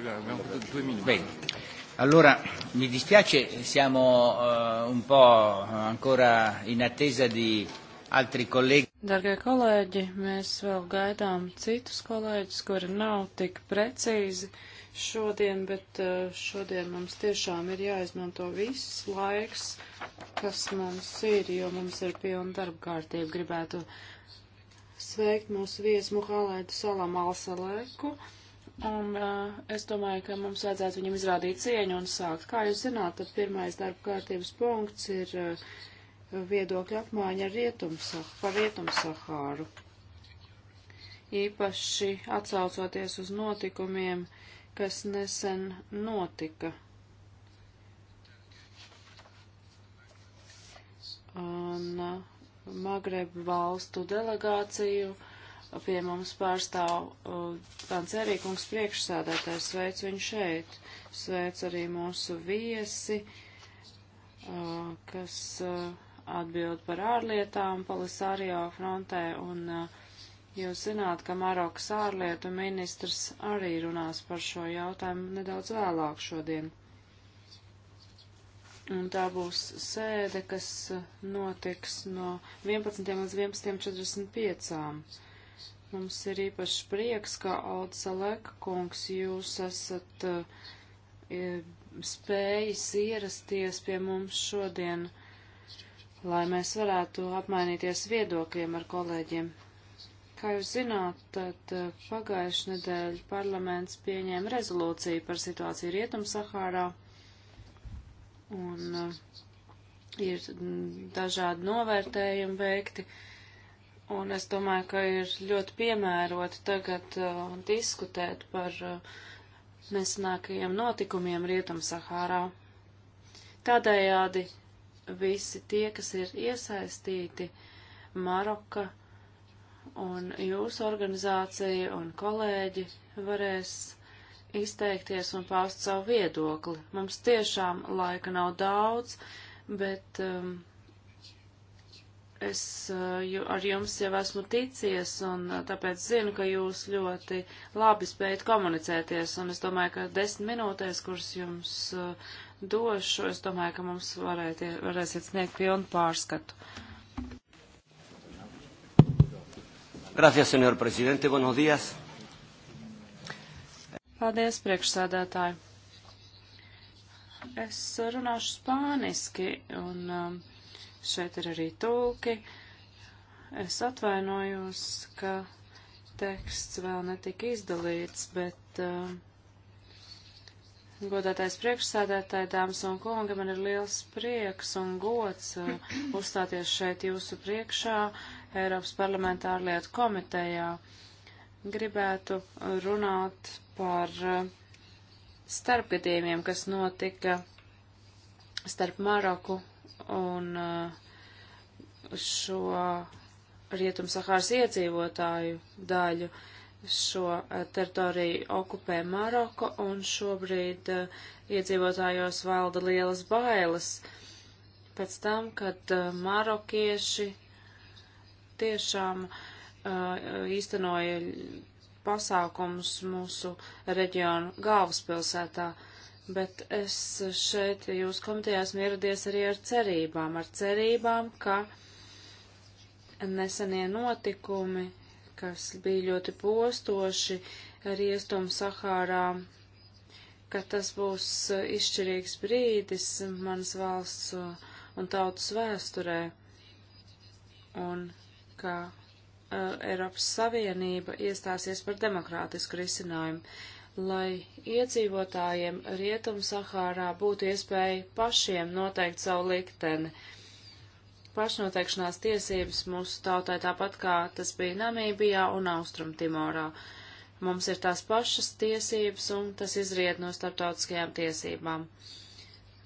guarda, abbiamo avuto due minuti. Bene. Allora, mi dispiace, siamo uh, un po' ancora in attesa di altri colleghi. Dargie kolēģi, mēs vēl gaidām citus kolēģus, kuri nav tik precīzi šodien, bet eh, šodien mums tiešām ir jāizmanto viss laiks, kas mums ir, jo mums ir pilna darba kārtība. Gribētu sveikt mūsu viesu Muhalaidu Salam Alsalēku un uh, es domāju, ka mums vajadzētu viņam izrādīt cieņu un sākt. Kā jūs zināt, tad pirmais darba kārtības punkts ir uh, viedokļa apmaiņa ar rietumsah par Rietumsahāru. Īpaši atsaucoties uz notikumiem, kas nesen notika. Un uh, Magreb valstu delegāciju uh, pie mums pārstāv Tancerīkungs uh, priekšsādātājs. Sveic viņu šeit. Sveic arī mūsu viesi, uh, kas uh, atbild par ārlietām Polisārio frontē un uh, Jūs zināt, ka Marokas ārlietu ministrs arī runās par šo jautājumu nedaudz vēlāk šodien. Un tā būs sēde, kas notiks no 11. līdz 11.45. Mums ir īpašs prieks, ka Aldsaleka kungs jūs esat uh, spējis ierasties pie mums šodien, lai mēs varētu apmainīties viedokļiem ar kolēģiem. Kā jūs zināt, tad uh, pagājuši nedēļ parlaments pieņēma rezolūciju par situāciju Rietum-Sahārā un uh, ir dažādi novērtējumi veikti. Uh, Un es domāju, ka ir ļoti piemēroti tagad uh, diskutēt par uh, nesenākajiem notikumiem Rietum-Sahārā. Tādējādi visi tie, kas ir iesaistīti Maroka un jūsu organizācija un kolēģi varēs izteikties un paust savu viedokli. Mums tiešām laika nav daudz, bet. Um, Es eh, ar jums jau esmu ticies, un eh, tāpēc zinu, ka jūs ļoti labi spējat komunicēties, un es domāju, ka desmit minūtēs, kuras jums eh, došu, es domāju, ka mums varēt, varēsiet sniegt pilnu pārskatu. Gracias, senor presidente. Buenos días. Paldies, priekšsādātāji. Es runāšu spāniski, un um, Šeit ir arī tulki. Es atvainojos, ka teksts vēl netika izdalīts, bet uh, godātais priekšsēdētāji, dāmas un kungi, man ir liels prieks un gods uh, uzstāties šeit jūsu priekšā Eiropas parlamenta ārlietu komitejā. Gribētu runāt par uh, starpgadījumiem, kas notika starp Maroku un uh, šo Rietumsahāras iedzīvotāju daļu šo uh, teritoriju okupē Maroko, un šobrīd uh, iedzīvotājos valda lielas bailes pēc tam, kad uh, marokieši tiešām uh, īstenoja pasākums mūsu reģionu galvaspilsētā. Uh, bet es šeit jūs komitejā esmu ieradies arī ar cerībām, ar cerībām, ka nesenie notikumi, kas bija ļoti postoši Riestum Sahārā, ka tas būs izšķirīgs brīdis manas valsts un tautas vēsturē, un ka uh, Eiropas Savienība iestāsies par demokrātisku risinājumu lai iedzīvotājiem Rietum-Sahārā būtu iespēja pašiem noteikt savu likteni. Pašnoteikšanās tiesības mūsu tautai tāpat kā tas bija Namībijā un Austrumtimorā. Mums ir tās pašas tiesības un tas izriet no starptautiskajām tiesībām.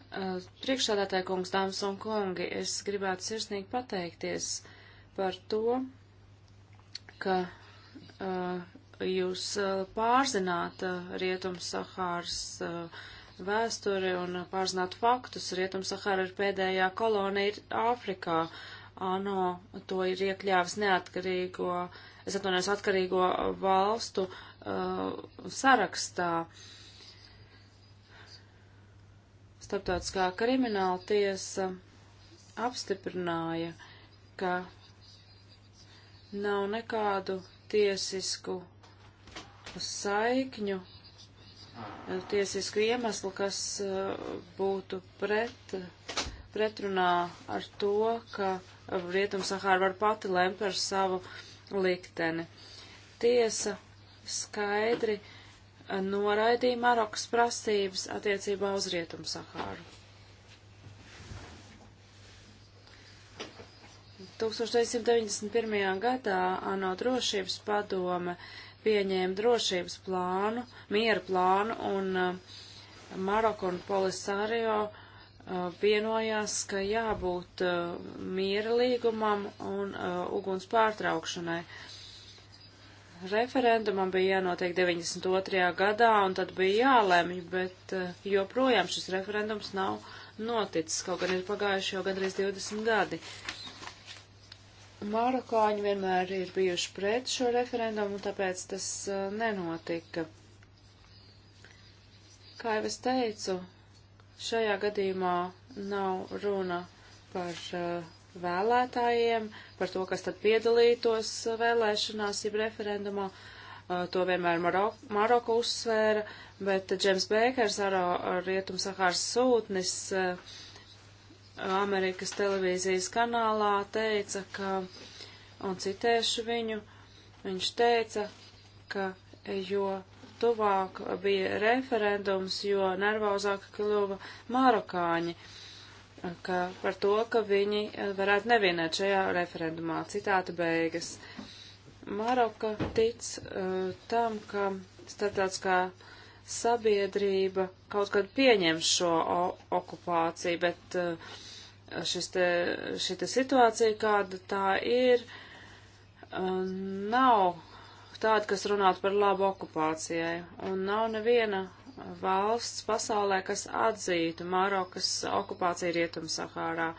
Uh, priekšsādātāja kungs, dāmas un kungi, es gribētu sirsnīgi pateikties par to, ka uh, jūs eh, pārzināt eh, Rietum-Sahāras eh, vēsturi un pārzināt faktus. Rietum-Sahāra ir pēdējā kolonija Āfrikā. ANO to ir iekļāvis neatkarīgo, es atvainojos, atkarīgo valstu uh, sarakstā. Starptautiskā krimināla tiesa apstiprināja, ka nav nekādu tiesisku saikņu, eh, tiesisku iemeslu, kas eh, būtu pret, pretrunā ar to, ka eh, Rietumsahāra var pati lemt par savu likteni. Tiesa skaidri noraidīja Marokas prasības attiecībā uz Rietumsahāru. 1991. gadā ANO drošības padome uh, pieņēma drošības plānu, miera plānu, un uh, Maroko un Polisario uh, vienojās, ka jābūt uh, miera līgumam un uguns pārtraukšanai. Referendumam bija jānotiek 92. gadā, un tad bija jālemj, bet joprojām šis referendums nav noticis, kaut gan ir pagājuši jau gandrīz 20 gadi. Uh, Marokāņi vienmēr ir bijuši pret šo referendumu, tāpēc tas uh, nenotika. Kā jau es teicu, šajā gadījumā nav runa par uh, vēlētājiem, par to, kas tad piedalītos uh, vēlēšanās, jeb referendumā. To vienmēr Marok Maroka uzsvēra, bet Džems Bēkers, Rietum Sahāras sūtnis, uh, Amerikas televīzijas kanālā teica, ka, un citēšu viņu, viņš teica, ka jo tuvāk bija referendums, jo nervozāk kļuva marokāņi ka par to, ka viņi varētu nevienot šajā referendumā. Citāta beigas. Maroka tic uh, tam, ka starptautiskā sabiedrība kaut kad pieņem šo okupāciju, bet uh, šis te, šī te situācija, kāda tā ir, uh, nav tāda, kas runātu par labu okupācijai, un nav neviena valsts pasaulē, kas atzītu Marokas okupāciju Rietumsahārā.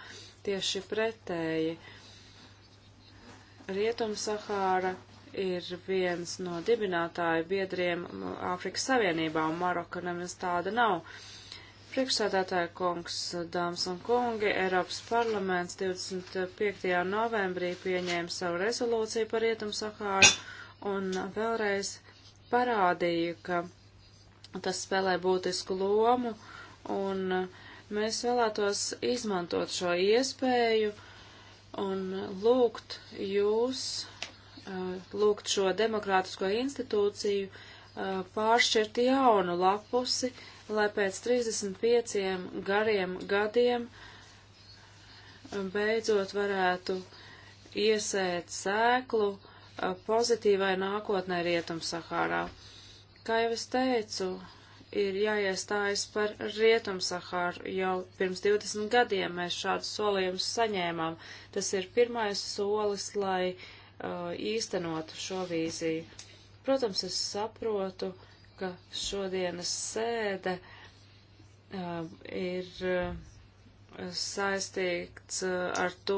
Tieši pretēji. Rietumsahāra ir viens no dibinātāju biedriem Āfrikas Savienībā, un Maroka nemaz tāda nav. Priekšsādātāja kungs, dāmas un kungi, Eiropas parlaments 25. novembrī pieņēma savu rezolūciju par Rietumu Sahāru un vēlreiz parādīja, ka tas spēlē būtisku lomu un mēs vēlētos izmantot šo iespēju un lūgt jūs, eh, lūgt šo demokrātisko institūciju eh, pāršķirt jaunu lapusi, lai pēc 35 gariem gadiem beidzot varētu iesēt sēklu pozitīvai nākotnē Rietumsahārā. Kā jau es teicu, ir jāiestājas par Rietumsahāru. Jau pirms 20 gadiem mēs šādus solījumus saņēmām. Tas ir pirmais solis, lai uh, īstenotu šo vīziju. Protams, es saprotu, uh, ka šodienas sēde uh, ir uh, saistīts uh, ar to,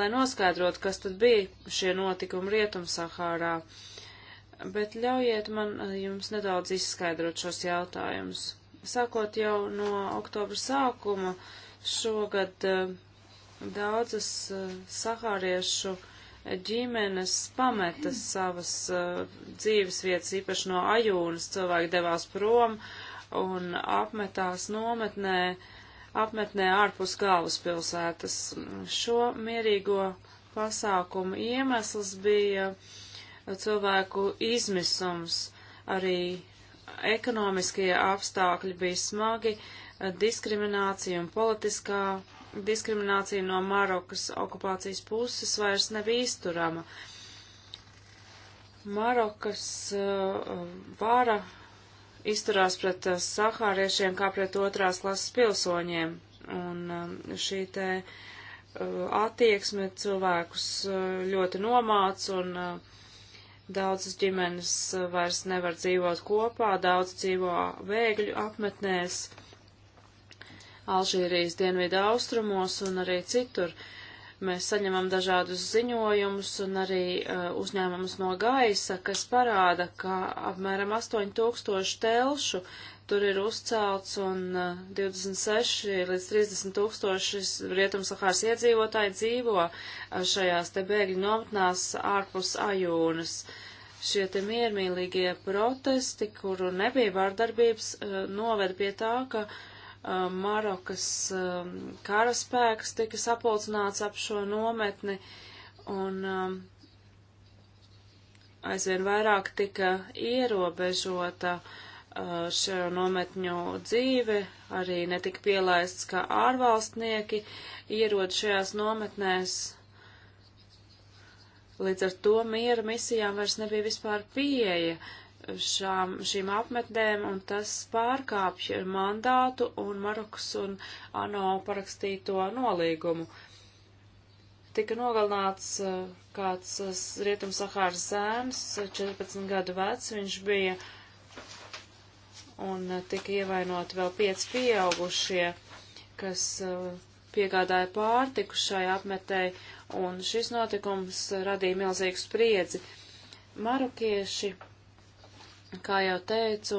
lai noskaidrotu, kas tad bija šie notikumi Rietumsahārā. Bet ļaujiet man uh, jums nedaudz izskaidrot šos jautājumus. Sākot jau no oktobra sākuma šogad uh, daudzas uh, sahāriešu uh, ģimenes pameta savas uh, dzīves vietas, īpaši no ajūnas cilvēki devās prom un apmetās nometnē, apmetnē ārpus galvaspilsētas. Šo mierīgo pasākumu iemesls bija cilvēku izmisums, arī ekonomiskie apstākļi bija smagi, diskriminācija un politiskā diskriminācija no Marokas okupācijas puses vairs nav izturama. Marokas uh, vara izturās pret uh, sahāriešiem kā pret otrās klases pilsoņiem, un uh, šī te uh, attieksme cilvēkus uh, ļoti nomāc, un uh, daudzas ģimenes vairs nevar dzīvot kopā, daudz dzīvo vēgļu apmetnēs. Uh, Alžīrijas dienvidu austrumos un arī citur. Mēs saņemam dažādus ziņojumus un arī uh, uzņēmumus no gaisa, kas parāda, ka apmēram 8000 telšu tur ir uzcelts un uh, 26 līdz 30 tūkstoši Rietumsahāras iedzīvotāji dzīvo uh, šajās te bēgļu nometnās ārpus ajūnas. Uh, šie te miermīlīgie protesti, kuru nebija vārdarbības, uh, noved pie tā, ka Marokas karaspēks tika sapulcināts ap šo nometni un aizvien vairāk tika ierobežota šo nometņu dzīve, arī netika pielaists, kā ārvalstnieki ierod šajās nometnēs. Līdz ar to miera misijām vairs nebija vispār pieeja. Uh, šām, šīm apmetnēm, un tas pārkāpj mandātu un Marokas un ANO parakstīto nolīgumu. Tika nogalināts eh, kāds eh, Rietum-Sahāras zēns, 14 eh, gadu vecs viņš bija, un tika ievainot vēl pieci pieaugušie, kas piegādāja pārtiku šai apmetēji, un šis notikums radīja milzīgu spriedzi. Marokieši kā jau teicu,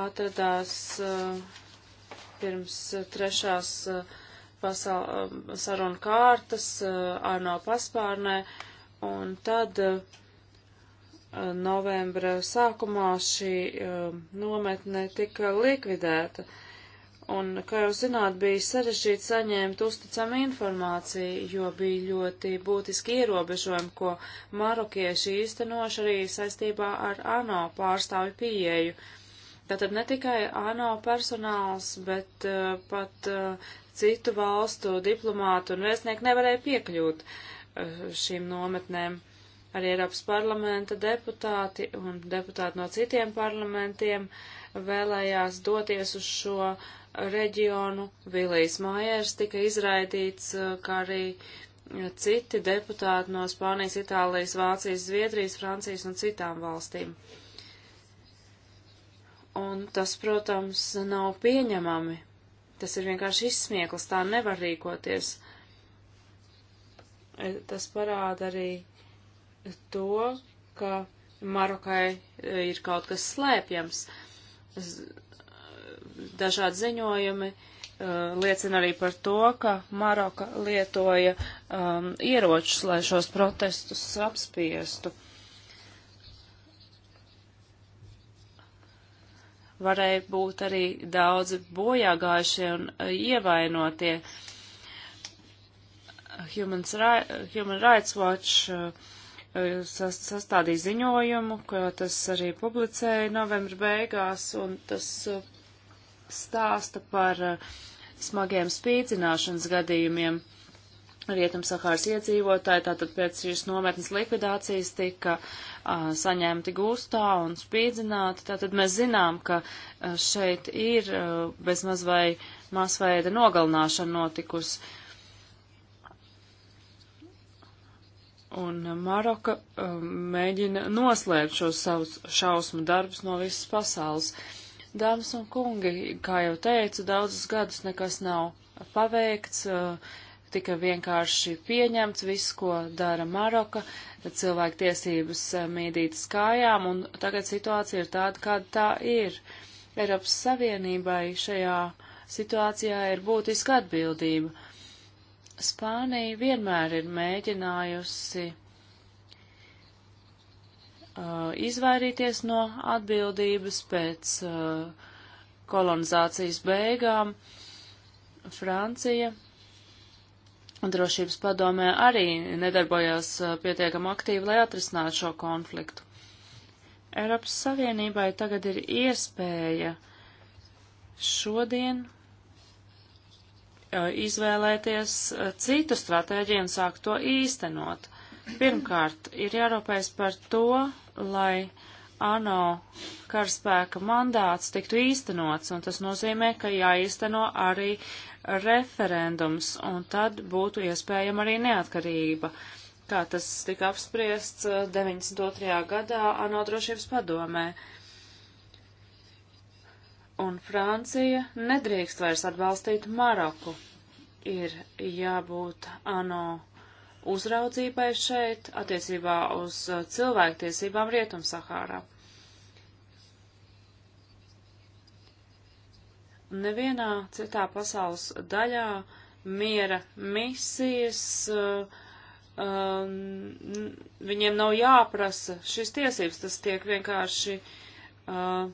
atradās uh, pirms trešās uh, um, sarunu kārtas uh, ANO paspārnē, un tad novembra sākumā šī nometne tika likvidēta un, kā jūs zināt, bija sarežģīti saņemt uzticamu informāciju, jo bija ļoti būtiski ierobežojumi, ko marokieši īstenoši arī saistībā ar ANO pārstāvi pieeju. Tātad ne tikai ANO personāls, bet uh, pat uh, citu valstu diplomātu un vēstnieku nevarēja piekļūt uh, šīm nometnēm. Arī Eiropas parlamenta deputāti un deputāti no citiem parlamentiem uh, vēlējās doties uz šo reģionu. Vilijas Mājers tika izraidīts, eh, kā arī eh, citi deputāti no Spānijas, Itālijas, Vācijas, Zviedrijas, Francijas un citām valstīm. Un tas, protams, nav pieņemami. Tas ir vienkārši izsmieklis, tā nevar rīkoties. Eh, tas parāda arī to, ka Marokai ir kaut kas slēpjams dažādi ziņojumi eh, liecina arī par to, ka Maroka lietoja um, ieročus, lai šos protestus apspiestu. Varēja būt arī daudzi bojāgājušie un eh, ievainotie. Human, Human Rights Watch uh, sastādīja ziņojumu, ka tas arī publicēja novembra beigās, un tas uh, stāsta par eh, smagiem spīdzināšanas gadījumiem. Rietumsahāras iedzīvotāji tātad pēc šīs nometnes likvidācijas tika a, eh, saņemti gūstā un spīdzināti. Tātad mēs zinām, ka a, eh, šeit ir a, bezmaz vai masveida nogalināšana notikusi. Un Maroka a, mēģina noslēpt šos savus šausmu darbus no visas pasaules. A, Dāmas un kungi, kā jau teicu, daudzus gadus nekas nav paveikts, eh, tika vienkārši pieņemts viss, ko dara Maroka, cilvēku tiesības eh, mīdītas kājām, un tagad situācija ir tāda, kāda tā ir. Eiropas Savienībai šajā situācijā ir būtiska atbildība. Spānija vienmēr ir mēģinājusi uh, izvairīties no atbildības pēc uh, kolonizācijas beigām. Francija drošības padomē arī nedarbojās uh, pietiekam aktīvi, lai atrisinātu šo konfliktu. Eiropas Savienībai tagad ir iespēja šodien uh, izvēlēties uh, citu stratēģiju un sākt to īstenot. Pirmkārt, ir jārūpējas par to, lai ANO karaspēka mandāts tiktu īstenots, un tas nozīmē, ka jāīsteno arī referendums, un tad būtu iespējama arī neatkarība, kā tas tika apspriests 92. Eh, gadā ANO drošības padomē. Un Francija nedrīkst vairs atbalstīt Maroku. Ir jābūt ANO uzraudzībai šeit attiecībā uz uh, cilvēktiesībām Rietumsahārā. Nevienā citā pasaules daļā miera misijas uh, um, viņiem nav jāprasa šīs tiesības, tas tiek vienkārši uh,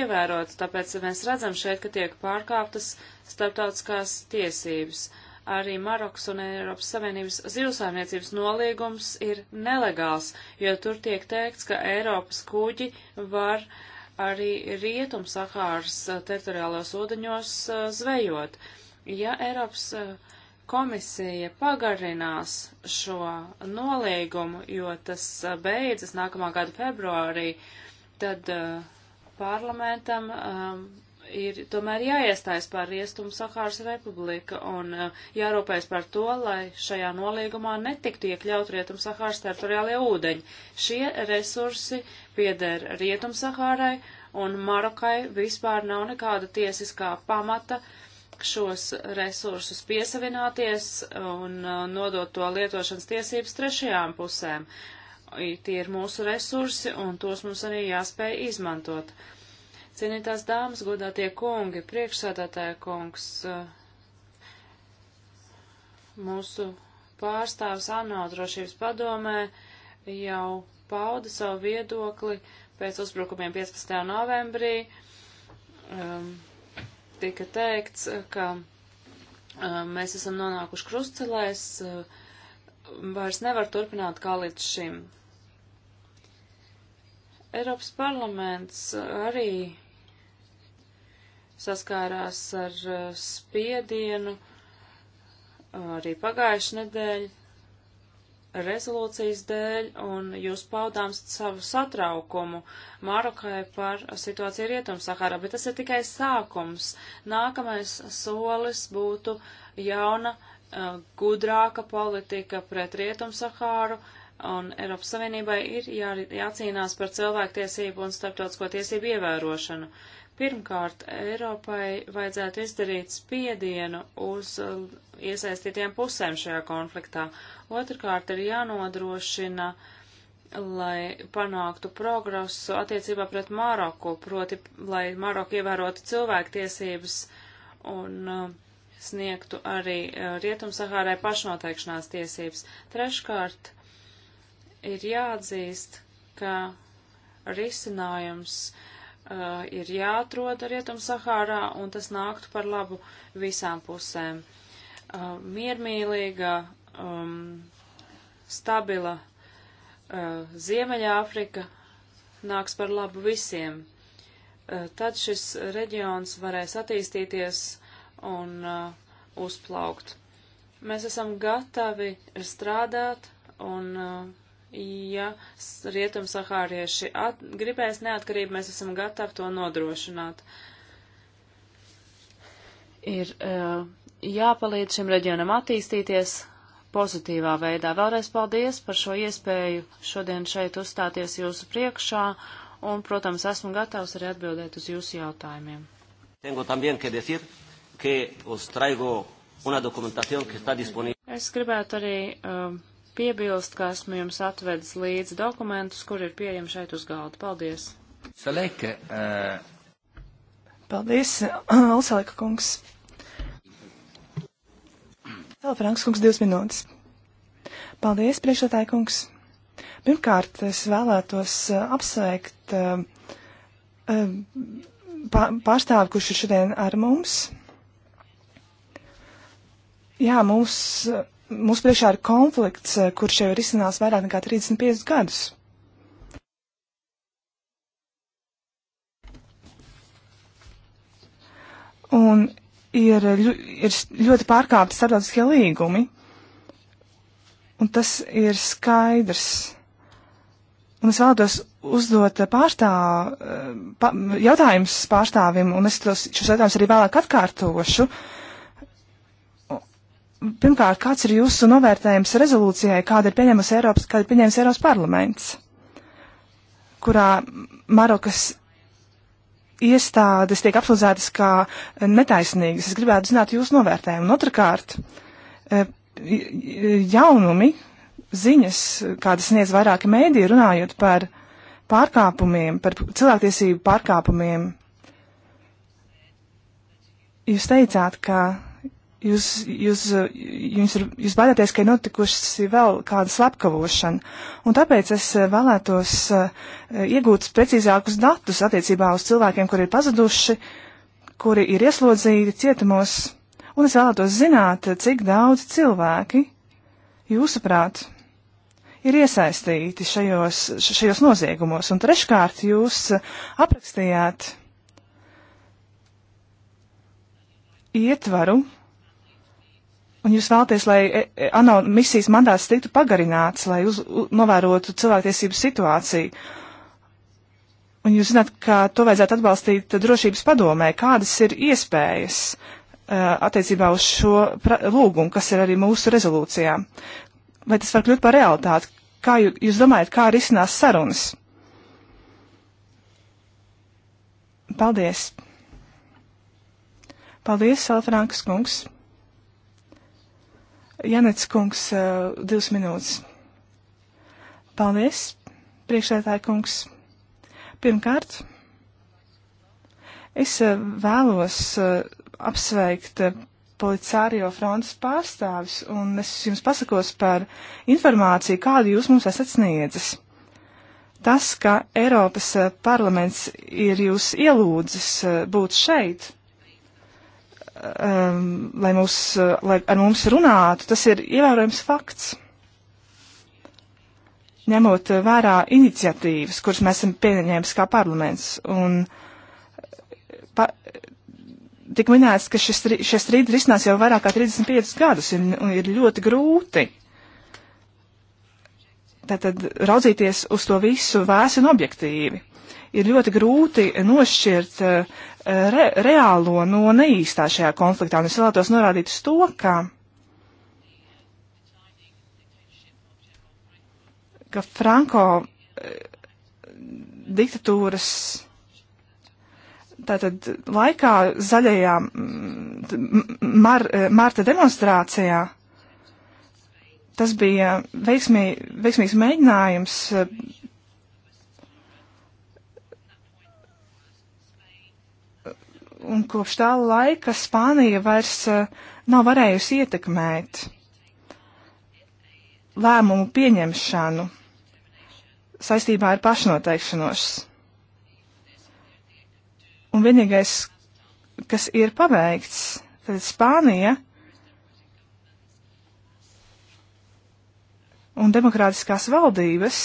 ievērots, tāpēc mēs redzam šeit, ka tiek pārkāptas starptautiskās tiesības. Uh, arī Maroks un Eiropas Savienības zivsaimniecības noliegums ir nelegāls, jo tur tiek teikts, ka Eiropas kuģi var arī rietum Sahāras eh, teritoriālajos ūdeņos eh, zvejot. Ja Eiropas eh, komisija pagarinās šo noliegumu, jo tas beidzas nākamā gada februārī, tad parlamentam um, ir tomēr jāiestājas par Riestumu Sahāras republika un eh, jārūpējas par to, lai šajā nolīgumā netiktu iekļaut Rietumu Sahāras teritoriālajie ūdeņi. Šie resursi pieder Rietumu Sahārai un Marokai vispār nav nekāda tiesiskā pamata šos resursus piesavināties un eh, nodot to lietošanas tiesības trešajām pusēm. Tie ir mūsu resursi un tos mums arī jāspēj izmantot. Uh, Cienītās dāmas, godātie kungi, priekšsēdētāja kungs, eh, mūsu pārstāvs ANO drošības padomē jau pauda savu viedokli pēc uzbrukumiem 15. novembrī. Um, tika teikts, ka um, mēs esam nonākuši krustcelēs, uh, vairs nevar turpināt kā līdz šim. Eiropas parlaments arī saskārās ar eh, spiedienu arī pagājuši nedēļ rezolūcijas dēļ, un jūs paudām savu satraukumu Marokai par situāciju Rietumsaharā, bet tas ir tikai sākums. Nākamais solis būtu jauna, uh, gudrāka politika pret Rietumsahāru, un Eiropas Savienībai ir jā, jācīnās par cilvēktiesību un starptautisko tiesību ievērošanu. Uh, Pirmkārt, Eiropai vajadzētu izdarīt spiedienu uz uh, iesaistītiem pusēm šajā konfliktā. Otrkārt, ir jānodrošina, lai panāktu progresu attiecībā pret Maroku, proti, lai Maroku ievērotu cilvēktiesības un uh, sniegtu arī uh, Rietumsahārai pašnoteikšanās tiesības. Treškārt, ir jāatzīst, ka risinājums uh, ir jāatrod Rietum-Sahārā, un tas nāktu par labu visām pusēm. Uh, miermīlīga, um, stabila uh, Ziemeļāfrika nāks par labu visiem. Uh, tad šis reģions varēs attīstīties un uh, uzplaukt. Mēs esam gatavi strādāt un uh, ja rietumsahārieši at, gribēs neatkarību, mēs esam gatavi to nodrošināt. Ir uh, jāpalīdz šim reģionam attīstīties pozitīvā veidā. Vēlreiz paldies par šo iespēju šodien šeit uzstāties jūsu priekšā, un, protams, esmu gatavs arī atbildēt uz jūsu jautājumiem. Tengo también que decir que os traigo una documentación que está disponible. Es gribētu arī uh, piebilst, ka esmu jums atvedis līdzi dokumentus, kur ir pieejami šeit uz galda. Paldies! Salēka, uh... Paldies, Alsalēka kungs! Telefrānks kungs, divas minūtes. Paldies, priekšētāja kungs! Pirmkārt, es vēlētos uh, apsveikt uh, uh, pārstāvi, kurš ir šodien ar mums. Jā, mums uh, mūsu priekšā ir konflikts, eh, kurš jau ir izcinās vairāk nekā 35 gadus. Un ir, ir ļoti pārkāpti starptautiskie līgumi. Un tas ir skaidrs. Un es vēlētos uzdot eh, pārstāv, eh, pa, jautājumus pārstāvim, un es tos, šos jautājumus arī vēlāk atkārtošu. Uh, pirmkārt, kāds ir jūsu novērtējums rezolūcijai, kāda ir pieņemas Eiropas, kāda ir pieņemas Eiropas parlaments, kurā Marokas iestādes tiek apsūdzētas kā netaisnīgas. Es gribētu zināt jūsu novērtējumu. Un otrkārt, e, jaunumi, ziņas, kādas sniedz vairāki mēdī, runājot par pārkāpumiem, par cilvēktiesību pārkāpumiem. Jūs teicāt, ka jūs, jūs, jūs, ir, jūs baidāties, ka ir notikusi vēl kāda slepkavošana, un tāpēc es eh, vēlētos eh, iegūt precīzākus datus attiecībā uz cilvēkiem, kuri ir pazuduši, kuri ir ieslodzīti cietumos, un es vēlētos zināt, cik daudz cilvēki, jūsuprāt, ir iesaistīti šajos, šajos noziegumos, un treškārt jūs aprakstījāt ietvaru, Un jūs vēlaties, lai e, e, ANO misijas mandāts tiktu pagarināts, lai uz, u, novērotu cilvēktiesību situāciju. Un jūs zināt, ka to vajadzētu atbalstīt drošības padomē. Kādas ir iespējas uh, attiecībā uz šo lūgumu, kas ir arī mūsu rezolūcijā? Vai tas var kļūt par realitāti? Kā jū, jūs domājat, kā risinās sarunas? Paldies! Paldies, Salafrānkas kungs! Janets kungs, divas minūtes. Paldies, priekšsētāja kungs. Pirmkārt, es vēlos apsveikt policārio frontes pārstāvis, un es jums pasakos par informāciju, kādu jūs mums esat sniedzis. Tas, ka Eiropas parlaments ir jūs ielūdzis būt šeit, um, lai, mūs, uh, lai ar mums runātu, tas ir ievērojams fakts. Ņemot vērā iniciatīvas, kuras mēs esam pieņēmis kā parlaments, un uh, pa, tik minēts, ka šis, šie strīdi risinās jau vairāk kā 35 gadus, un, un ir ļoti grūti tātad raudzīties uz to visu vēsi un objektīvi ir ļoti grūti nošķirt eh, re, reālo no neīstā šajā konfliktā. Un es vēlētos norādīt uz to, ka, ka Franko eh, diktatūras tātad laikā zaļajā mar, eh, marta demonstrācijā tas bija veiksmī, veiksmīgs mēģinājums un kopš tā laika Spānija vairs uh, nav varējusi ietekmēt lēmumu pieņemšanu saistībā ar pašnoteikšanos. Un vienīgais, kas ir paveikts, tad Spānija un demokrātiskās valdības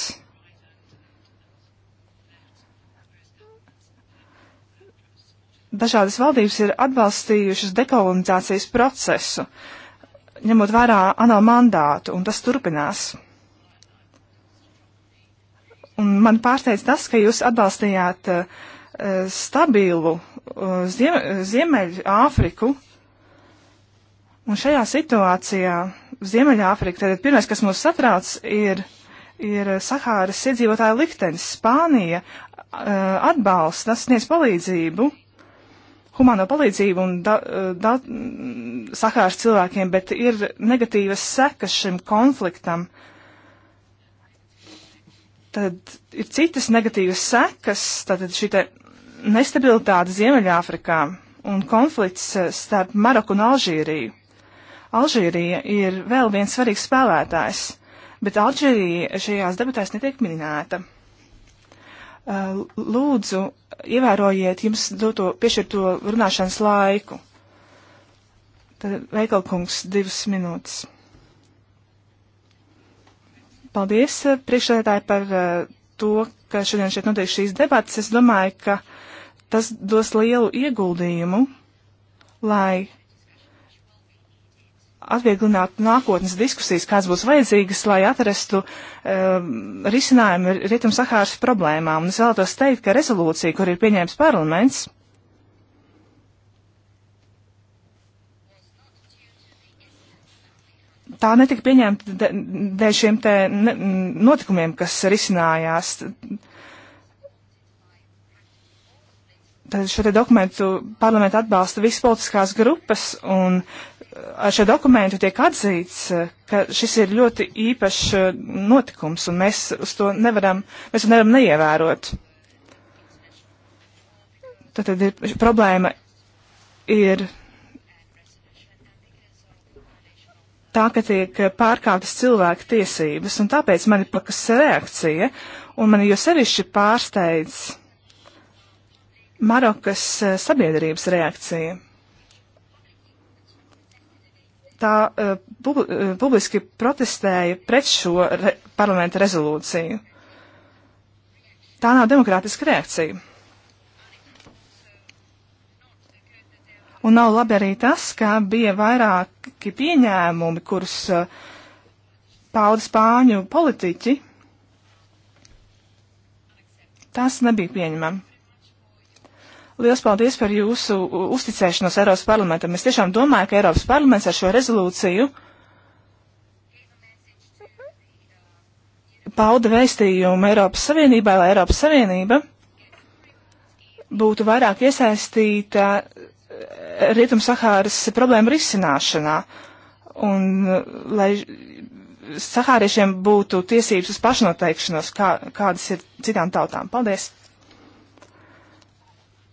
dažādas valdības ir atbalstījušas dekolonizācijas procesu, ņemot vērā ANO mandātu, un tas turpinās. Un man pārsteidz tas, ka jūs atbalstījāt uh, stabilu uh, ziem, Ziemeļu Āfriku, un šajā situācijā Ziemeļa Āfrika, tad pirmais, kas mūs satrauc, ir, ir Sahāras iedzīvotāja liktenis. Spānija uh, eh, atbalsta, sniedz palīdzību. Uh, humāno palīdzību un da, eh, da, sakārs cilvēkiem, bet ir negatīvas sekas šim konfliktam. Tad ir citas negatīvas sekas, tātad šī nestabilitāte Ziemeļāfrikā un konflikts eh, starp Maroku un Alžīriju. Alžīrija ir vēl viens svarīgs spēlētājs, bet Alžīrija šajās debatēs netiek minēta lūdzu, ievērojiet jums doto piešķirto runāšanas laiku. Tad veikalkungs divas minūtes. Paldies priekšsēdētāji par to, ka šodien šeit notiek šīs debatas. Es domāju, ka tas dos lielu ieguldījumu, lai atvieglināt nākotnes diskusijas, kāds būs vajadzīgas, lai atrastu um, risinājumu Rietum Sahāras problēmām. Un es vēlētos teikt, ka rezolūcija, kur ir pieņēmis parlaments, tā netika pieņemta dēļ šiem te notikumiem, kas risinājās. Tad šo te dokumentu parlamentu atbalsta visas politiskās grupas, un ar šo dokumentu tiek atzīts, ka šis ir ļoti īpašs uh, notikums, un mēs to nevaram, mēs to nevaram neievērot. Tad ir problēma ir tā, ka tiek pārkāptas cilvēka tiesības, un tāpēc man ir pakas reakcija, un man jau sevišķi pārsteidz Marokas uh, sabiedrības reakcija tā uh, e, pub uh, e, publiski protestēja pret šo re parlamenta rezolūciju. Tā nav demokrātiska reakcija. Un nav labi arī tas, ka bija vairāki pieņēmumi, kurus uh, pauda spāņu politiķi. Tas nebija pieņemami. Liels paldies par jūsu uzticēšanos Eiropas parlamentam. Es tiešām domāju, ka Eiropas parlaments ar šo rezolūciju pauda vēstījumu Eiropas Savienībai, lai Eiropas Savienība būtu vairāk iesaistīta eh, Rietum-Sahāras problēmu risināšanā. Un eh, lai sahāriešiem būtu tiesības uz pašnoteikšanos, kā, kādas ir citām tautām. Paldies!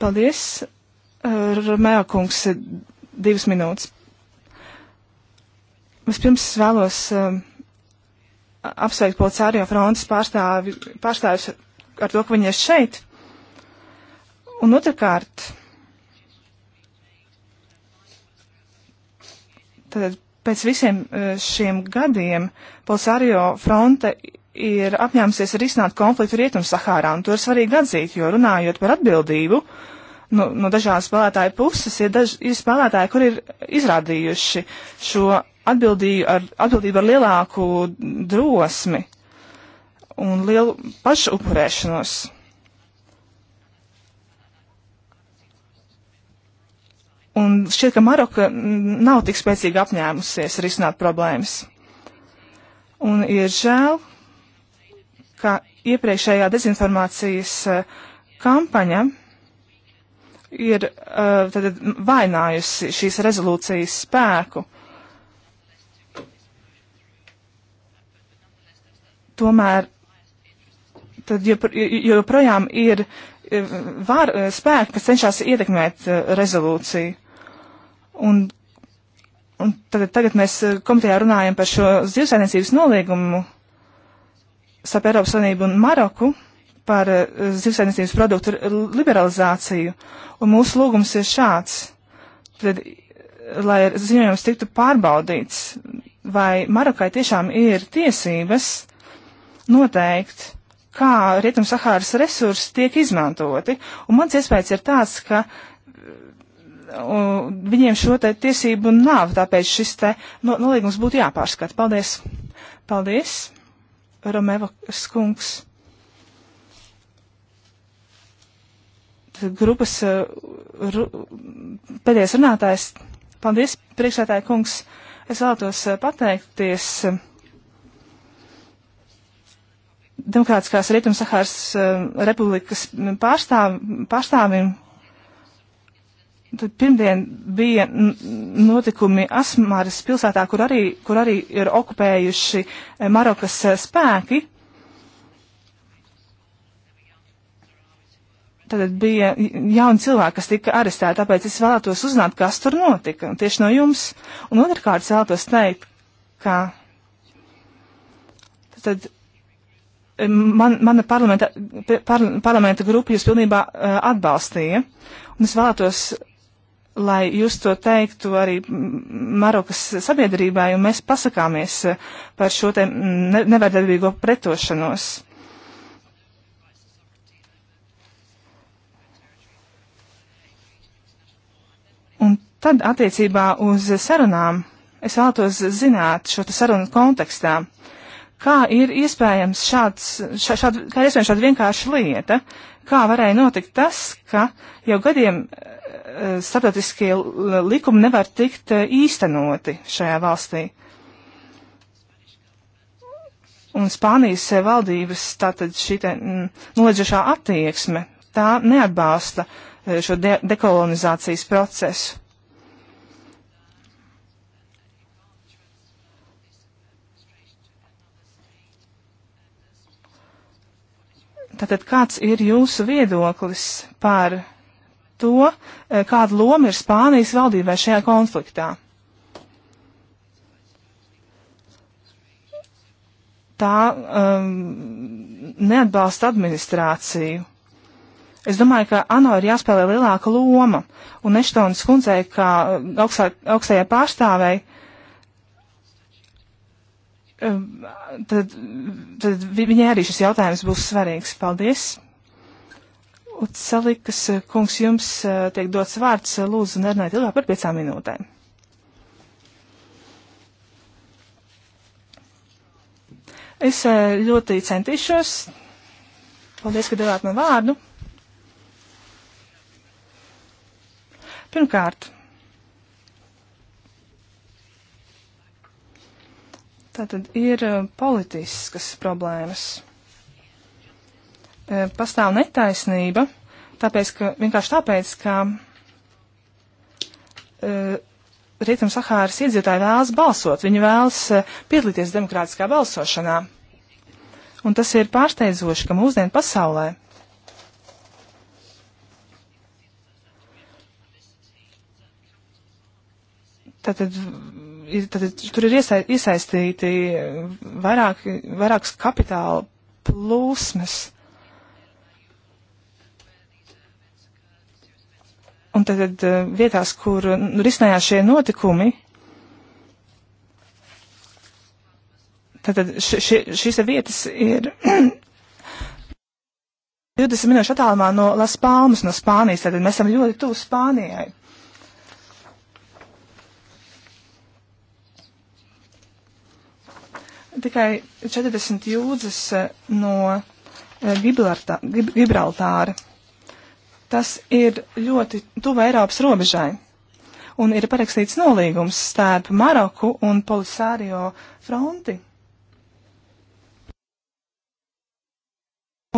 Paldies. Romeo kungs, divas minūtes. Vispirms vēlos um, apsveikt Policārio frontes pārstāvi, pārstāvis ar to, ka viņi ir šeit. Un otrkārt, tad pēc visiem uh, šiem gadiem Polisārio fronte ir apņēmusies risināt konfliktu Rietum Sahārā, un to ir svarīgi atzīt, jo runājot par atbildību, uh, nu, no dažādu spēlētāju puses ir, daž, ir spēlētāji, kur ir izrādījuši šo atbildību ar, atbildību ar lielāku drosmi un lielu pašu upurēšanos. Un šķiet, ka Maroka nav tik spēcīgi apņēmusies risināt problēmas. Un ir žēl, ka iepriekšējā dezinformācijas eh, kampaņa ir uh, tad vainājusi šīs rezolūcijas spēku. Tomēr tad joprojām ir uh, var, uh, spēki, kas cenšas ietekmēt uh, rezolūciju. Un, un tad, tagad mēs uh, komitejā runājam par šo zivsainiecības nolīgumu starp Eiropas Savienību un Maroku. Uh, par eh, zivsainiecības produktu liberalizāciju, un mūsu lūgums ir šāds, tad, lai ziņojums tiktu pārbaudīts, vai Marokai tiešām ir tiesības noteikt, kā Rietum-Sahāras resursi tiek izmantoti, un mans iespējas ir tāds, ka un viņiem šo te tiesību nav, tāpēc šis te no, nolīgums būtu jāpārskata. Paldies! Paldies, Romeva skunks! grupas eh, ru, pēdējais runātājs. Paldies, priekšētāja kungs. Es vēlētos eh, pateikties eh, Demokrātiskās Rietumsahāras republikas pārstāv, pārstāvim. Tad pirmdien bija notikumi Asmāras pilsētā, kur arī, kur arī ir okupējuši Marokas spēki. Tad bija jauni cilvēki, kas tika arestēti, tāpēc es vēlētos uzzināt, kas tur notika, tieši no jums. Un otrkārt, es vēlētos teikt, ka tad eh, man, mana parlamenta, par, parlamenta grupa jūs pilnībā uh, atbalstīja. Un es vēlētos, lai jūs to teiktu arī Marokas sabiedrībai, un mēs pasakāmies eh, par šo te mm, nevērtībīgo pretošanos. Tad attiecībā uz sarunām es vēlētos zināt šo sarunu kontekstā, kā ir iespējams šāds, šā, šād, kā ir iespējams šāda vienkārša lieta, kā varēja notikt tas, ka jau gadiem uh, starptautiskie likumi nevar tikt uh, īstenoti šajā valstī. Un Spānijas valdības tātad šī mm, noledžašā attieksme, tā neatbalsta uh, šo de dekolonizācijas procesu. Tātad kāds ir jūsu viedoklis par to, eh, kāda loma ir Spānijas valdībai šajā konfliktā? Tā um, neatbalsta administrāciju. Es domāju, ka ANO ir jāspēlē lielāka loma, un Eštons kundzei, kā augstā, augstajai pārstāvei, Um, tad, tad viņai arī šis jautājums būs svarīgs. Paldies! Utsalikas uh, kungs, jums uh, tiek dots vārds, uh, lūdzu, nerunājiet ilgāk par piecām minūtēm. Es ļoti centīšos. Paldies, ka devāt man vārdu. Pirmkārt, Tātad ir eh, politiskas problēmas. Eh, pastāv netaisnība, tāpēc, ka vienkārši tāpēc, ka eh, Rietum Sahāras iedzīvotāji vēlas balsot, viņi vēlas piedalīties demokrātiskā balsošanā. Un tas ir pārsteidzoši, ka mūsdienu pasaulē tātad tad, tur ir iesa, iesaistīti vairāk, vairākas kapitāla plūsmas. Un tad, tad eh, vietās, kur nu, risinājās šie notikumi, tad, tad š, š, šīs vietas ir 20 minūšu attālumā no Las Palmas, no Spānijas, tad mēs esam ļoti tuvu Spānijai. tikai 40 jūdzes eh, no eh, Gibraltāra. Tas ir ļoti tuvu Eiropas robežai. Un ir parakstīts nolīgums starp Maroku un Polisārio fronti.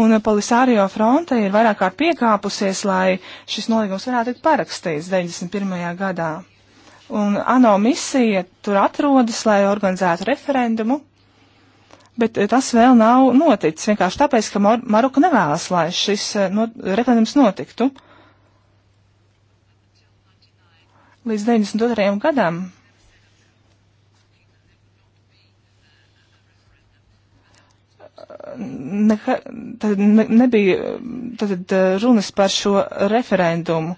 Un Polisārio fronte ir vairāk kārt piekāpusies, lai šis nolīgums varētu tikt parakstīts 91. gadā. Un ANO misija tur atrodas, lai organizētu referendumu bet eh, tas vēl nav noticis vienkārši tāpēc, ka Mar Maroka nevēlas, lai šis eh, no referendums notiktu. Līdz 92. gadam ne, tad ne, nebija tad eh, runas par šo referendumu.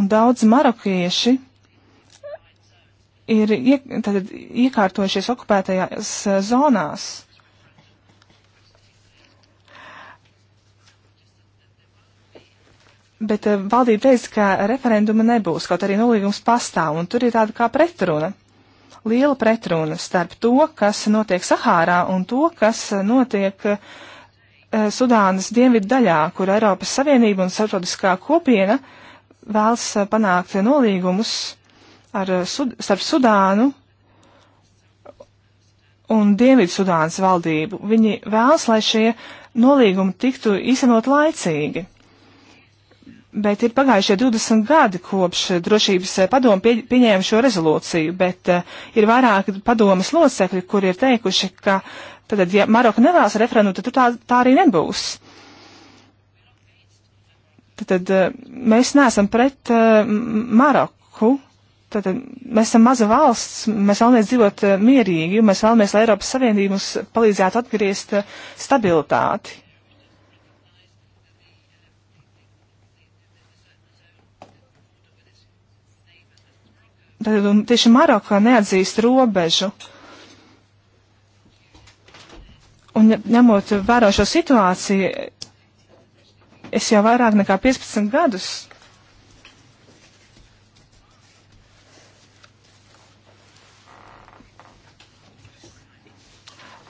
Un daudz marokieši ir iek, tātad, iekārtojušies okupētajās eh, zonās. Bet eh, valdība teica, ka referenduma nebūs, kaut arī nolīgums pastāv, un tur ir tāda kā pretruna. Liela pretruna starp to, kas notiek Sahārā, un to, kas notiek uh, Sudānas dienvidu daļā, kur Eiropas Savienība un starptautiskā kopiena vēlas panākt nolīgumus ar, eh, sud, starp Sudānu un Dienvidsudānas valdību. Viņi vēlas, lai šie nolīgumi tiktu īstenot laicīgi. Bet ir pagājušie 20 gadi kopš drošības padomu pie, pieņēma šo rezolūciju, bet uh, ir vairāki padomas locekļi, kuri ir teikuši, ka tad, ja Maroka nevēlas referendumu, tad tā, tā arī nebūs. Tad, tad uh, mēs neesam pret uh, Maroku, Tad mēs esam maza valsts, mēs vēlamies dzīvot eh, mierīgi, un mēs vēlamies, lai Eiropas Savienība mums palīdzētu atgriezt eh, stabilitāti. Tad tieši Marokā neatzīst robežu. Un ņemot vērā šo situāciju, es jau vairāk nekā 15 gadus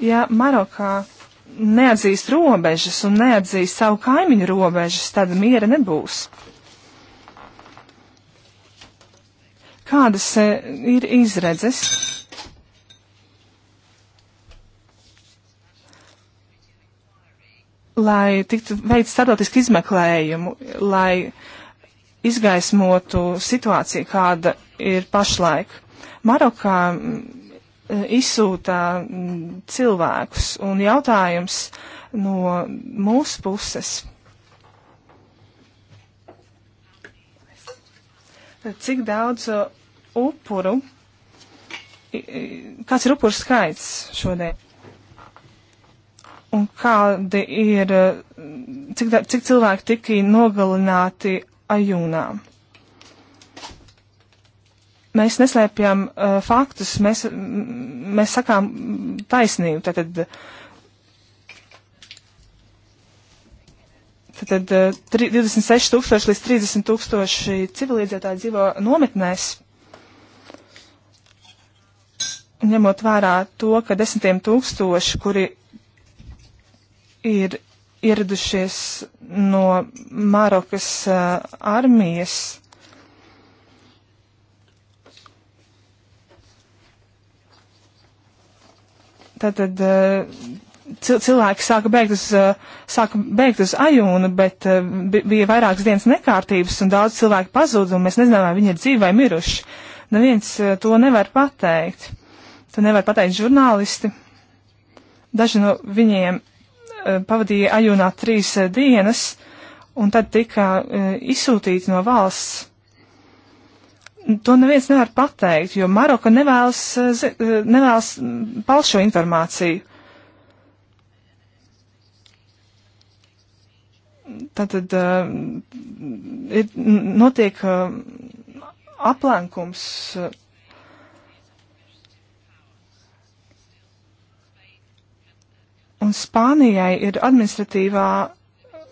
Ja Marokā neatzīst robežas un neatzīst savu kaimiņu robežas, tad miera nebūs. Kādas e, ir izredzes? Lai tiktu veikt starptautisku izmeklējumu, lai izgaismotu situāciju, kāda ir pašlaik. Marokā E, izsūtā cilvēkus. Un jautājums no mūsu puses. Cik daudz e, upuru, kāds ir upuru skaits šodien? Un kādi ir, e, cik, cik cilvēki tika nogalināti ajūnām? mēs neslēpjam uh, faktus, mēs, mēs sakām taisnību. Tātad, tātad uh, 26 tūkstoši līdz 30 tūkstoši civiliedzīvotāji dzīvo nometnēs. Ņemot vērā to, ka desmitiem tūkstoši, kuri ir ieradušies no Marokas uh, armijas, Tātad eh, cilvēki sāka beigt uz, eh, sāka beigt uz ajūnu, bet eh, bija vairākas dienas nekārtības un daudz cilvēku pazuda, un mēs nezinām, vai viņi ir dzīvi vai miruši. Neviens to nevar pateikt. To nevar pateikt žurnālisti. Daži no viņiem pavadīja ajūnā trīs dienas, un tad tika izsūtīti no valsts to neviens nevar pateikt, jo Maroka nevēlas, eh, eh, nevēlas mm, paust šo informāciju. Tātad uh, eh, ir, notiek uh, aplēkums. Uh, un Spānijai ir administratīvā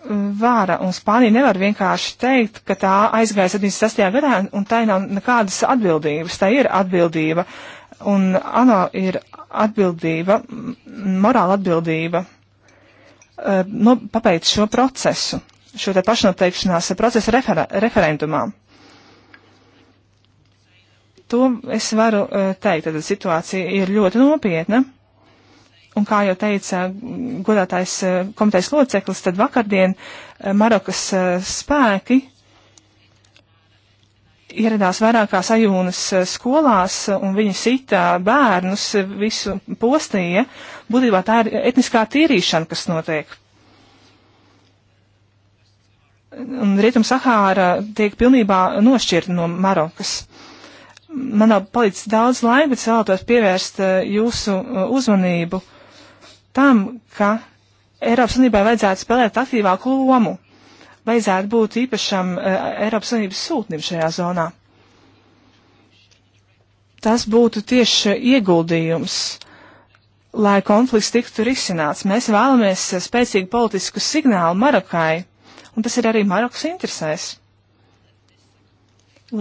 vāra, un Spānija nevar vienkārši teikt, ka tā aizgāja 76. gadā, un tai nav nekādas atbildības. Tā ir atbildība, un ANO ir atbildība, morāla atbildība, eh, no, pabeigt šo procesu, šo te pašnoteikšanās procesu refer referendumā. To es varu eh, teikt, tad situācija ir ļoti nopietna. Un kā jau teica mm, godātais eh, komitejas loceklis, tad vakardien eh, Marokas eh, spēki ieradās vairākās ajūnas skolās un viņi sita bērnus, visu postīja. Būtībā tā ir etniskā tīrīšana, kas notiek. Un Rietum Sahāra tiek pilnībā nošķirta no Marokas. Man nav palicis daudz laika, bet es vēlētos pievērst jūsu uzmanību tam, ka Eiropas Unībai vajadzētu spēlēt aktīvāku lomu, vajadzētu būt īpašam uh, Eiropas Unības sūtnim šajā zonā. Tas būtu tieši ieguldījums, lai konflikts tiktu risināts. Mēs vēlamies spēcīgu politisku signālu Marokai, un tas ir arī Marokas interesēs,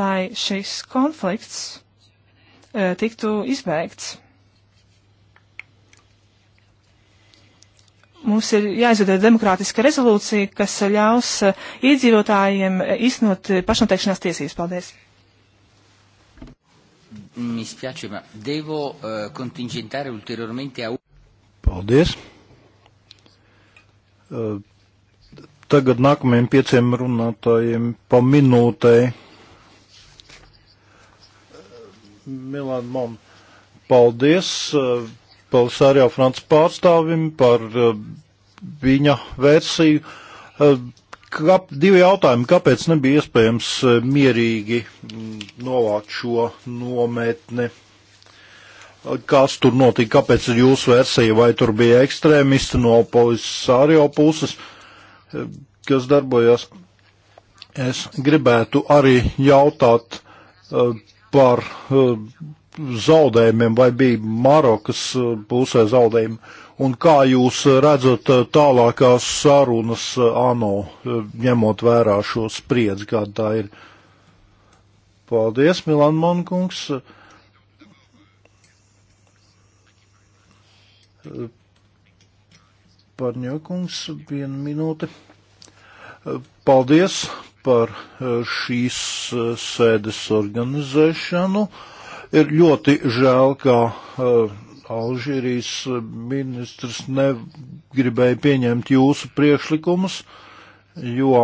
lai šis konflikts uh, tiktu izbeigts. mums ir jāizveido demokrātiska rezolūcija, kas ļaus eh, iedzīvotājiem eh, iznot eh, pašnoteikšanās tiesības. Paldies! Mi spiace, ma devo uh, contingentare ulteriormente a... Paldies! Uh, tagad nākamajiem pieciem runātājiem pa minūtei. Uh, Milan Mom, paldies! Uh, Polisārijā Francijas pārstāvim par eh, viņa versiju. Eh, kap, divi jautājumi, kāpēc nebija iespējams eh, mierīgi mm, novākt šo nometni? Kas tur notika, kāpēc ir jūsu versija, vai tur bija ekstrēmisti no polisārio puses, kas darbojas? Es gribētu arī jautāt par zaudējumiem, vai bija Marokas uh, pusē zaudējumi, un kā jūs uh, redzat uh, tālākās sarunas ANO, ņemot vērā šo spriedzi, kāda tā ir? Paldies, Milan Mankungs. Parņokungs, viena minūte. Paldies par šīs sēdes organizēšanu. Uh, Ir ļoti žēl, ka uh, Alžīrijas eh, ministrs negribēja pieņemt jūsu priekšlikumus, jo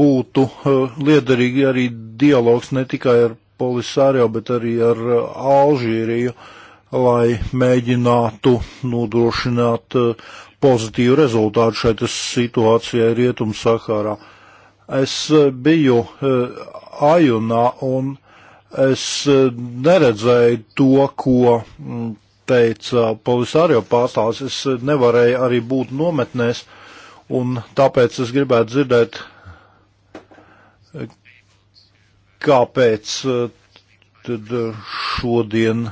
būtu uh, liederīgi arī dialogs ne tikai ar Polisārio, bet arī ar uh, Alžīriju, lai mēģinātu nodrošināt uh, pozitīvu rezultātu šai situācijai Rietum Sahārā. Es biju Ajunā un Es eh, neredzēju to, ko mm, teica Polisārio pārstāvis. Es eh, nevarēju arī būt nometnēs, un tāpēc es gribētu dzirdēt, eh, kāpēc tad šodien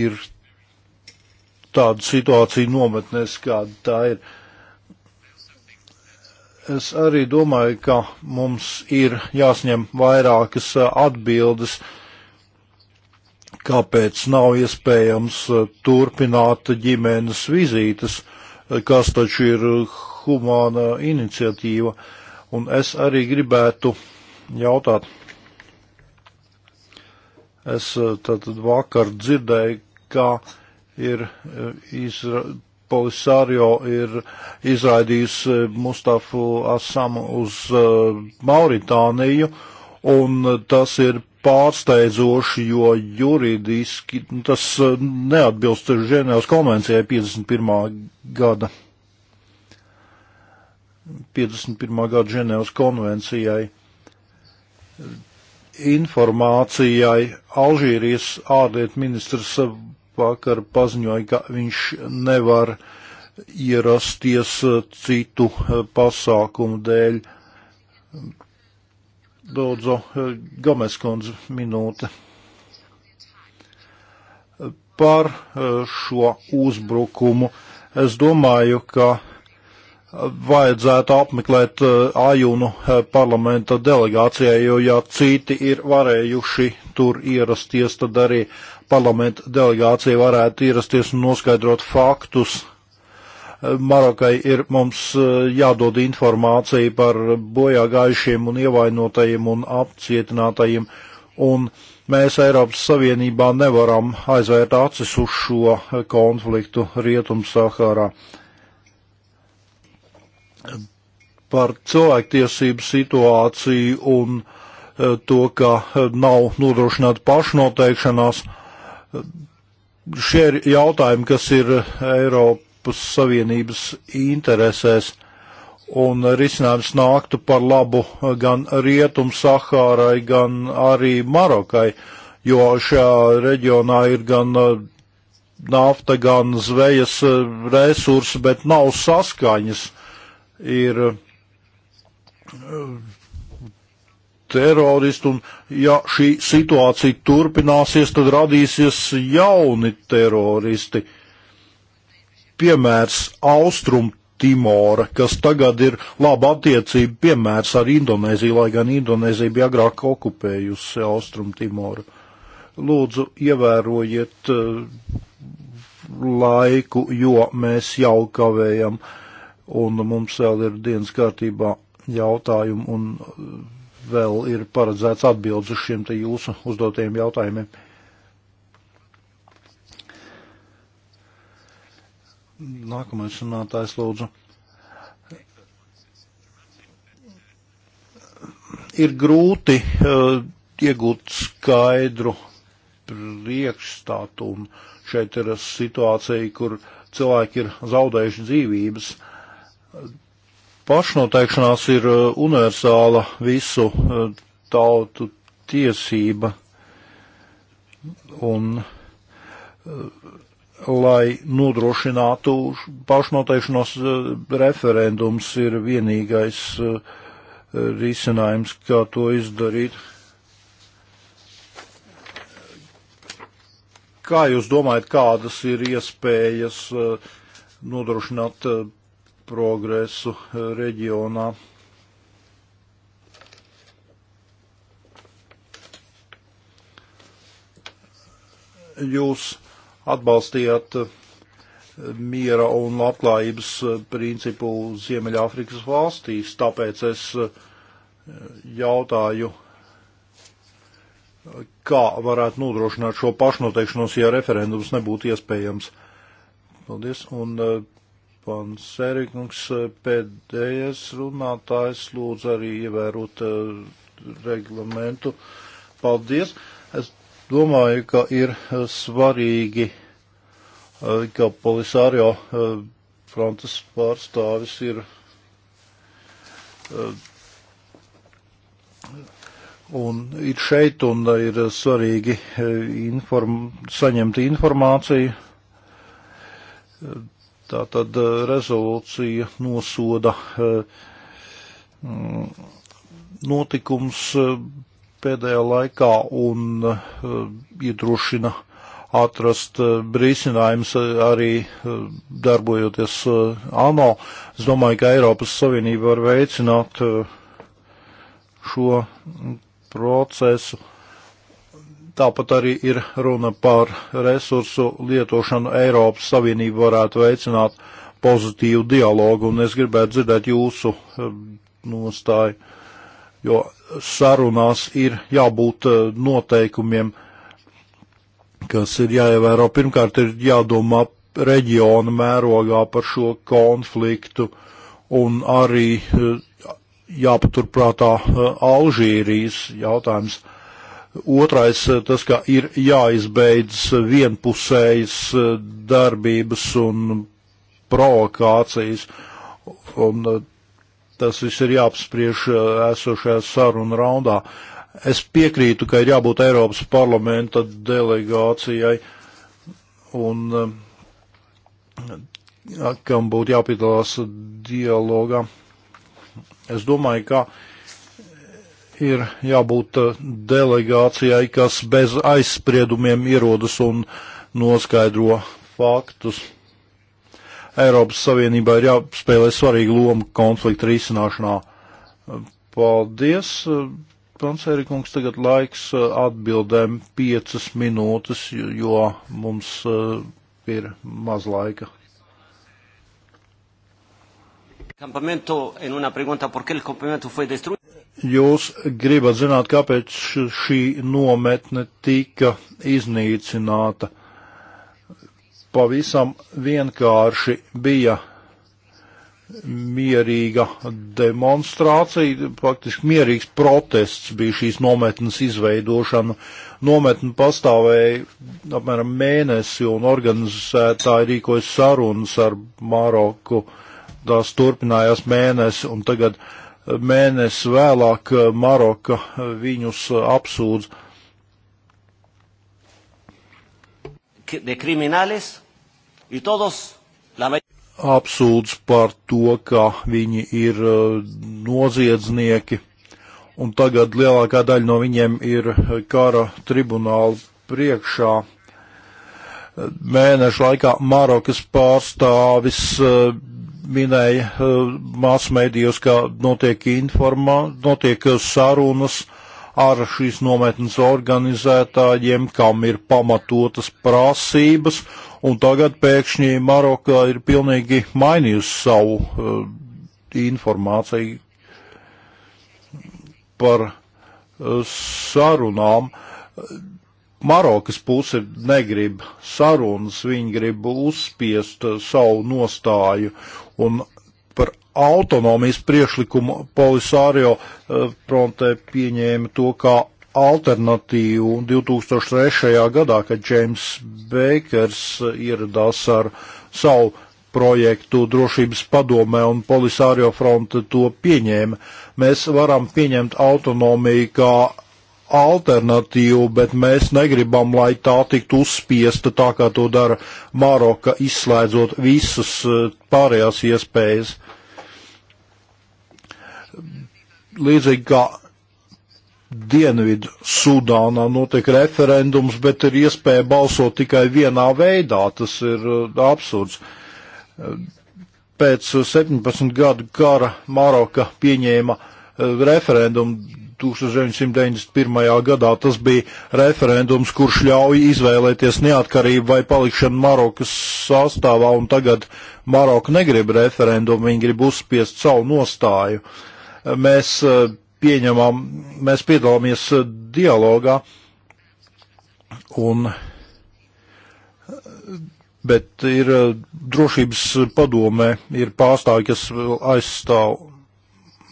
ir tāda situācija nometnēs, kāda tā ir. Es arī domāju, ka mums ir jāsņem vairākas uh, atbildes, kāpēc nav iespējams uh, turpināt ģimenes vizītes, uh, kas taču ir humāna iniciatīva. Un es arī gribētu jautāt. Es tad vakar dzirdēju, ka ir izra Polisario ir izraidījis eh, Mustafu Asamu uz eh, Mauritāniju, un tas ir pārsteidzoši, jo juridiski tas eh, neatbilst Ženēvas konvencijai 51. gada. 51. gada Ženēvas konvencijai informācijai Alžīrijas ārlietu ministrs vakar paziņoja, ka viņš nevar ierasties citu eh, pasākumu dēļ. Dodzo eh, Gomeskundze minūte. Par eh, šo uzbrukumu es domāju, ka vajadzētu apmeklēt Ajunu parlamenta delegācijai, jo ja citi ir varējuši tur ierasties, tad arī parlamenta delegācija varētu ierasties un noskaidrot faktus. Eh, Marokai ir mums eh, jādod informācija par bojā gājušiem un ievainotajiem un apcietinātajiem, un mēs Eiropas Savienībā nevaram aizvērt acis uz šo eh, konfliktu Rietum Sahārā. Par cilvēktiesību situāciju un to, ka nav nodrošināta pašnoteikšanās, uh, Šie ir jautājumi, kas ir Eiropas Savienības interesēs, un risinājums nāktu par labu gan Rietum Sahārai, gan arī Marokai, jo šajā reģionā ir gan uh, nafta, gan zvejas uh, resursi, bet nav saskaņas. Ir uh, teroristi, un ja šī situācija turpināsies, tad radīsies jauni teroristi. Piemērs Austrum Timora, kas tagad ir laba attiecība piemērs ar Indonēziju, lai gan Indonēzija bija agrāk okupējusi Austrum Timoru. Lūdzu, ievērojiet eh, laiku, jo mēs jau kavējam, un mums vēl ir dienas kārtībā jautājumi un eh, vēl ir paredzēts atbildes uz šiem te jūsu uzdotajiem jautājumiem. Nākamais runātājs lūdzu. Ir grūti uh, iegūt skaidru priekšstātu, un šeit ir situācija, kur cilvēki ir zaudējuši dzīvības pašnoteikšanās ir eh, universāla visu eh, tautu tiesība. Un, eh, lai nodrošinātu pašnoteikšanos referendums ir vienīgais risinājums, kā to izdarīt. Kā jūs domājat, kādas ir iespējas nodrošināt progresu e, reģionā. Jūs atbalstījāt e, miera un labklājības e, principu Ziemeļāfrikas valstīs, tāpēc es jautāju, kā varētu nodrošināt šo pašnoteikšanos, ja referendums nebūtu iespējams. Paldies, un Pans Erikungs eh, pēdējais runātājs lūdzu arī ievērot uh, reglamentu. Paldies! Es domāju, ka ir eh, svarīgi, uh, ka Polisārio uh, frontes pārstāvis ir un ir šeit un ir svarīgi inform, saņemt informāciju Tātad eh, rezolūcija nosoda eh, mm, notikums eh, pēdējā laikā un iedrošina atrast brīsinājums arī darbojoties ANO. Es domāju, ka Eiropas Savienība var veicināt šo mm, procesu. Tāpat arī ir runa par resursu lietošanu Eiropas Savienība varētu veicināt pozitīvu dialogu, un es gribētu dzirdēt jūsu eh, nostāju, jo sarunās ir jābūt eh, noteikumiem, kas ir jāievēro. Pirmkārt, ir jādomā reģiona mērogā par šo konfliktu, un arī eh, jāpaturprātā Alžīrijas jautājums. Uh, Otrais, eh, tas, ka ir jāizbeidz vienpusējas eh, darbības un provokācijas, un eh, tas viss ir jāapspriež esošajā sarunu raundā. Es piekrītu, ka ir jābūt Eiropas parlamenta delegācijai, un kam būtu jāpiedalās dialogā. Es domāju, ka ir jābūt eh, delegācijai, kas bez aizspriedumiem ierodas un noskaidro faktus. Eiropas Savienībā ir jāspēlē svarīga loma konflikta risināšanā. Paldies, Pansēri kungs, tagad laiks eh, atbildēm piecas minūtes, jo mums eh, ir maz laika. Campamento, en una pregunta, ¿por qué el campamento fue destruido? jūs gribat zināt, kāpēc šī nometne tika iznīcināta. Pavisam vienkārši bija mierīga demonstrācija, faktiski mierīgs protests bija šīs nometnes izveidošana. Nometne pastāvēja apmēram mēnesi un organizētāji rīkoja sarunas ar Maroku. Tās turpinājās mēnesi un tagad uh, mēnesi vēlāk eh, Maroka eh, viņus eh, apsūdz. Apsūdz par to, ka viņi ir noziedznieki, un tagad lielākā daļa no viņiem ir kara tribunāla priekšā mēnešu laikā Marokas pārstāvis minēja eh, māsmēdījos, ka notiek informā, notiek eh, sarunas ar šīs nometnes organizētājiem, kam ir pamatotas prasības, un tagad pēkšņi Maroka ir pilnīgi mainījusi savu uh, informāciju par uh, sarunām. Marokas puse negrib sarunas, viņi grib uzspiest savu nostāju, Un par autonomijas priekšlikumu Polisārio eh, frontē pieņēma to kā alternatīvu 2003. gadā, kad Džeims Beikers eh, ieradās ar savu projektu drošības padomē un Polisārio fronte to pieņēma. Mēs varam pieņemt autonomiju kā alternatīvu, bet mēs negribam, lai tā tiktu uzspiesta tā, kā to dara Maroka, izslēdzot visas eh, pārējās iespējas. Līdzīgi kā Dienvidu Sudānā notiek referendums, bet ir iespēja balsot tikai vienā veidā. Tas ir eh, absurds. Pēc 17 eh, gadu kara Maroka pieņēma referendumu 1991. gadā tas bija referendums, kurš ļauj izvēlēties neatkarību vai palikšanu Marokas sastāvā, un tagad Maroka negrib referendumu, viņi grib uzspiest savu nostāju. Mēs eh, pieņemam, mēs piedalāmies eh, dialogā, un, eh, bet ir drošības padomē, ir pārstāvji, kas aizstāv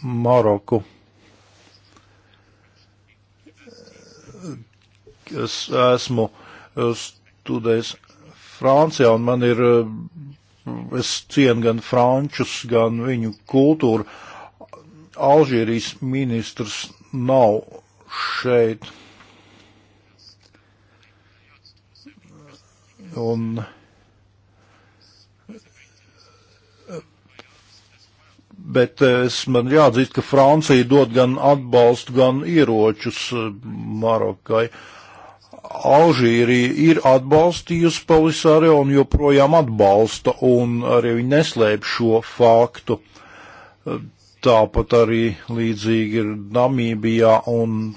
Maroku. Es esmu e, studējis Francijā un man ir, e, es cienu gan frančus, gan viņu kultūru. Alžīrijas ministrs nav šeit. Un bet e, es man jāatzīst, ka Francija dod gan atbalstu, gan ieročus Marokai. Uh, Alžīrija ir atbalstījusi Polisāri un joprojām atbalsta, un arī viņi neslēp šo faktu. Tāpat arī līdzīgi ir Namībijā un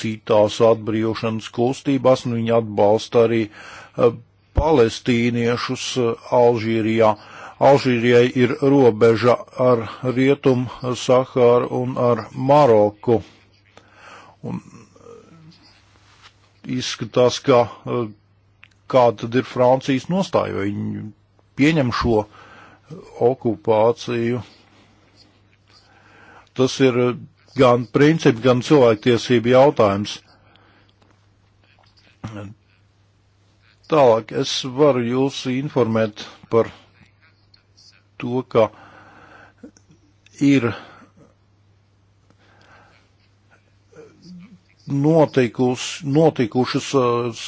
citās atbrīvošanas kustībās, un viņi atbalsta arī e, palestīniešus e, Alžīrijā. Alžīrijai ir robeža ar Rietumu Sahāru un ar Maroku. Un izskatās, ka e, kāda tad ir Francijas nostāja, vai viņi pieņem šo okupāciju. Tas ir gan principi, gan cilvēktiesība jautājums. Tālāk es varu jūs informēt par to, ka ir notikus, notikušas uh,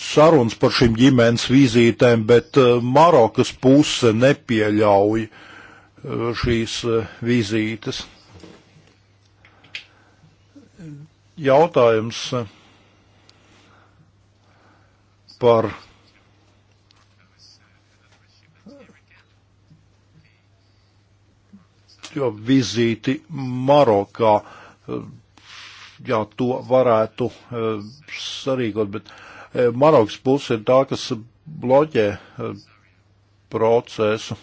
sarunas par šīm ģimenes vizītēm, bet uh, Marokas puse nepieļauj uh, šīs vizītes. Jautājums par jo vizīti Marokā jā, to varētu eh, sarīkot, bet eh, Maroks puse ir tā, kas bloķē eh, procesu.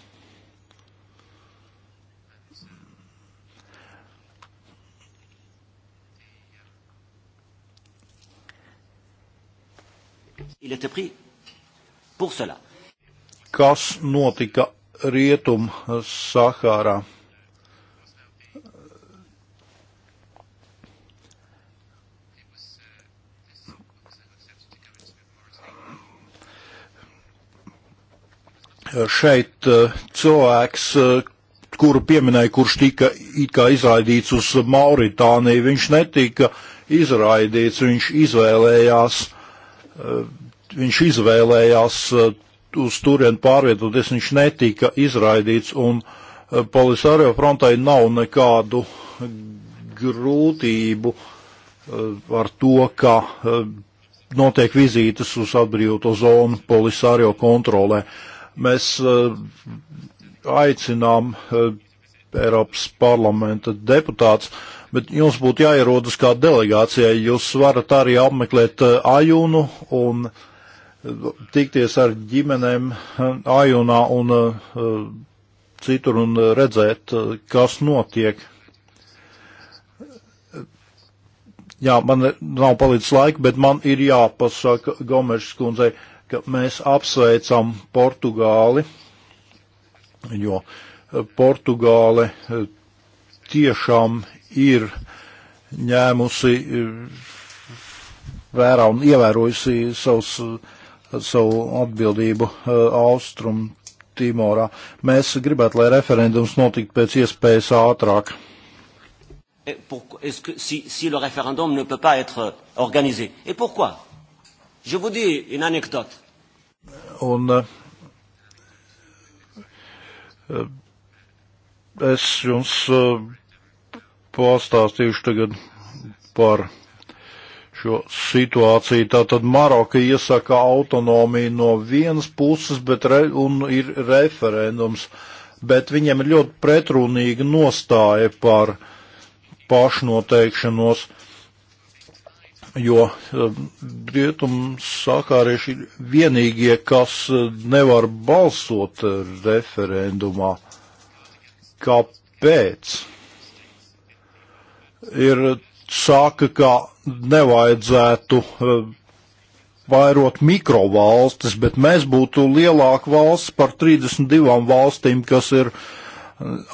Kas notika Rietum Sahārā? šeit eh, cilvēks, eh, kuru pieminēja, kurš tika it kā izraidīts uz Mauritāniju, viņš netika izraidīts, viņš izvēlējās, eh, viņš izvēlējās uz turienu pārvietoties, viņš netika izraidīts, un Polisario frontai nav nekādu grūtību ar to, ka notiek vizītes uz atbrīvoto zonu Polisario kontrolē. Uh, Mēs eh, aicinām eh, Eiropas parlamenta deputāts, bet jums būtu jāierodas kā delegācijai. Jūs varat arī apmeklēt eh, Ajunu un tikties ar ģimenēm Ajunā un citur un redzēt, kas notiek. Jā, man nav palicis laika, bet man ir jāpasaka Gomešs kundzei. Uh, ka mēs apsveicam Portugāli, jo eh, Portugāle eh, tiešām ir ņēmusi eh, vērā un ievērojusi savus, savu atbildību Austrum Timorā. Mēs gribētu, lai referendums notiktu pēc iespējas ātrāk. Pour, est-ce que si, si le référendum ne peut pas être organisé Et pourquoi Je vous dis une anecdote. Un, eh, eh, es jums eh, pastāstīšu tagad par šo situāciju. Tātad Maroka iesaka autonomiju no vienas puses, bet re, un ir referendums, bet viņiem ir ļoti pretrunīga nostāja par pašnoteikšanos. Uh, jo eh, rietumi sākārieši ir vienīgie, kas eh, nevar balsot eh, referendumā. Kāpēc? Ir saka, ka nevajadzētu vairot mikrovalstis, bet mēs būtu lielāka valsts par 32 valstīm, kas ir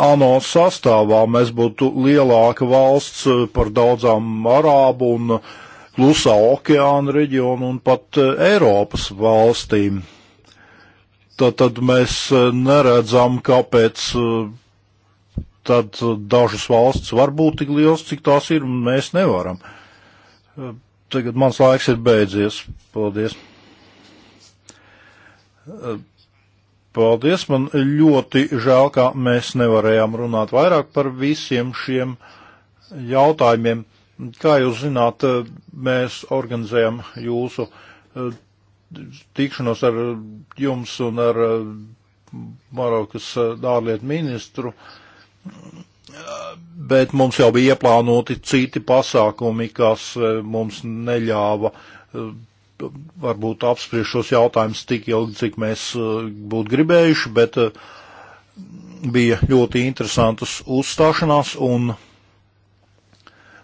ANO sastāvā. Mēs būtu lielāka valsts par daudzām arābu un uh, klusā okeāna reģionu un pat e, Eiropas valstīm. Tad, tad mēs e, neredzam, kāpēc e, tad dažas valsts var būt tik liels, cik tās ir, un mēs nevaram. Tagad mans laiks ir beidzies. Paldies. Paldies, man ļoti žēl, ka mēs nevarējām runāt vairāk par visiem šiem jautājumiem. Kā jūs zināt, mēs organizējam jūsu eh, tikšanos ar jums un ar eh, Marokas eh, ārlietu ministru, bet mums jau bija ieplānoti citi pasākumi, kas mums neļāva varbūt apspriest šos jautājumus tik ilgi, cik mēs būtu gribējuši, bet bija ļoti interesantas uzstāšanās un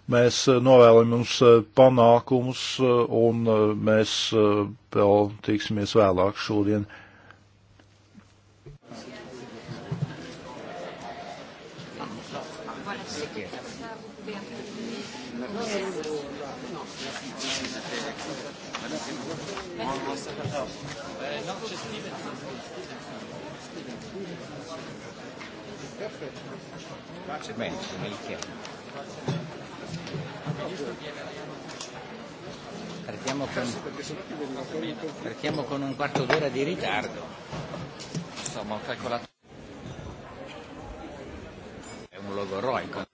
Mēs eh, novēlam jums eh, panākumus eh, un mēs vēl tiksimies vēlāk šodien. Perfetto. Bene. con, partiamo con un quarto d'ora di ritardo. Insomma, ho calcolato. È un logoroico.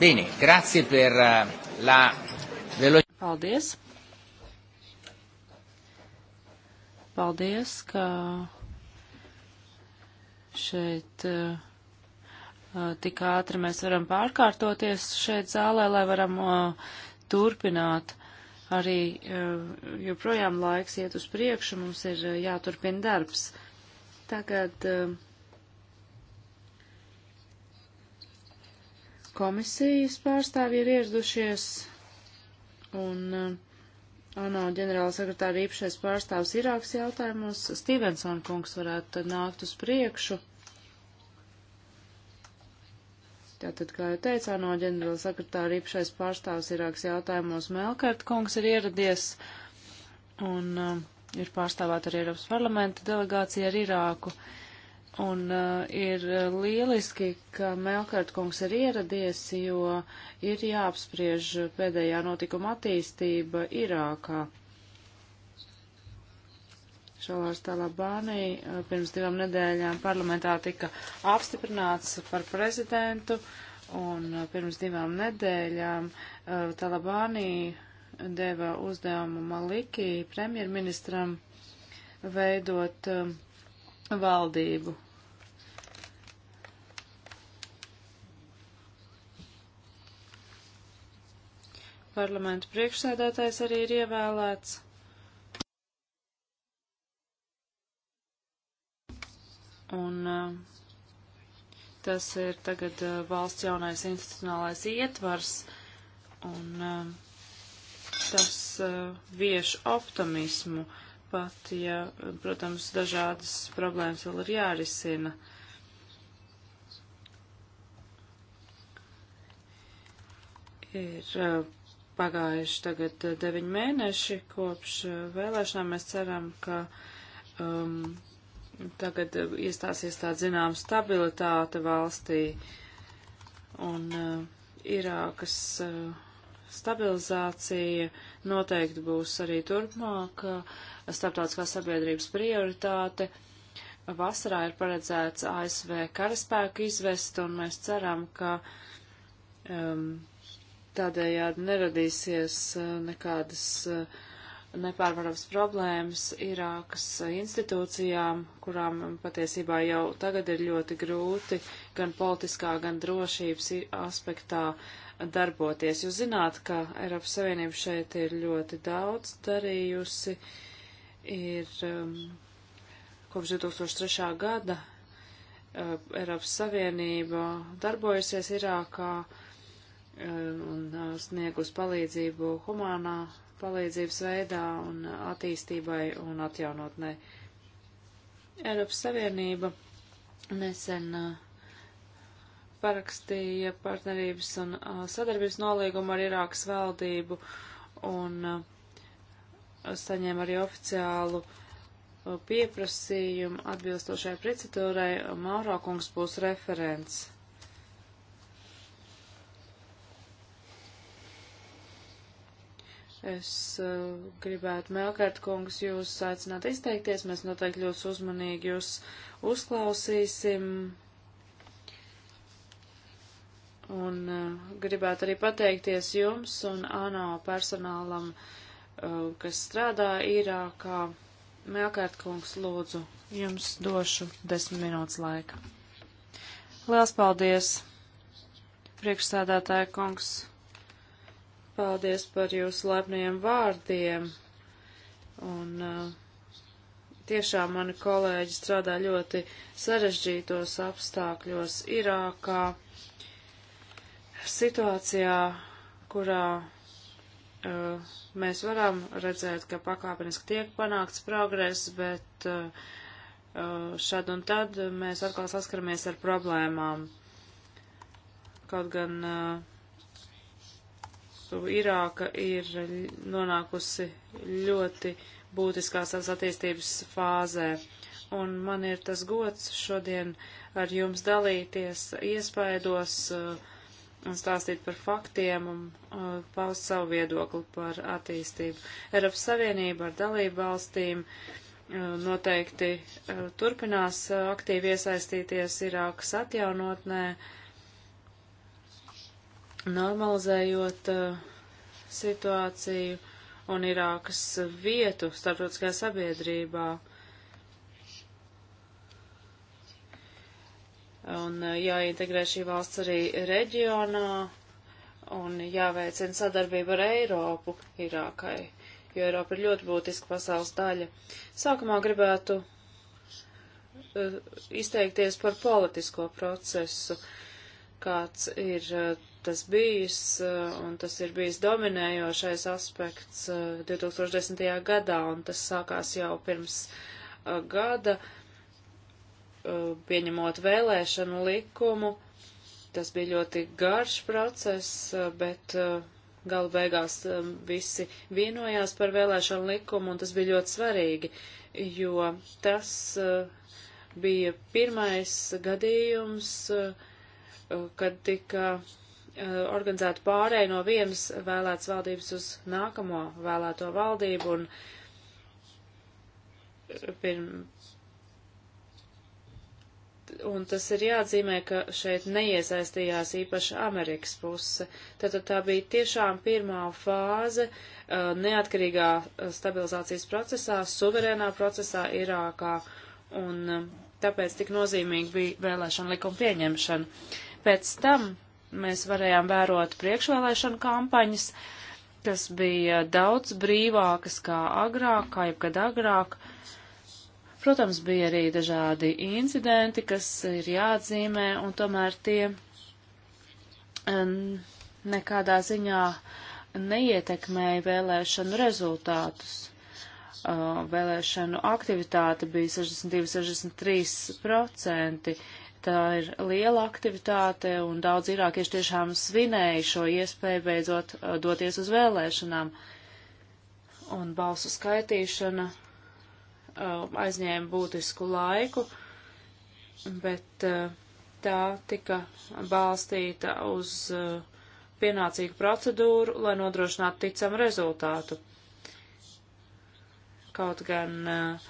Bene, grazie per eh, la velocità. Paldies. Paldies, ka šeit eh, eh, tik ātri mēs varam pārkārtoties šeit zālē, lai varam turpināt. Arī joprojām laiks iet uz priekšu, mums ir jāturpina darbs. Tagad uh, Komisijas pārstāvji ir ieradušies un uh, ANO ģenerāla sekretāra īpašais pārstāvs Irāks jautājumos. Stevensona kungs varētu nākt uz priekšu. Tātad, kā jau teicā, no ģenerāla sekretāra īpašais pārstāvs Irāks jautājumos Melkart kungs ir ieradies un uh, ir pārstāvāt arī Eiropas parlamenta delegācija ar Irāku. Uh, Un uh, ir uh, lieliski, ka Melkārtkungs ir ieradies, jo ir jāapspriež pēdējā notikuma attīstība Irākā. Šalārs Talabānī uh, pirms divām nedēļām parlamentā tika apstiprināts par prezidentu, un uh, pirms divām nedēļām Talabānī deva uzdevumu Maliki premjerministram veidot um, valdību. Parlamenta priekšsēdētājs arī ir ievēlēts. Un eh, tas ir tagad eh, valsts jaunais institucionālais ietvars, un eh, tas vieš optimismu. Uh, pat ja, protams, dažādas problēmas vēl ir jārisina. Ir pagājuši tagad deviņi mēneši kopš vēlēšanām. Mēs ceram, ka um, tagad iestāsies tā zinām stabilitāte valstī un uh, Irākas. Uh, stabilizācija noteikti būs arī turpmāk eh, starptautiskās sabiedrības prioritāte. Vasarā ir paredzēts ASV karaspēku izvest, un mēs ceram, ka um, tādējādi neradīsies eh, nekādas eh, nepārvarams problēmas Irākas institūcijām, kurām patiesībā jau tagad ir ļoti grūti gan politiskā, gan drošības aspektā uh, darboties. Jūs zināt, ka Eiropas Savienība šeit ir ļoti daudz darījusi, ir um, kopš 2003. gada uh, Eiropas Savienība darbojusies Irākā uh, un uh, sniegus palīdzību humānā palīdzības veidā un attīstībai un atjaunotnē. Eiropas Savienība nesen uh, parakstīja partnerības un sadarbības nolīgumu ar Irākas valdību un saņēma arī oficiālu pieprasījumu atbilstošai procedūrai. Mauro kungs būs referents. Es uh, gribētu, Melkārt kungs, jūs aicināt izteikties. Mēs noteikti ļoti uzmanīgi jūs uzklausīsim Un uh, gribētu arī pateikties jums un ANO personālam, uh, kas strādā Irākā. Melkārt kungs, lūdzu, jums došu desmit minūtes laika. Liels paldies, priekšsādātāja kungs. Paldies par jūsu laipniem vārdiem. Un uh, tiešām mani kolēģi strādā ļoti sarežģītos apstākļos Irākā situācijā, kurā uh, mēs varam redzēt, ka pakāpeniski tiek panākts progress, bet uh, šad un tad mēs atkal saskaramies ar problēmām. Kaut gan uh, Irāka ir nonākusi ļoti būtiskā savas attīstības fāzē. Un man ir tas gods šodien ar jums dalīties iespaidos uh, un stāstīt par faktiem un uh, paust savu viedokli par attīstību. Eiropas Savienība ar dalību valstīm uh, noteikti uh, turpinās uh, aktīvi iesaistīties Irākas atjaunotnē, normalizējot uh, situāciju un Irākas vietu starptautiskajā sabiedrībā. un eh, jāintegrē šī valsts arī reģionā un jāveicina sadarbība ar Eiropu Irākai, jo Eiropa ir ļoti būtiska pasaules daļa. Sākumā gribētu uh, izteikties par politisko procesu, kāds ir uh, tas bijis, uh, un tas ir bijis dominējošais aspekts 2010. gadā, un tas sākās jau pirms gada. Uh, Uh, pieņemot vēlēšanu likumu. Tas bija ļoti garš process, uh, bet uh, galu beigās um, visi vienojās par vēlēšanu likumu, un tas bija ļoti svarīgi, jo tas bija pirmais gadījums, kad tika organizēta pārēja no vienas vēlētas valdības uz nākamo vēlēto valdību, un pirm, un tas ir jāatzīmē, ka šeit neiesaistījās īpaši Amerikas puse. Tātad tā bija tiešām pirmā fāze uh, neatkarīgā uh, stabilizācijas procesā, suverēnā procesā Irākā, un uh, tāpēc tik nozīmīgi bija vēlēšana likuma pieņemšana. Pēc tam mēs varējām vērot priekšvēlēšanu kampaņas, kas bija daudz brīvākas kā agrāk, kā jebkad agrāk. Uh, Protams, bija arī dažādi incidenti, kas ir jāatzīmē, un tomēr tie um, nekādā ziņā neietekmēja vēlēšanu rezultātus. Uh, vēlēšanu aktivitāte bija 62-63%. Tā ir liela aktivitāte, un daudz irākieši tiešām svinēja šo iespēju beidzot uh, doties uz vēlēšanām. Un balsu skaitīšana Um, aizņēma būtisku laiku, bet uh, tā tika balstīta uz uh, pienācīgu procedūru, lai nodrošinātu ticamu rezultātu. Kaut gan uh,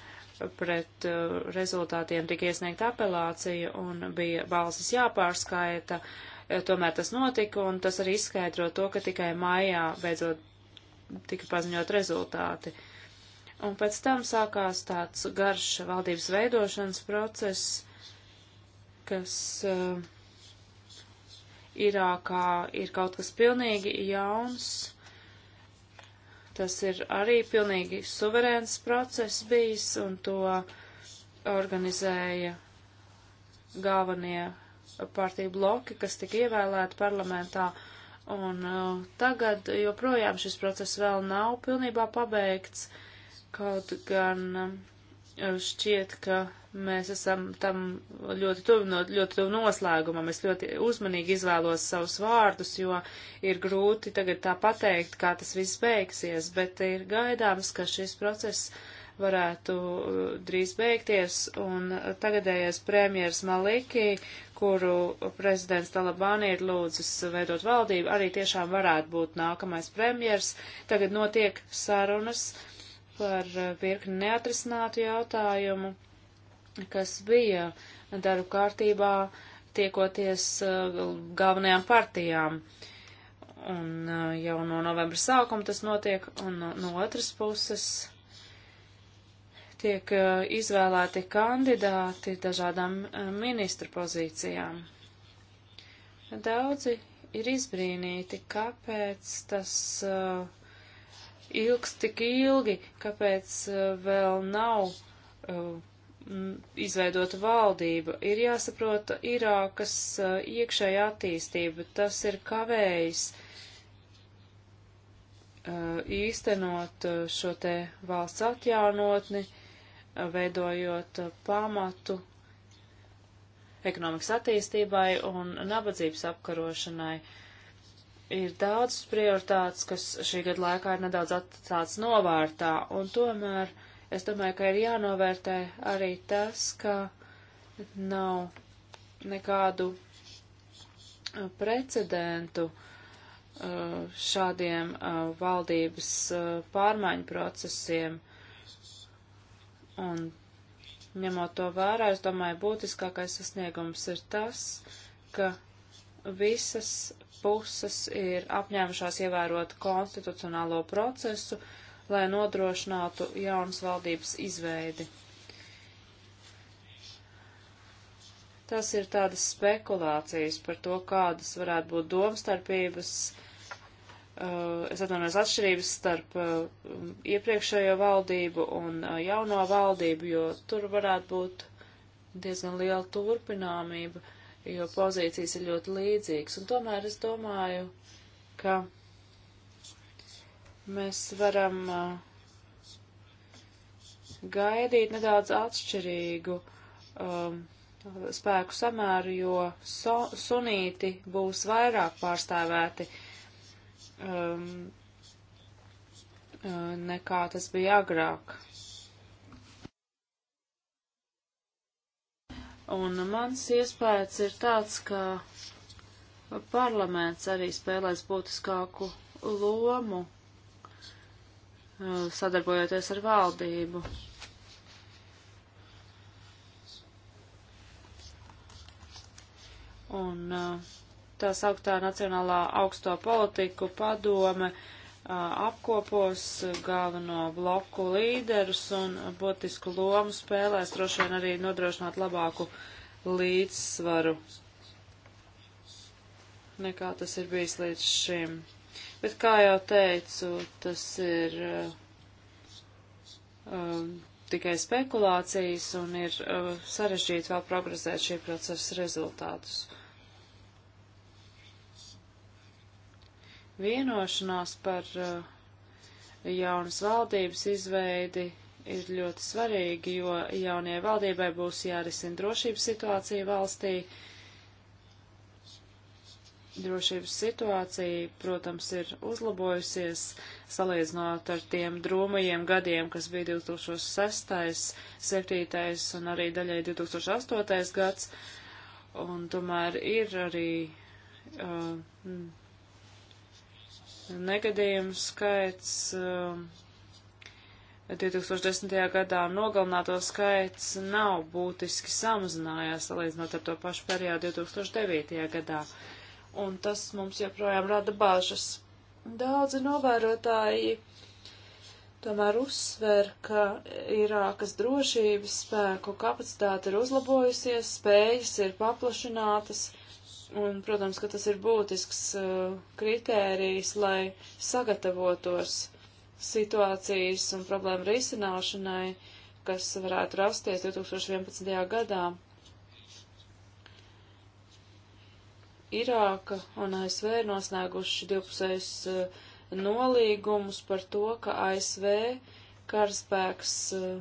pret uh, rezultātiem tika iesniegta apelācija un bija balsis jāpārskaita. Uh, tomēr tas notika, un tas arī izskaidro to, ka tikai maijā beidzot tika paziņot rezultāti. Un pēc tam sākās tāds garš valdības veidošanas process, kas uh, Irākā ir kaut kas pilnīgi jauns. Tas ir arī pilnīgi suverēns process bijis, un to organizēja galvenie partiju bloki, kas tika ievēlēti parlamentā. Un uh, tagad joprojām šis process vēl nav pilnībā pabeigts. Uh, Kaut gan eh, šķiet, ka mēs esam tam ļoti tuvu, no, ļoti tuvu noslēgumam. Es ļoti uzmanīgi izvēlos savus vārdus, jo ir grūti tagad tā pateikt, kā tas viss beigsies, bet ir gaidāms, ka šis process varētu eh, drīz beigties, un tagadējais premjers Maliki, kuru prezidents Talabāni ir lūdzis veidot valdību, arī tiešām varētu būt nākamais premjers. Tagad notiek sarunas. Uh, par eh, virkni neatrisinātu jautājumu, kas bija darba kārtībā tiekoties eh, galvenajām partijām. Un eh, jau no novembra sākuma tas notiek, un no, no otras puses tiek izvēlēti kandidāti dažādām ministru pozīcijām. Daudzi ir izbrīnīti, kāpēc tas uh, ilgs tik ilgi, kāpēc eh, vēl nav eh, izveidota valdība, ir jāsaprota Irākas eh, iekšēja attīstība. Tas ir kavējis īstenot šo te valsts atjaunotni, veidojot pamatu ekonomikas attīstībai un nabadzības apkarošanai. Uh, ir daudz prioritātes, kas šī gada laikā ir nedaudz atstāts novārtā, un tomēr es domāju, ka ir jānovērtē arī tas, ka nav nekādu uh, precedentu uh, šādiem uh, valdības pārmaiņu procesiem. Un ņemot to vērā, es domāju, būtiskākais sasniegums ir tas, ka visas puses ir apņēmušās ievērot konstitucionālo procesu, lai nodrošinātu jaunas valdības izveidi. Tas ir tādas spekulācijas par to, kādas varētu būt domstarpības, uh, es atvainojos atšķirības starp uh, iepriekšējo valdību un uh, jauno valdību, jo tur varētu būt diezgan liela turpināmība jo pozīcijas ir ļoti līdzīgas. Un tomēr es domāju, ka mēs varam uh, gaidīt nedaudz atšķirīgu um, spēku samēru, jo so, sunīti būs vairāk pārstāvēti um, uh, nekā tas bija agrāk. Un mans iespējas ir tāds, ka parlaments arī spēlēs būtiskāku lomu, uh, sadarbojoties ar valdību. Un uh, tā sauktā Nacionālā augsto politiku padome uh, apkopos galveno bloku līderus un būtisku lomu spēlēs droši vien arī nodrošināt labāku līdzsvaru nekā tas ir bijis līdz šim. Bet, kā jau teicu, tas ir um, tikai spekulācijas un ir uh, sarežģīti vēl progresēt šī procesa rezultātus. Vienošanās par uh, jaunas valdības izveidi ir ļoti svarīgi, jo jaunajai valdībai būs jārisina drošības situācija valstī. Drošības situācija, protams, ir uzlabojusies salīdzinot ar tiem drūmajiem gadiem, kas bija 2006, 2007 un arī daļai 2008 gads. Un tomēr ir arī uh, negadījumu skaits. 2010. Um, gadā nogalināto skaits nav būtiski samazinājies, salīdzinot ar to pašu periodu 2009. gadā. Un tas mums joprojām rada bažas. Daudzi novērotāji tomēr uzsver, ka Irākas drošības spēku kapacitāte ir uzlabojusies, spējas ir paplašinātas Un, protams, ka tas ir būtisks uh, kritērijs, lai sagatavotos situācijas un problēmu risināšanai, kas varētu rasties 2011. gadā. Irāka un ASV ir noslēguši divpusējus uh, nolīgumus par to, ka ASV karaspēks uh,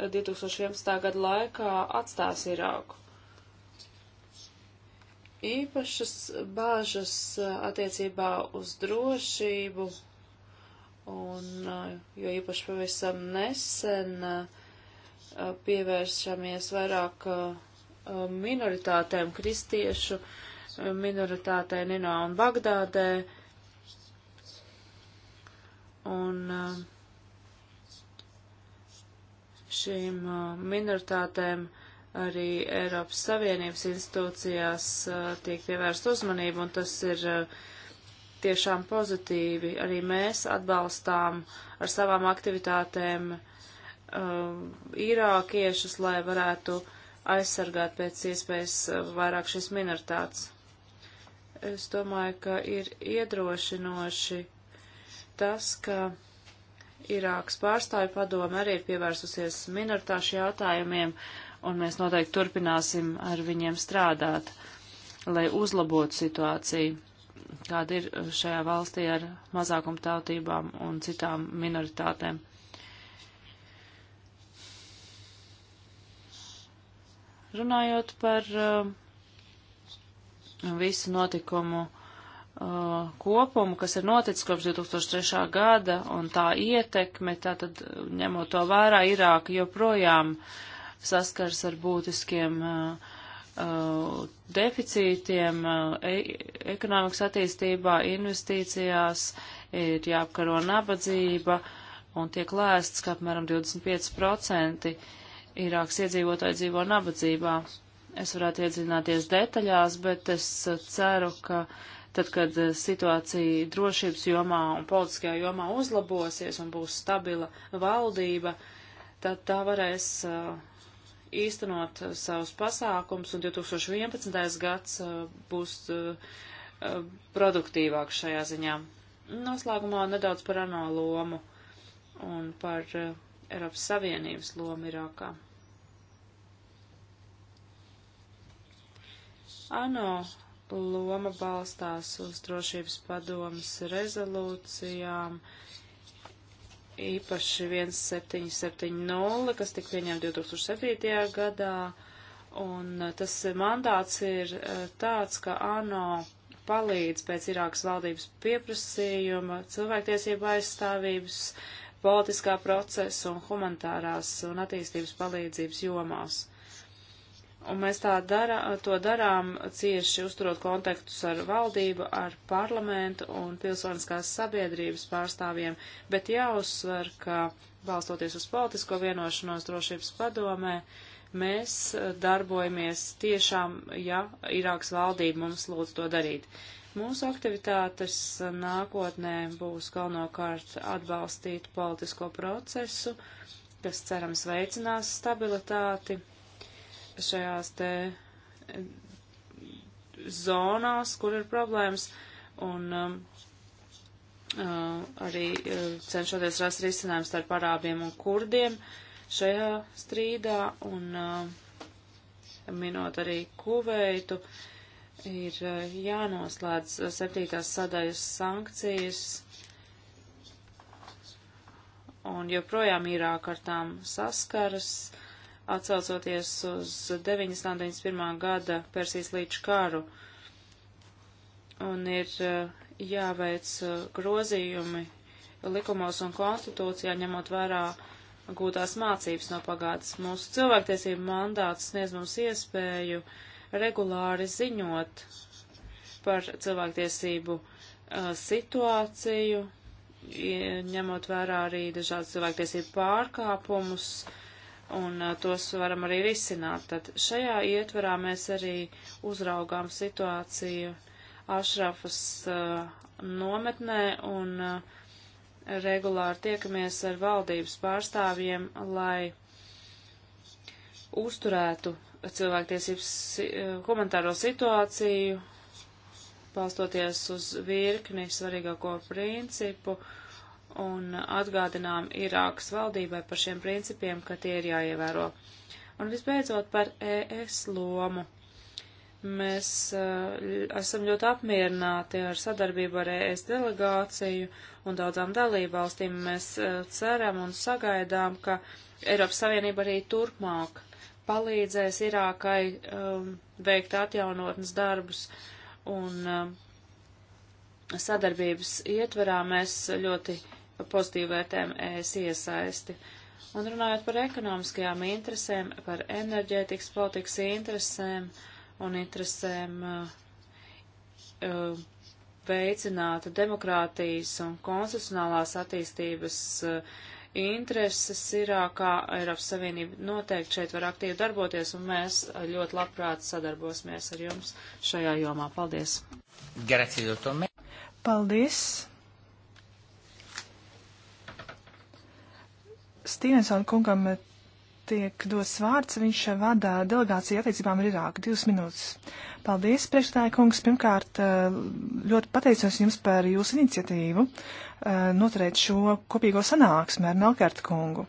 2011. gada laikā atstās Irāku īpašas bāžas attiecībā uz drošību, un jo īpaši pavisam nesen pievēršamies vairāk minoritātēm, kristiešu minoritātē Ninā un Bagdādē. Un šīm minoritātēm uh, arī Eiropas Savienības institūcijās tiek pievērsta uzmanība, un tas ir tiešām pozitīvi. Arī mēs atbalstām ar savām aktivitātēm īrākiešus, lai varētu aizsargāt pēc iespējas vairāk šīs minoritātes. Es domāju, ka ir iedrošinoši tas, ka Irākas pārstāju padome arī ir pievērsusies minoritāšu jautājumiem, uh, un mēs noteikti turpināsim ar viņiem strādāt, lai uzlabotu situāciju, kāda ir šajā valstī ar mazākumtautībām un citām minoritātēm. Runājot par uh, visu notikumu uh, kopumu, kas ir noticis kopš 2003. gada un tā ietekme, tātad ņemot to vērā, Irāka joprojām uh, saskars ar būtiskiem uh, Uh, deficītiem uh, e ekonomikas attīstībā, investīcijās, ir jāapkaro nabadzība un tiek lēsts, ka apmēram 25% Irākas iedzīvotāji dzīvo nabadzībā. Es varētu iedzināties detaļās, bet es uh, ceru, ka tad, kad uh, situācija drošības jomā un politiskajā jomā uzlabosies un būs stabila valdība, tad tā varēs uh, īstenot uh, savus pasākums, un 2011. gads uh, būs uh, produktīvāks šajā ziņā. Noslēgumā nedaudz par ANO lomu un par Eiropas Savienības lomu Irākā. ANO loma balstās uz drošības padomas rezolūcijām, uh, īpaši 1770, kas tika pieņemta 2007. gadā. Un eh, tas mandāts ir eh, tāds, ka ANO palīdz pēc Irākas valdības pieprasījuma cilvēktiesību aizstāvības, politiskā procesa un humanitārās un attīstības palīdzības jomās. Un mēs tā dara, to darām cieši uzturot kontaktus ar valdību, ar parlamentu un pilsoniskās sabiedrības pārstāvjiem, bet jāuzsver, ka balstoties uz politisko vienošanos drošības padomē, mēs darbojamies tiešām, ja Irāks valdība mums lūdz to darīt. Mūsu aktivitātes nākotnē būs galvenokārt atbalstīt politisko procesu, kas cerams veicinās stabilitāti šajās te eh, zonās, kur ir problēmas, un um, eh, arī eh, cenšoties rast risinājumu starp arābiem un kurdiem šajā strīdā, un um, minot arī Kuveitu, ir jānoslēdz septītās sadaļas sankcijas, un joprojām Irāk ar tām saskaras atsaucoties uz 991. gada Persijas līča karu. Un ir eh, jāveic eh, grozījumi likumos un konstitūcijā, ņemot vērā gūtās mācības no pagātnes. Mūsu cilvēktiesību mandāts sniedz mums iespēju regulāri ziņot par cilvēktiesību uh, situāciju, ņemot vērā arī dažādas cilvēktiesību pārkāpumus, uh, un uh, tos varam arī risināt. Tad šajā ietverā mēs arī uzraugām situāciju Ašrafas uh, nometnē un uh, regulāri tiekamies ar valdības pārstāvjiem, lai uzturētu cilvēktiesības komentāro situāciju, palstoties uz virkni svarīgāko principu un atgādinām Irākas valdībai par šiem principiem, ka tie ir jāievēro. Un visbeidzot par ES lomu. Mēs uh, esam ļoti apmierināti ar sadarbību ar ES delegāciju un daudzām dalībvalstīm. Mēs uh, ceram un sagaidām, ka Eiropas Savienība arī turpmāk palīdzēs Irākai um, veikt atjaunotnes darbus un um, sadarbības ietverā mēs ļoti pozitīvi vērtējam ES iesaisti. Un runājot par ekonomiskajām interesēm, par enerģētikas politikas interesēm un interesēm uh, veicināt demokrātijas un konstitucionālās attīstības uh, intereses Irākā Eiropas Savienība noteikti šeit var aktīvi darboties, un mēs ļoti labprāt sadarbosimies ar jums šajā jomā. Paldies! Paldies! Stevensona kungam tiek dos vārds. Viņš vada delegāciju attiecībām ar Irāku. Divas minūtes. Paldies, priekšstādāja kungs. Pirmkārt, eh, ļoti pateicos jums par jūsu iniciatīvu eh, noturēt šo kopīgo sanāksmi ar Melkārtu kungu.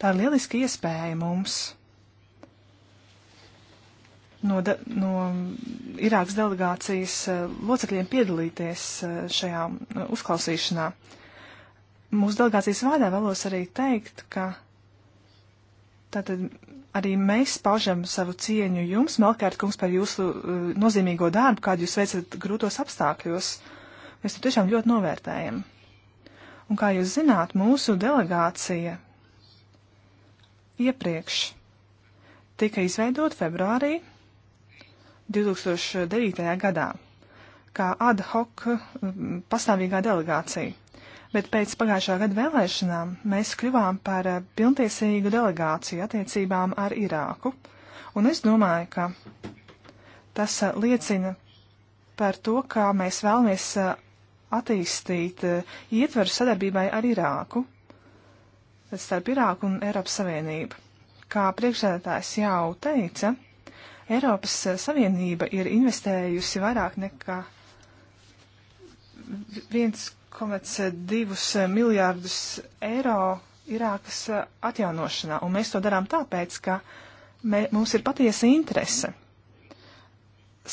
Tā ir lieliska iespēja mums no, de, no Irākas delegācijas eh, locekļiem piedalīties šajā uzklausīšanā. Uh, Mūsu delegācijas vārdā vēlos arī teikt, ka tātad arī mēs paužam savu cieņu jums, Melkārt kungs, par jūsu uh, nozīmīgo darbu, kādu jūs veicat grūtos apstākļos. Mēs to tiešām ļoti novērtējam. Un kā jūs zināt, mūsu delegācija iepriekš tika izveidota februārī 2009. gadā kā ad hoc mm, pastāvīgā delegācija bet pēc pagājušā gada vēlēšanām mēs kļuvām par eh, pilntiesīgu delegāciju attiecībām ar Irāku. Un es domāju, ka tas eh, liecina par to, kā mēs vēlamies eh, attīstīt ietveru sadarbībai ar Irāku, starp Irāku un Eiropas Savienību. Kā priekšsēdētājs jau teica, Eiropas Savienība ir investējusi vairāk nekā viens 1,2 miljārdus eiro Irākas atjaunošanā, un mēs to darām tāpēc, ka mē, mums ir patiesa interese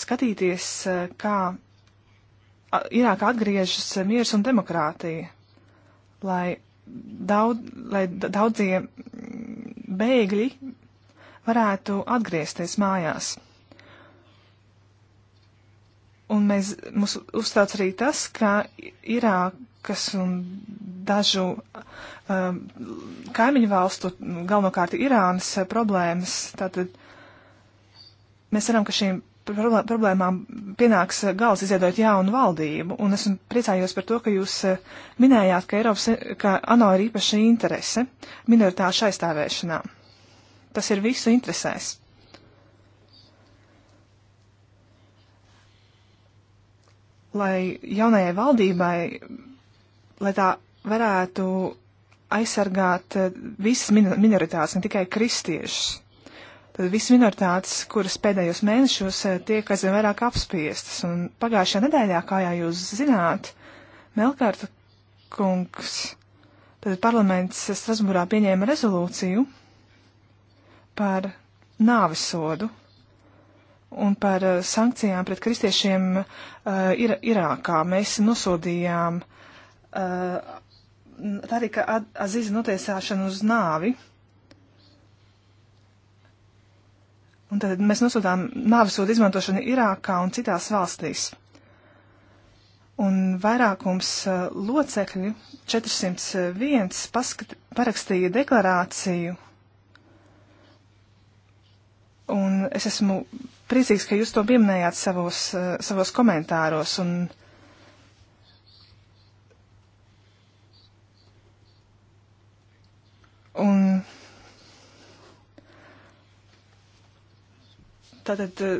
skatīties, kā Irākā atgriežas miers un demokrātija, lai, daudz, lai daudzie bēgļi varētu atgriezties mājās. Un mēs, mums uzstāts arī tas, ka Irākas un dažu um, kaimiņu valstu, galvenokārt Irānas uh, problēmas, tātad mēs ceram, ka šīm problēmām pienāks uh, gals izveidot jaunu valdību, un esmu priecājos par to, ka jūs uh, minējāt, ka Eiropas, ka ANO ir īpaša interese minoritāšu aizstāvēšanā. Tas ir visu interesēs. lai jaunajai valdībai, lai tā varētu aizsargāt eh, visas minoritātes, ne tikai kristiešus. Tad visas minoritātes, kuras pēdējos mēnešos eh, tiek aizvien vairāk apspiestas, un pagājušajā nedēļā, kā jau jūs zināt, Melkārta kungs, tad parlaments Strasbūrā pieņēma rezolūciju par nāvisodu un par eh, sankcijām pret kristiešiem uh, eh, ir, Irākā. Mēs nosodījām uh, eh, Tarika Aziza notiesāšanu uz nāvi. Un tad mēs nosodām nāvisodu izmantošanu Irākā un citās valstīs. Un vairākums uh, locekļu 401 paskat, parakstīja deklarāciju. Un es esmu priecīgs, ka jūs to pieminējāt savos, eh, savos komentāros. Un... Un tātad eh,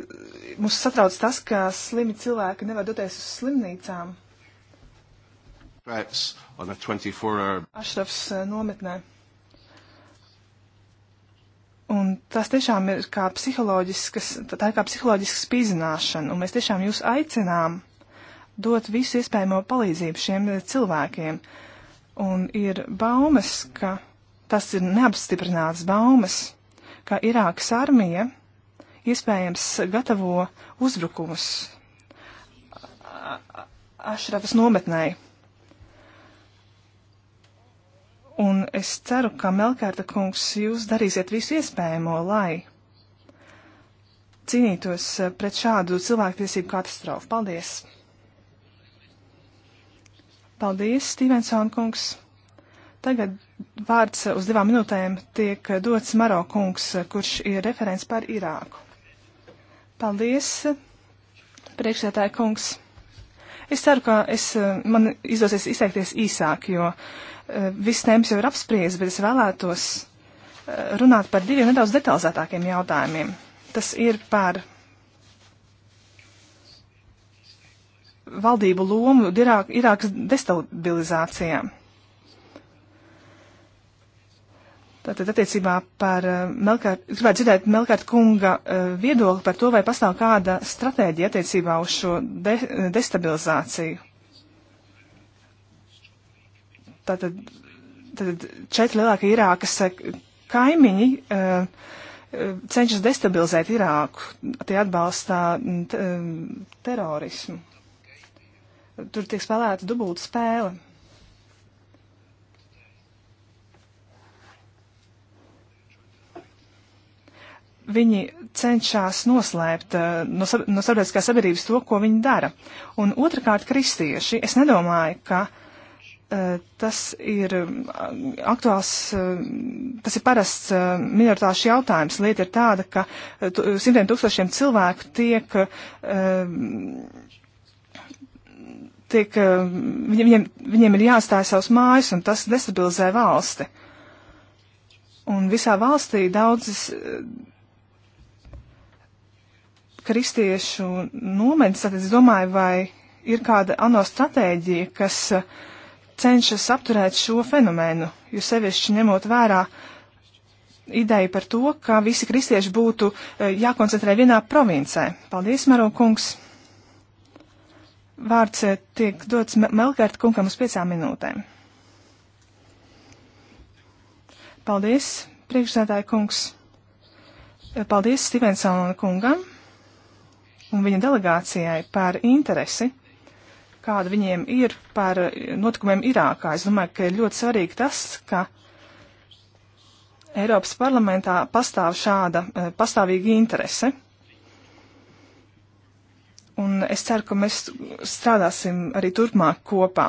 mums satrauc tas, ka slimi cilvēki nevar doties uz slimnīcām. Ašrafs eh, nometnē. Un tas tiešām ir kā psiholoģisks, tā ir kā psiholoģisks spīdzināšana, un mēs tiešām jūs aicinām dot visu iespējamo palīdzību šiem cilvēkiem. Un ir baumas, ka tas ir neapstiprināts baumas, ka Irākas armija iespējams gatavo uzbrukumus Ašrafas nometnēji. un es ceru, ka Melkārta kungs jūs darīsiet visu iespējamo, lai cīnītos eh, pret šādu cilvēktiesību katastrofu. Paldies! Paldies, Stevenson kungs! Tagad vārds uz divām minūtēm tiek dots Maro kungs, kurš ir referents par Irāku. Paldies, priekšsētāja kungs! Es ceru, ka es, eh, man izdosies izteikties īsāk, jo eh, viss tēmas jau ir apspriests, bet es vēlētos eh, runāt par diviem nedaudz detalizētākiem jautājumiem. Tas ir par valdību lomu Irākas destabilizācijām. Tātad attiecībā par eh, Melkārt, gribētu dzirdēt Melkārt kunga eh, viedokli par to, vai pastāv kāda stratēģija attiecībā uz šo de, eh, destabilizāciju. Tātad, tātad četri lielākie Irākas kaimiņi cenšas destabilizēt Irāku, tie atbalstā mm, mm, terorismu. Tur tiek spēlēta dubulta spēle. viņi cenšas noslēpt uh, no, sab no sabiedriskās sabiedrības to, ko viņi dara. Un otrkārt, kristieši, es nedomāju, ka uh, tas ir eh, aktuāls, uh, tas ir parasts minoritāšu jautājums. Lieta ir tāda, ka simtiem tūkstošiem cilvēku tiek tiek, viņiem, viņiem ir jāstāj savs mājas, un tas destabilizē valsti. Un visā valstī daudzas kristiešu nometnes, tad es domāju, vai ir kāda ANO stratēģija, kas eh, cenšas apturēt šo fenomenu, jo sevišķi ņemot vērā ideju par to, ka visi kristieši būtu eh, jākoncentrē vienā provincē. Paldies, Maro kungs! Vārds eh, tiek dots Melkārt kungam uz piecām minūtēm. Paldies, priekšsēdāja kungs! Paldies Stevensona kungam un viņa delegācijai par interesi, kāda viņiem ir par notikumiem Irākā. Es domāju, ka ir ļoti svarīgi tas, ka Eiropas parlamentā pastāv šāda eh, pastāvīga interese. Un es ceru, ka mēs strādāsim arī turpmāk kopā.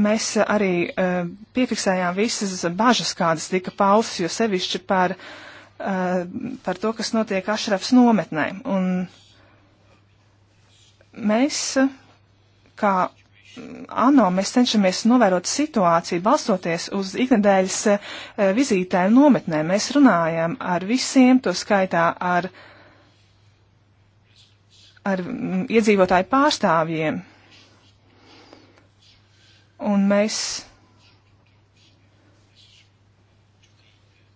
Mēs arī eh, piefiksējām visas bažas, kādas tika paustas, jo sevišķi par uh, Eh, par to, kas notiek Ašrafs nometnē. Un mēs, kā ANO, mēs cenšamies novērot situāciju, balstoties uz iknedēļas eh, vizītēm nometnē. Mēs runājam ar visiem, to skaitā ar, ar mm, iedzīvotāju pārstāvjiem. Un mēs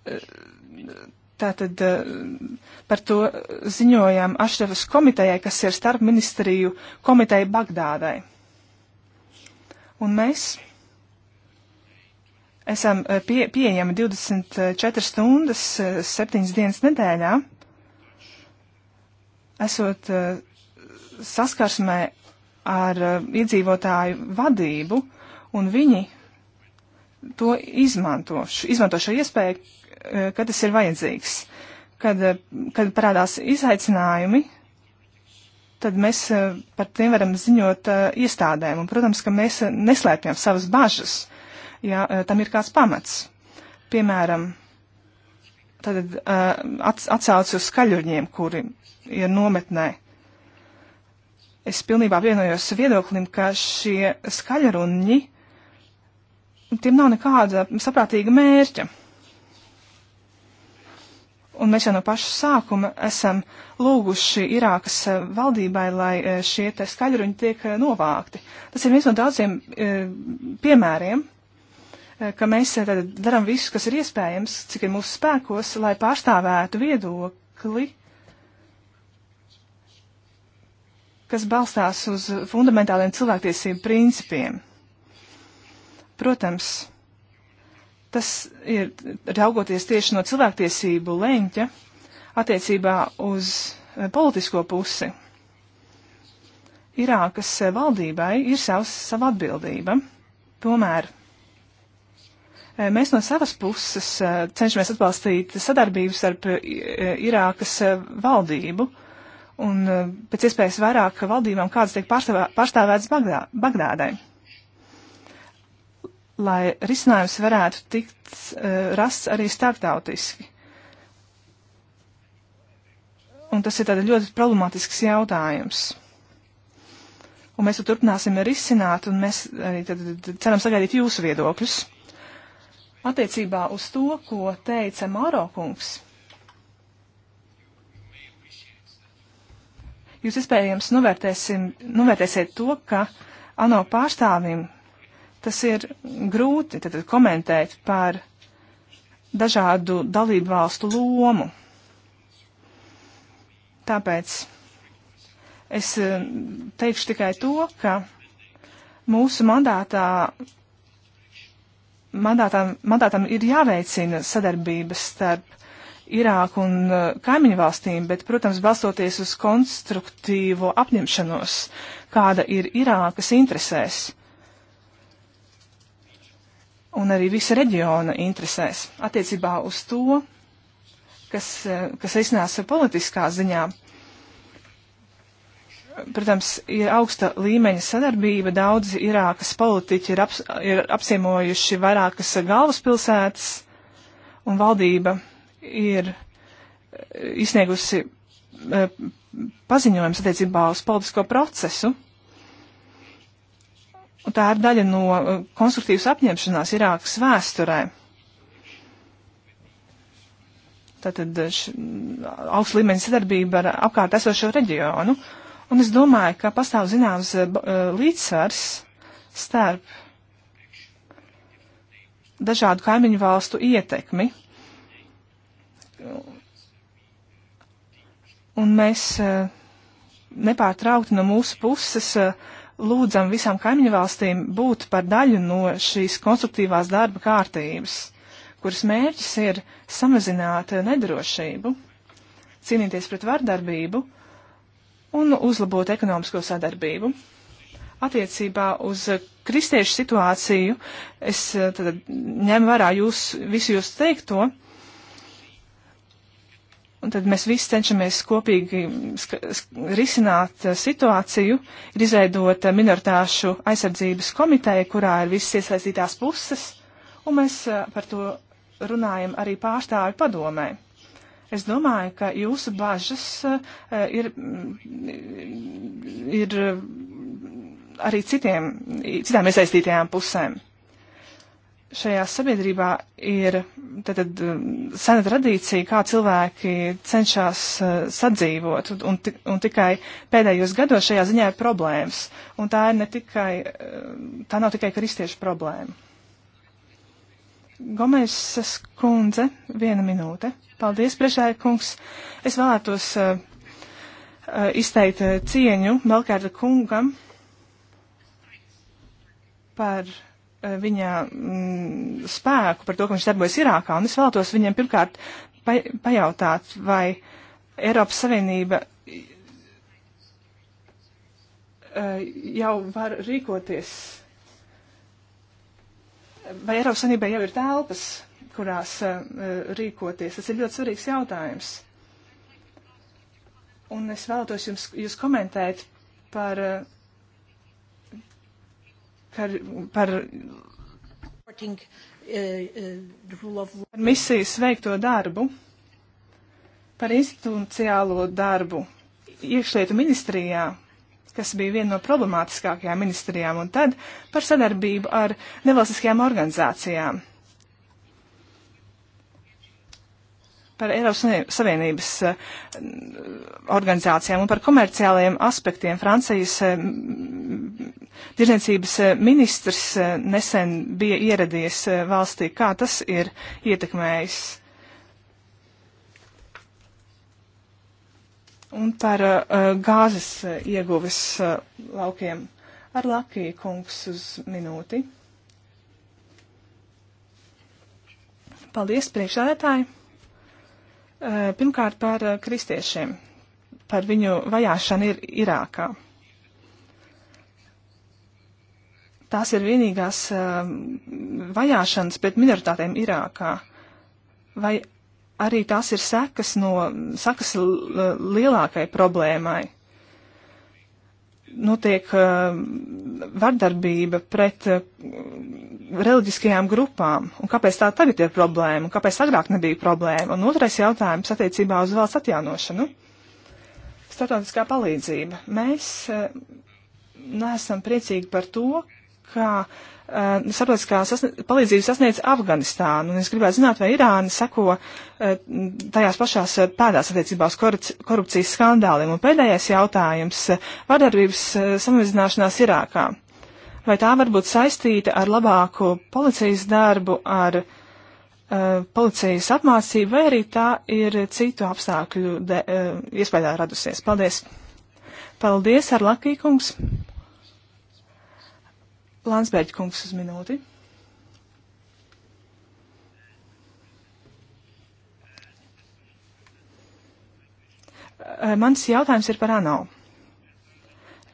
eh, Tātad eh, par to ziņojām Ašrefas komitejai, kas ir starp ministriju komiteja Bagdādai. Un mēs esam eh, pie, pieejami 24 stundas, 7 eh, dienas nedēļā, esot saskarsmē ar iedzīvotāju vadību, un viņi to izmanto, izmanto šo iespēju, Eh, kad tas ir vajadzīgs. Kad, eh, kad parādās izaicinājumi, tad mēs eh, par tiem varam ziņot iestādēm. Un, protams, ka mēs neslēpjam savas bažas, ja tam ir kāds pamats. Piemēram, tad atsauci uz skaļuļiem, kuri ir nometnē. Es pilnībā vienojos viedoklim, ka šie skaļruņi, tiem nav nekāda saprātīga mērķa. Un mēs jau no paša sākuma esam lūguši Irākas eh, valdībai, lai eh, šie te skaļruņi tiek eh, novākti. Tas ir viens no daudziem e, piemēriem, ka mēs tad, daram visu, kas ir iespējams, cik ir mūsu spēkos, lai pārstāvētu viedokli, kas balstās uz fundamentāliem cilvēktiesību principiem. Protams, Tas ir raugoties tieši no cilvēktiesību leņķa attiecībā uz eh, politisko pusi. Irākas eh, valdībai ir savs, sava atbildība. Tomēr eh, mēs no savas puses cenšamies atbalstīt sadarbību starp Irākas valdību un pēc iespējas vairāk valdībām, kādas tiek pārstāvētas Bagdā, Bagdādai lai risinājums varētu tikt uh, rasts arī starptautiski. Un tas ir tāda ļoti problemātisks jautājums. Un mēs to turpināsim risināt, un mēs arī tad, tad ceram sagaidīt jūsu viedokļus. Attiecībā uz to, ko teica Māro kungs, jūs iespējams novērtēsim, novērtēsiet to, ka ANO pārstāvim Tas ir grūti tad, komentēt par dažādu dalību valstu lomu. Tāpēc es e, teikšu tikai to, ka mūsu mandātā, mandātām, mandātām ir jāveicina sadarbības starp Irāku un uh, kaimiņu valstīm, bet, protams, balstoties uz konstruktīvo apņemšanos, kāda ir Irākas interesēs un arī visa reģiona interesēs attiecībā uz to, kas, eh, kas risinās politiskā ziņā. Protams, ir augsta līmeņa sadarbība, daudzi Irākas politiķi ir, aps, ir apsiemojuši vairākas galvaspilsētas, un valdība ir eh, izsniegusi eh, paziņojums attiecībā uz politisko procesu tā ir daļa no uh, konstruktīvas apņemšanās Irākas vēsturē. Tātad uh, uh, augsts līmeņa sadarbība ar apkārt esošo reģionu. Un es domāju, ka pastāv zināms līdzsvars starp dažādu kaimiņu valstu ietekmi. Un mēs nepārtraukti no mūsu puses uh, lūdzam visām kaimiņu valstīm būt par daļu no šīs konstruktīvās darba kārtības, kuras mērķis ir samazināt nedrošību, cīnīties pret vardarbību un uzlabot ekonomisko sadarbību. Attiecībā uz kristiešu situāciju es eh, tad, ņemu vērā jūs, visu jūs teikto Un tad mēs visi cenšamies kopīgi risināt eh, situāciju, ir izveidota minoritāšu aizsardzības komiteja, kurā ir visas iesaistītās puses, un mēs eh, par to runājam arī pārstāvi padomē. Es domāju, ka jūsu bažas eh, ir, mm, ir arī citiem, citām iesaistītajām pusēm šajā sabiedrībā ir tātad um, sena tradīcija, kā cilvēki cenšas uh, sadzīvot, un, un tikai pēdējos gados šajā ziņā ir problēmas. Un tā ir ne tikai, um, tā nav tikai kristiešu problēma. Gomesas kundze, viena minūte. Paldies, priekšēja kungs. Es vēlētos uh, uh izteikt uh, cieņu Melkārda kungam par Eh, viņa mm, spēku, par to, ka viņš darbojas Irākā, un es vēlētos viņiem pirmkārt pa, pajautāt, vai Eiropas Savienība eh, jau var rīkoties, vai Eiropas Savienībai jau ir telpas, kurās eh, rīkoties. Tas ir ļoti svarīgs jautājums. Un es vēlētos jums, jūs komentēt par uh, par, par uh, uh, par misijas veikto darbu, par institucionālo darbu iekšlietu ministrijā, kas bija viena no problemātiskākajām ministrijām, un tad par sadarbību ar nevalstiskajām organizācijām. par Eiropas Savienības eh, organizācijām un par komerciālajiem aspektiem. Francijas eh, tirdzniecības eh, ministrs nesen bija ieradies valstī. Kā tas ir ietekmējis? Un par gāzes ieguves laukiem ar Lakiju kungs uz minūti. Paldies, priekšsēdētāji! Eh, pirmkārt par eh, kristiešiem, par viņu vajāšanu ir Irākā. Tās ir vienīgās eh, vajāšanas pret minoritātēm Irākā. Vai arī tās ir sekas no, sekas lielākai problēmai. Notiek uh, vardarbība pret uh, reliģiskajām grupām, un kāpēc tā tagad ir problēma, un kāpēc agrāk nebija problēma, un otrais jautājums attiecībā uz valsts atjaunošanu. Startautiskā palīdzība. Mēs eh, neesam priecīgi par to, kā uh, eh, starptautiskā sasn palīdzība sasniedz Afganistānu, un es gribētu zināt, vai Irāna seko uh, tajās pašās uh, pēdās attiecībā uz korupcijas skandāliem. Un pēdējais jautājums uh, - vardarbības uh, samazināšanās Irākā. Uh, vai tā var būt saistīta ar labāku policijas darbu, ar uh, policijas apmācību, vai arī tā ir citu apstākļu de, uh, iespējā radusies. Paldies! Paldies, ar Lakīkungs! Lansbērģi kungs uz minūti. Uh, mans jautājums ir par ANO.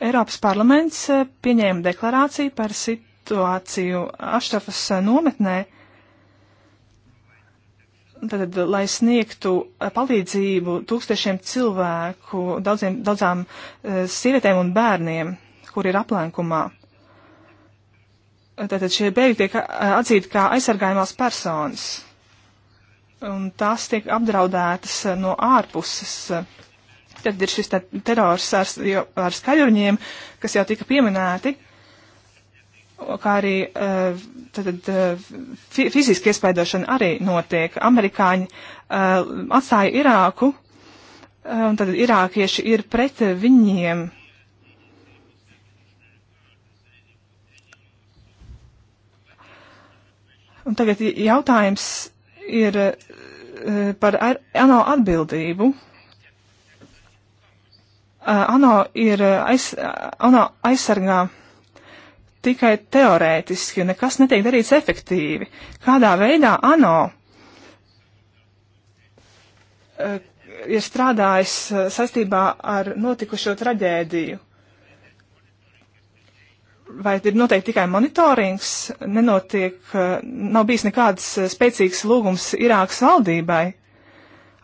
Eiropas parlaments eh, pieņēma deklarāciju par situāciju Aštafas eh, nometnē, tad, lai sniegtu eh, palīdzību tūkstošiem cilvēku, daudziem, daudzām sievietēm un bērniem, kur ir aplenkumā. Tātad šie bēgļi tiek atzīti kā aizsargājumās personas, un tās tiek apdraudētas no ārpuses tad ir šis terors ar, ar skaļruņiem, kas jau tika pieminēti, kā arī eh, tad, eh, fi, fiziski iespaidošana arī notiek. Amerikāņi eh, atstāja Irāku, un tad irākieši ir pret viņiem. Un tagad jautājums ir par ANO atbildību. ANO ir aiz, ANO aizsargā tikai teorētiski, nekas netiek darīts efektīvi. Kādā veidā ANO ir strādājis saistībā ar notikušo traģēdiju? Vai ir noteikti tikai monitorings, nenotiek, nav bijis nekāds spēcīgs lūgums Irākas valdībai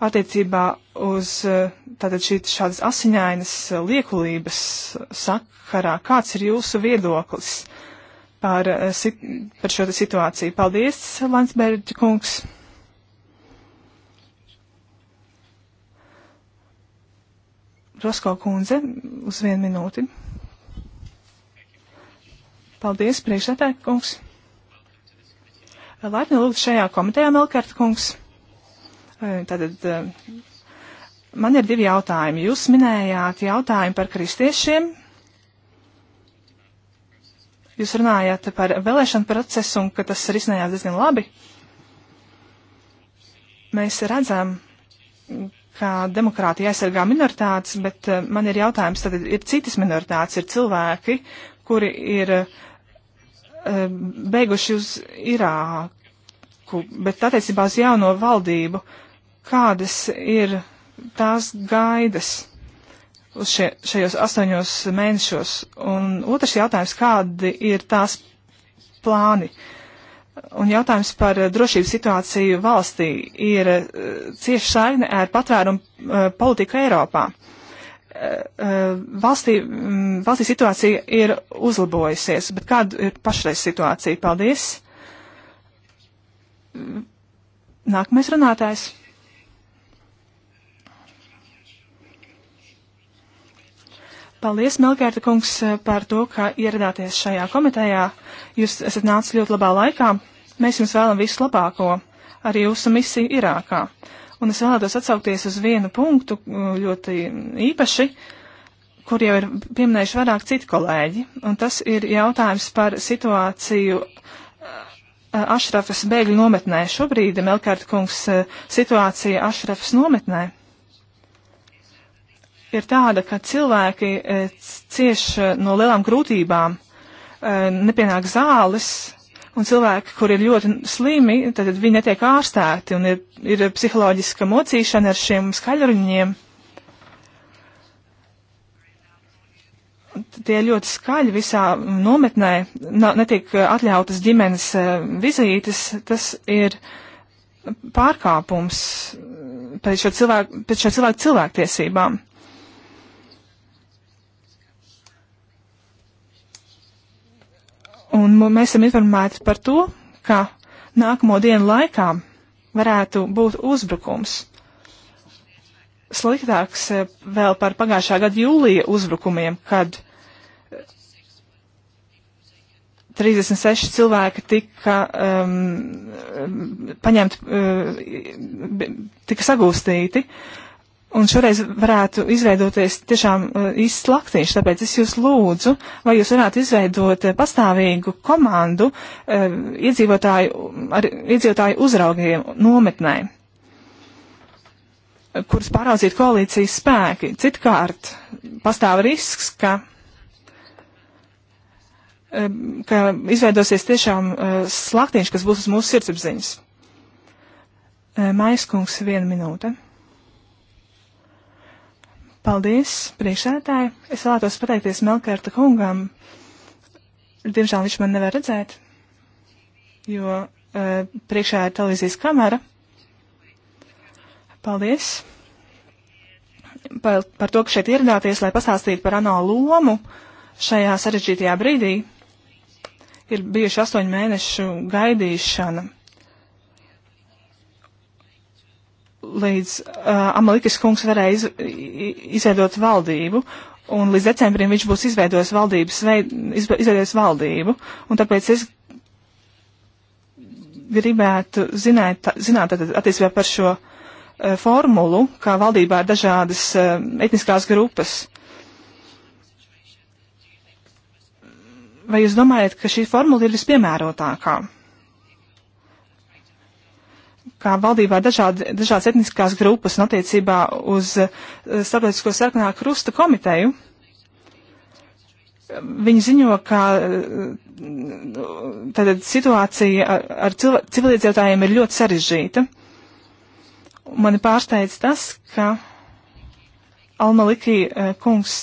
attiecībā uz eh, tātad šī, šādas asiņainas eh, liekulības sakarā. Kāds ir jūsu viedoklis par, eh, par šo situāciju? Paldies, Landsbergi kungs! Rosko kundze, uz vienu minūti. Paldies, priekšsētāji kungs. Laipni lūgt šajā komitejā, Melkārta kungs. Tātad Man ir divi jautājumi. Jūs minējāt jautājumu par kristiešiem. Jūs runājāt par vēlēšanu procesu un ka tas ir iznējās diezgan labi. Mēs redzam, ka demokrātija aizsargā minoritātes, bet eh, man ir jautājums, tad ir citas minoritātes, ir cilvēki, kuri ir eh, beiguši uz Irāku, bet attiecībā uz jauno valdību, kādas ir tās gaidas uz šie, šajos astoņos mēnešos? Un otrs jautājums, kādi ir tās plāni? Un jautājums par eh, drošības situāciju valstī ir eh, cieši saikne ar patvērumu eh, politiku Eiropā. Valstī, mm, valstī situācija ir uzlabojusies, bet kāda ir pašreiz situācija? Paldies! Nākamais runātājs. Paldies, Melkērta kungs, eh, par to, ka ieradāties šajā komitejā. Jūs esat nācis ļoti labā laikā. Mēs jums vēlam visu labāko, arī jūsu misiju Irākā. Un es vēlētos atsaukties uz vienu punktu ļoti īpaši, kur jau ir pieminējuši vairāk citi kolēģi, un tas ir jautājums par situāciju eh, Ašrafas bēgļu nometnē. Šobrīd, Melkārta kungs, eh, situācija Ašrafas nometnē ir tāda, ka cilvēki e, cieš e, no lielām grūtībām, e, nepienāk zāles, un cilvēki, kur ir ļoti slimi, tad viņi netiek ārstēti, un ir, ir psiholoģiska mocīšana ar šiem skaļruņiem. Tie ļoti skaļi visā nometnē, nav, netiek atļautas ģimenes vizītes, tas ir pārkāpums pēc šo cilvēku, pēc šo cilvēku cilvēktiesībām. Un mēs esam informēti par to, ka nākamo dienu laikā varētu būt uzbrukums. Sliktāks eh, vēl par pagājušā gada jūlija uzbrukumiem, kad 36 cilvēki tika um, paņemti, uh, tika sagūstīti. Uh, Un šoreiz varētu izveidoties tiešām uh, īsts laktīšs, tāpēc es jūs lūdzu, vai jūs varētu izveidot uh, pastāvīgu komandu e, iedzīvotāju, ar iedzīvotāju uzraugiem nometnē, kurus pāraudzīt koalīcijas spēki. Citkārt pastāv risks, ka, e, ka izveidosies tiešām e, slaktīšs, kas būs uz mūsu sirdsapziņas. Maiskungs, viena minūte. Paldies, priekšētāji. Es vēlētos pateikties Melkārta kungam. Diemžēl viņš man nevar redzēt, jo uh, priekšā ir televīzijas kamera. Paldies par, par to, ka šeit ieradāties, lai pastāstītu par ANO lomu šajā sarežģītajā brīdī. Ir bijuši astoņu mēnešu gaidīšana. līdz uh, Amalikas kungs varēja iz, izveidot valdību, un līdz decembrim viņš būs izveidojis valdības, veid, izveidojis valdību, un tāpēc es gribētu zināt, zināt attiecībā par šo uh, formulu, kā valdībā ir dažādas uh, etniskās grupas. Vai jūs domājat, ka šī formula ir vispiemērotākā? kā valdībā dažādi, dažādas etniskās grupas un attiecībā uz uh, starptautisko sarkanā krusta komiteju. Viņi ziņo, ka eh, tātad uh, situācija ar, ar civilizētājiem ir ļoti sarežģīta. Mani pārsteidz tas, ka Almaliki uh, eh, kungs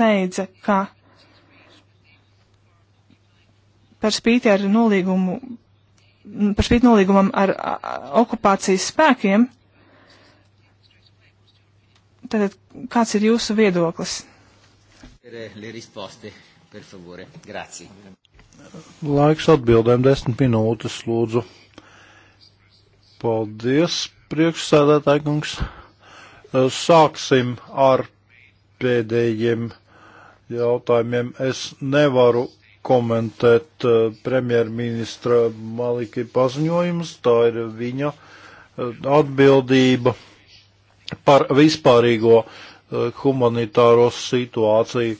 teica, ka par spīti ar nolīgumu par spīt nolīgumam ar okupācijas spēkiem. Tātad, kāds ir jūsu viedoklis? Eh, Laiks atbildēm desmit minūtes, lūdzu. Paldies, priekšsēdētāji kungs. Eh, sāksim ar pēdējiem jautājumiem. Es nevaru komentēt eh, premjerministra Maliki paziņojumus. Tā ir viņa eh, atbildība par vispārīgo eh, humanitāro situāciju.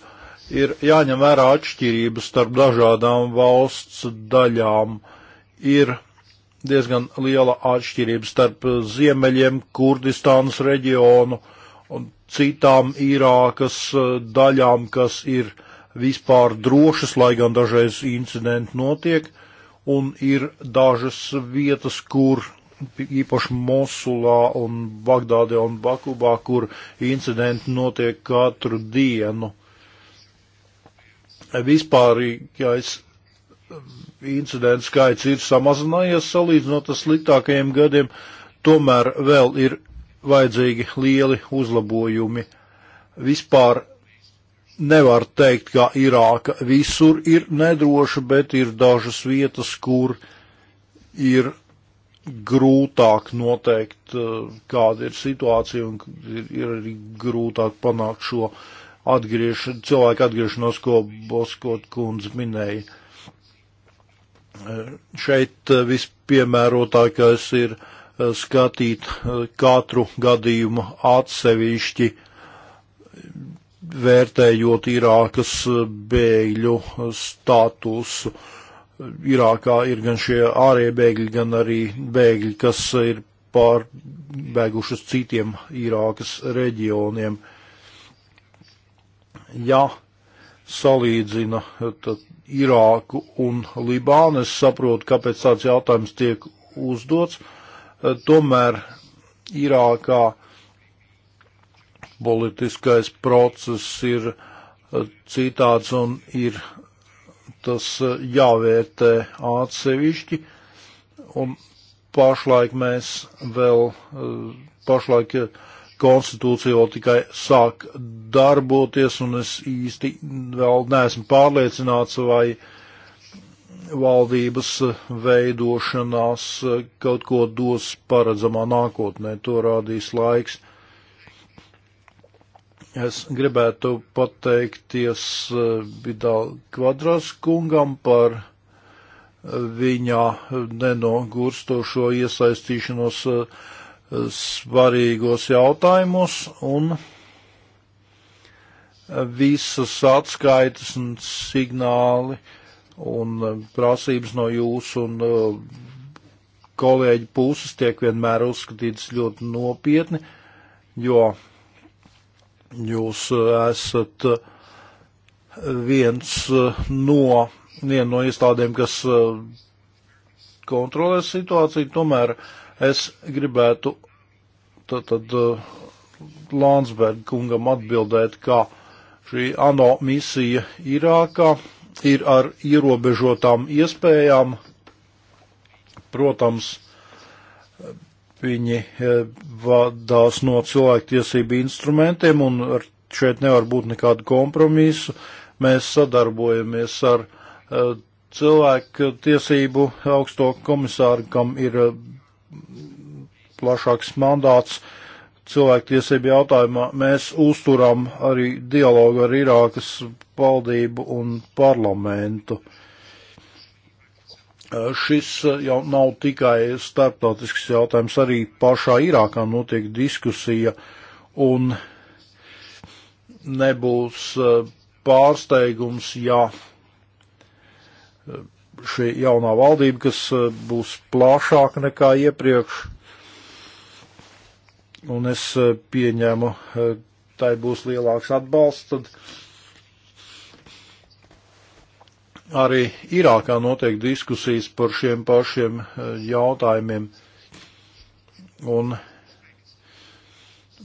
Ir jāņem vērā atšķirības starp dažādām valsts daļām. Ir diezgan liela atšķirība starp ziemeļiem, Kurdistānas reģionu un citām Irākas daļām, kas ir uh, vispār drošas, lai gan dažreiz incidenti notiek, un ir dažas vietas, kur īpaši Mosulā un Bagdādē un Bakubā, kur incidenti notiek katru dienu. Vispārīgais um, incidentu skaits ir samazinājies salīdzinot ar sliktākajiem gadiem, tomēr vēl ir vajadzīgi lieli uzlabojumi. Vispār nevar teikt, ka Irāka visur ir nedroša, bet ir dažas vietas, kur ir grūtāk noteikt, eh, kāda ir situācija, un ir, ir arī grūtāk panākt šo atgriež, cilvēku atgriešanos, ko Boskot kundze minēja. Eh, šeit eh, vispiemērotākais ir skatīt katru gadījumu atsevišķi, vērtējot Irākas bēgļu statusu. Irākā ir gan šie ārējie bēgļi, gan arī bēgļi, kas ir pārbēguši uz citiem Irākas reģioniem. Ja salīdzina Irāku un Libānu, es saprotu, kāpēc tāds jautājums tiek uzdots. Tomēr Irākā uh, politiskais process ir eh, citāds un ir tas eh, jāvērtē atsevišķi. Un pašlaik mēs vēl, eh, pašlaik konstitūcija vēl tikai sāk darboties, un es īsti vēl neesmu pārliecināts, vai valdības veidošanās kaut ko dos paredzamā nākotnē. To rādīs laiks. Es gribētu pateikties Bidal eh, Kvadras kungam par eh, viņa nenogurstošo iesaistīšanos eh, svarīgos jautājumus un visas atskaitas un signāli un prasības no jūsu un kolēģi puses tiek vienmēr uzskatītas ļoti nopietni, jo jūs uh, esat uh, viens uh, no, viena no iestādēm, kas kontrolē situāciju, tomēr es gribētu tad, tad Lānsberga kungam atbildēt, ka šī ANO misija Irākā ir ar ierobežotām iespējām. Protams, Viņi e, vadās no cilvēktiesību instrumentiem un šeit nevar būt nekādu kompromisu. Mēs sadarbojamies ar e, cilvēku tiesību augsto komisāru, kam ir e, plašāks mandāts cilvēktiesību jautājumā. Mēs uzturam arī dialogu ar Irākas valdību un parlamentu. Uh, šis jau nav tikai starptautisks jautājums, arī pašā Irākā notiek diskusija un nebūs pārsteigums, ja šī jaunā valdība, kas būs plašāka nekā iepriekš, un es pieņēmu, tai būs lielāks atbalsts, tad Arī Irākā notiek diskusijas par šiem pašiem e, jautājumiem. Un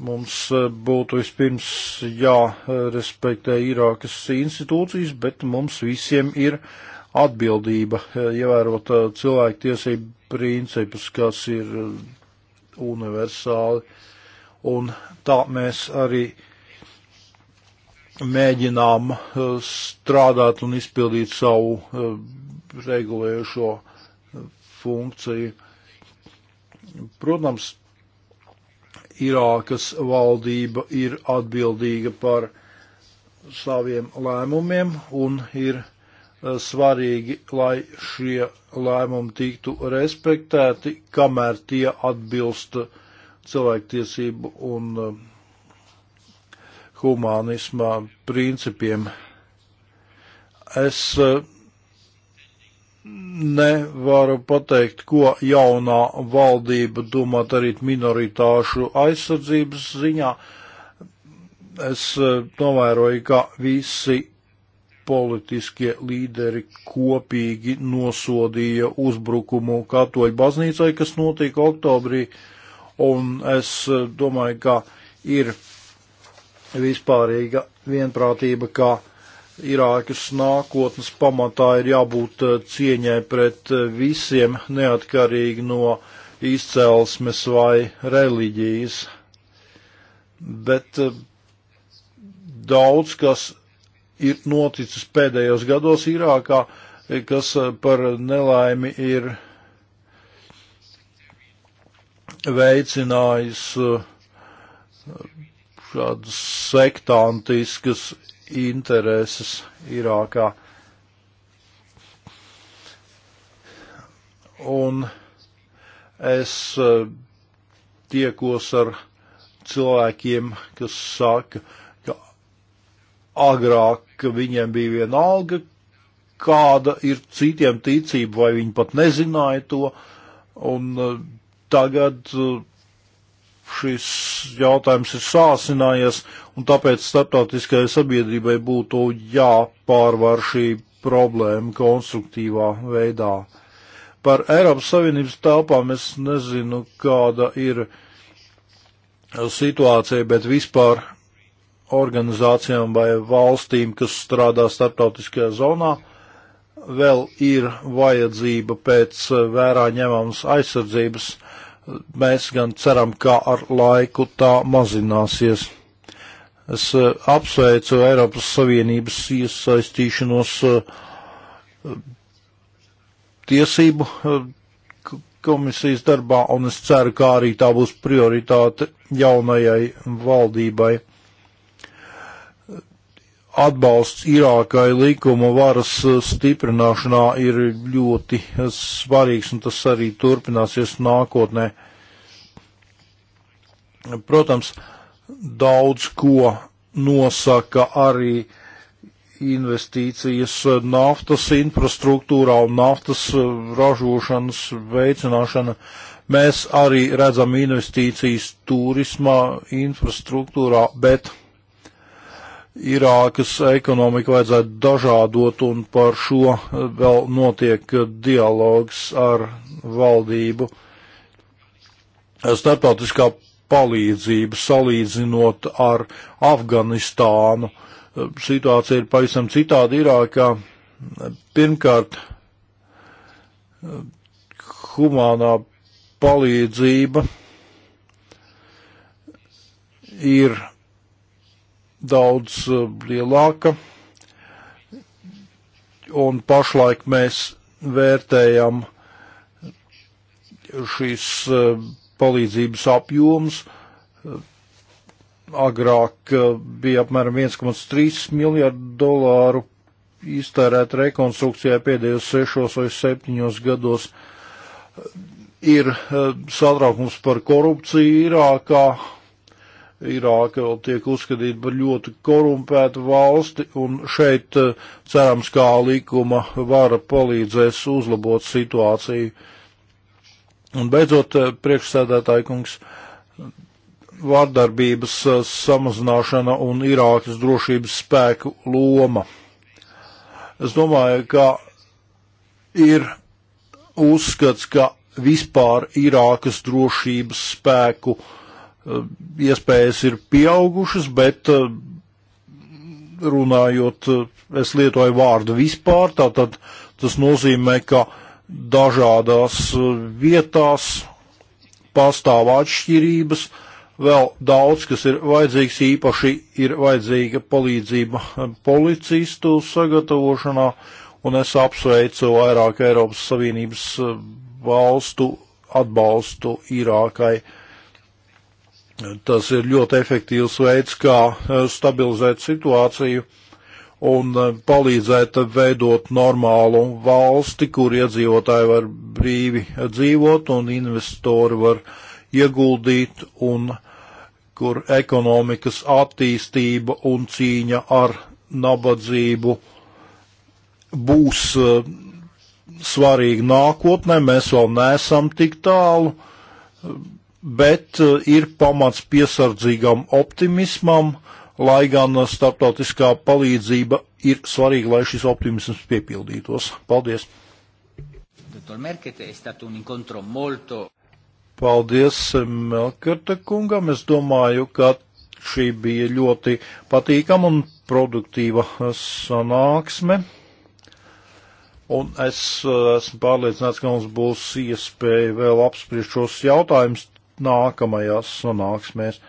mums e, būtu vispirms jārespektē Irākas institūcijas, bet mums visiem ir atbildība e, ievērot cilvēktiesību principus, kas ir universāli. Un tā mēs arī uh, mēģinām eh, strādāt un izpildīt savu eh, regulējušo eh, funkciju. Protams, Irākas valdība ir atbildīga par saviem lēmumiem un ir svarīgi, lai šie lēmumi tiktu respektēti, kamēr tie atbilst cilvēktiesību un uh, humānisma principiem. Es eh, nevaru pateikt, ko jaunā valdība domā darīt minoritāšu aizsardzības ziņā. Es eh, novēroju, ka visi politiskie līderi kopīgi nosodīja uzbrukumu katoļu baznīcai, kas notika oktobrī, un es eh, domāju, ka ir vispārīga vienprātība, ka Irākas nākotnes pamatā ir jābūt eh, cieņai pret eh, visiem, neatkarīgi no izcelsmes vai reliģijas. Bet eh, daudz, kas ir noticis pēdējos gados Irākā, kas par nelaimi ir veicinājis uh, kādas sektantiskas intereses Irākā. Un es eh, tiekos ar cilvēkiem, kas saka, ka agrāk viņiem bija viena alga, kāda ir citiem ticība, vai viņi pat nezināja to, un eh, tagad eh, šis jautājums ir sāsinājies, un tāpēc starptautiskajai sabiedrībai būtu jāpārvar šī problēma konstruktīvā veidā. Par Eiropas Savienības telpām es nezinu, kāda ir situācija, bet vispār organizācijām vai valstīm, kas strādā starptautiskajā zonā, vēl ir vajadzība pēc vērā ņemamas aizsardzības uh, Mēs gan ceram, ka ar laiku tā mazināsies. Es eh, apsveicu Eiropas Savienības iesaistīšanos eh, tiesību eh, komisijas darbā, un es ceru, ka arī tā būs prioritāte jaunajai valdībai atbalsts Irākai likuma varas eh, stiprināšanā ir ļoti eh, svarīgs, un tas arī turpināsies nākotnē. Protams, daudz ko nosaka arī investīcijas eh, naftas infrastruktūrā un naftas ražošanas veicināšana. Mēs arī redzam investīcijas turismā infrastruktūrā, bet Irākas ekonomiku vajadzētu dažādot, un par šo eh, vēl notiek eh, dialogs ar valdību. Startautiskā palīdzība salīdzinot ar Afganistānu. Eh, situācija ir pavisam citāda Irākā. Pirmkārt, humānā palīdzība ir daudz eh, lielāka, un pašlaik mēs vērtējam šīs eh, palīdzības apjoms. Agrāk eh, bija apmēram 1,3 miljārdu dolāru iztērēt rekonstrukcijai pēdējos sešos vai septiņos gados. Ir satraukums par korupciju Irākā Irāka tiek uzskatīta par ļoti korumpētu valsti, un šeit eh, cerams, kā likuma vara palīdzēs uzlabot situāciju. Un beidzot, eh, priekšsēdētāji kungs, vārdarbības eh, samazināšana un Irākas drošības spēku loma. Es domāju, ka ir uzskats, ka vispār Irākas drošības spēku loma Eh, iespējas ir pieaugušas, bet eh, runājot, eh, es lietoju vārdu vispār, tātad tas nozīmē, ka dažādās vietās pastāv atšķirības, vēl daudz, kas ir vajadzīgs, īpaši ir vajadzīga palīdzība policistu sagatavošanā, un es apsveicu vairāk Eiropas Savienības valstu atbalstu Irākai. Uh, Tas ir ļoti efektīvs veids, kā eh, stabilizēt situāciju un eh, palīdzēt veidot normālu valsti, kur iedzīvotāji var brīvi eh, dzīvot un investori var ieguldīt un kur ekonomikas attīstība un cīņa ar nabadzību būs svarīga nākotnē. Mēs vēl neesam tik tālu bet eh, ir pamats piesardzīgam optimismam, lai gan eh, starptautiskā palīdzība ir svarīga, lai šis optimisms piepildītos. Paldies! Paldies eh, Melkerta kungam. Es domāju, ka šī bija ļoti patīkama un produktīva sanāksme. Un es esmu pārliecināts, ka mums būs iespēja vēl apspriest šos jautājumus nākamajās sanāksmēs.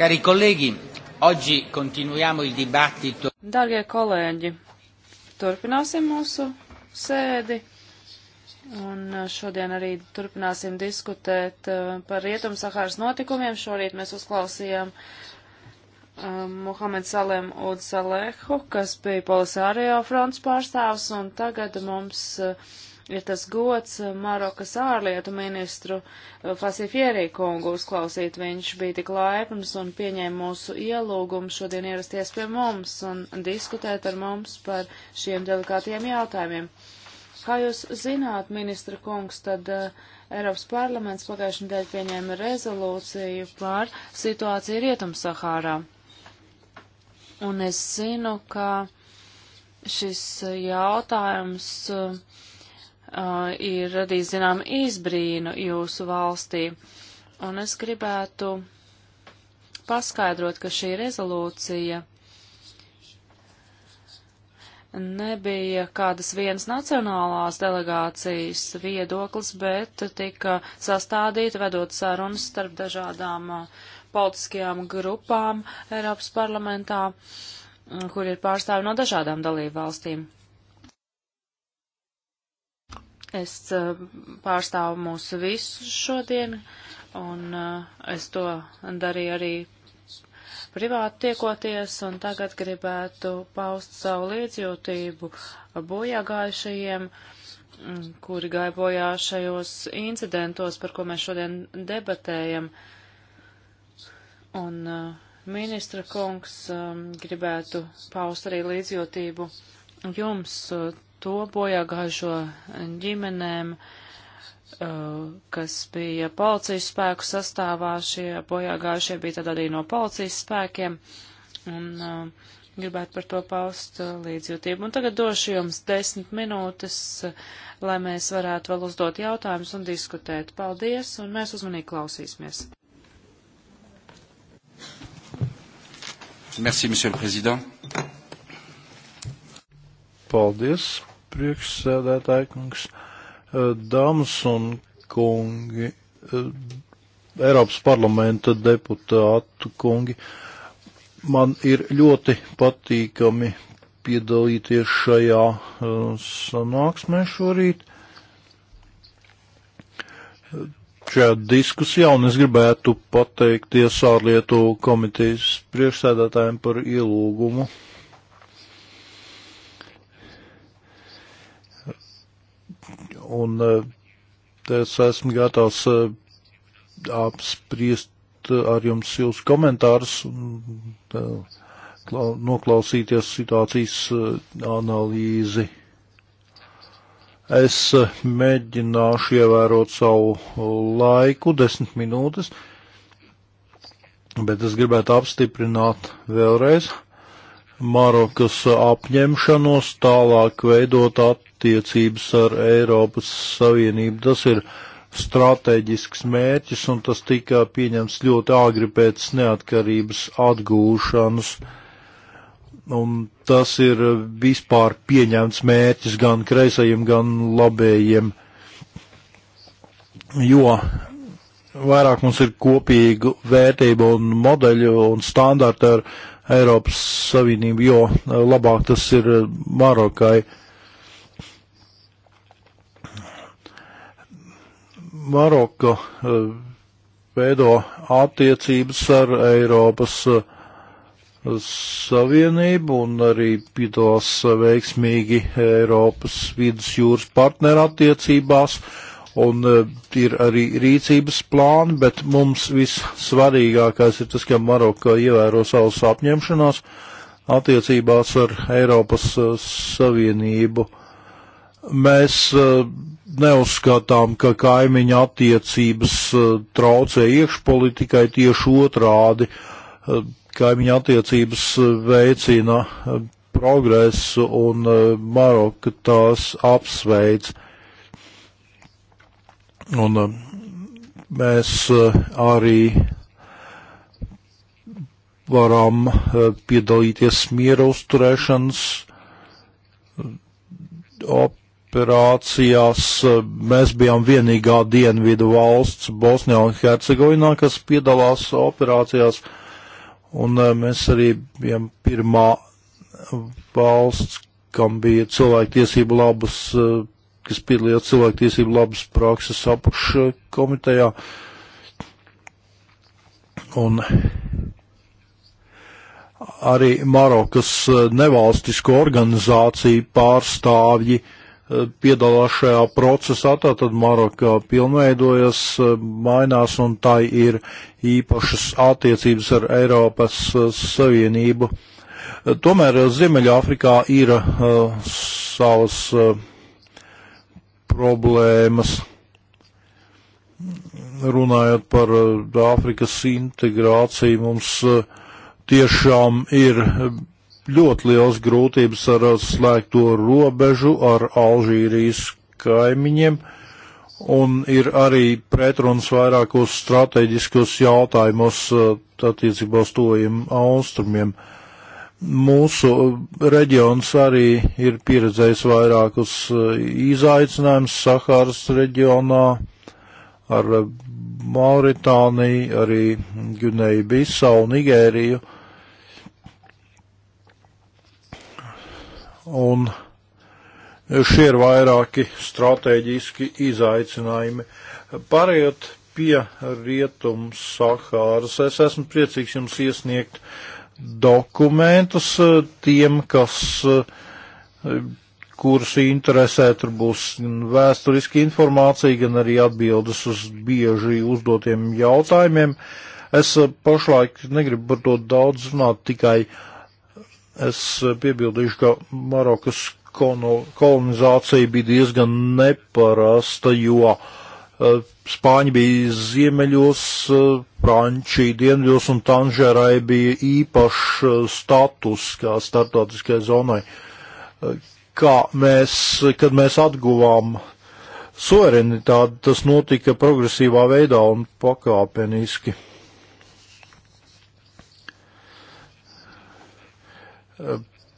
Cari colleghi, oggi continuiamo il dibattito. Dargie kolēģi, turpināsim mūsu sēdi. Un eh, šodien arī turpināsim diskutēt eh, par Rietumsahāras notikumiem. Šorīt mēs uzklausījām eh, Muhamed Salem Ud Salehu, kas bija Polisārio fronts pārstāvs, un tagad mums uh, ir tas gods eh, Marokas ārlietu ministru eh, Fasifierī kungu uzklausīt. Viņš bija tik laipns un pieņēma mūsu ielūgumu šodien ierasties pie mums un diskutēt ar mums par šiem delikātiem jautājumiem. Kā jūs zināt, ministra kungs, tad uh, Eiropas parlaments pagājušajā nedēļā pieņēma rezolūciju par situāciju Rietumsahārā. Un es zinu, ka šis jautājums uh, uh, ir radījis zinām izbrīnu jūsu valstī. Un es gribētu paskaidrot, ka šī rezolūcija nebija kādas vienas nacionālās delegācijas viedoklis, bet tika sastādīta vedot sarunas starp dažādām politiskajām grupām Eiropas parlamentā, kur ir pārstāvi no dažādām dalību valstīm. Es eh, pārstāvu mūsu visus šodien, un eh, es to darīju arī privāti tiekoties, un tagad gribētu paust savu līdzjūtību bojāgājušajiem, mm, kuri gāja bojā šajos incidentos, par ko mēs šodien debatējam. Un eh, ministra kungs gribētu paust arī līdzjūtību jums to bojāgājušo ģimenēm, uh, kas bija policijas spēku sastāvā. Šie bojāgājušie bija tad arī no policijas spēkiem. Un uh, gribētu par to paust uh, līdzjūtību. Un tagad došu jums desmit minūtes, lai mēs varētu vēl uzdot jautājumus un diskutēt. Paldies, un mēs uzmanīgi klausīsimies. Merci, monsieur le président. Paldies, priekšsēdētāji kungs, eh, dāmas un kungi, eh, Eiropas parlamenta deputātu kungi. Man ir ļoti patīkami piedalīties šajā eh, sanāksmē šorīt šajā diskusijā, un es gribētu pateikties ārlietu komitejas priekšsēdētājiem par ielūgumu un eh, es esmu gatavs eh, apspriest eh, ar jums jūsu komentārus un noklausīties situācijas analīzi. Es mēģināšu ievērot savu laiku, desmit minūtes, bet es gribētu apstiprināt vēlreiz. Uh, Marokas apņemšanos tālāk veidot attiecības ar Eiropas Savienību. Tas ir stratēģisks mērķis, un tas tika pieņemts ļoti āgri pēc neatkarības atgūšanas. Un tas ir vispār pieņemts mērķis gan kreisajiem, gan labējiem, jo vairāk mums ir kopīgu vērtību un modeļu un standartu ar Eiropas Savienību, jo eh, labāk tas ir eh, Marokai. Maroka eh, veido attiecības ar Eiropas Savienību un arī piedalās veiksmīgi Eiropas vidusjūras partnerattiecībās. attiecībās un e, ir arī rīcības plāni, bet mums vissvarīgākais ir tas, ka Maroka ievēro savus apņemšanās attiecībās ar Eiropas e, Savienību. Mēs e, neuzskatām, ka kaimiņa attiecības traucē iekšpolitikai tieši otrādi. Kaimiņa attiecības veicina progresu un Maroka tās apsveic. Un uh, mēs uh, arī varam uh, piedalīties miera uzturēšanas operācijās. Mēs bijām vienīgā dienvidu valsts Bosnijā un Hercegovinā, kas piedalās operācijās, un mēs arī bijām pirmā valsts, kam bija cilvēktiesību labas kas piedalījās cilvēktiesību labas prakses apakš komitejā. Un arī Marokas eh, nevalstisko organizāciju pārstāvji eh, piedalās šajā procesā, tātad Marokā pilnveidojas, eh, mainās un tai ir īpašas attiecības ar Eiropas Savienību. Tomēr Ziemeļāfrikā ir uh, savas uh, problēmas. Runājot par eh, Āfrikas integrāciju, mums eh, tiešām ir ļoti liels grūtības ar slēgto robežu ar Alžīrijas kaimiņiem, un ir arī pretruns vairākos strateģiskos jautājumos eh, attiecībā uz tojiem austrumiem. Uh, Mūsu reģions arī ir pieredzējis vairākus eh, izaicinājumus Sahāras reģionā ar eh, Mauritāniju, arī Guneju Bisau, Nigēriju. Un šie ir vairāki strateģiski izaicinājumi. Pārējot pie rietums Sahāras, es esmu priecīgs jums iesniegt uh, dokumentus eh, tiem, kas, eh, kurus interesē, tur būs gan vēsturiski informācija, gan arī atbildes uz bieži uzdotiem jautājumiem. Es eh, pašlaik negribu par to daudz runāt, tikai es piebildīšu, ka Marokas kolonizācija bija diezgan neparasta, jo uh, Eh, Spāņi bija ziemeļos, eh, Frančija dienvidos un Tanžērai bija īpašs eh, status kā startautiskai zonai. Kā mēs, kad mēs atguvām suverenitāti, tas notika progresīvā veidā un pakāpeniski.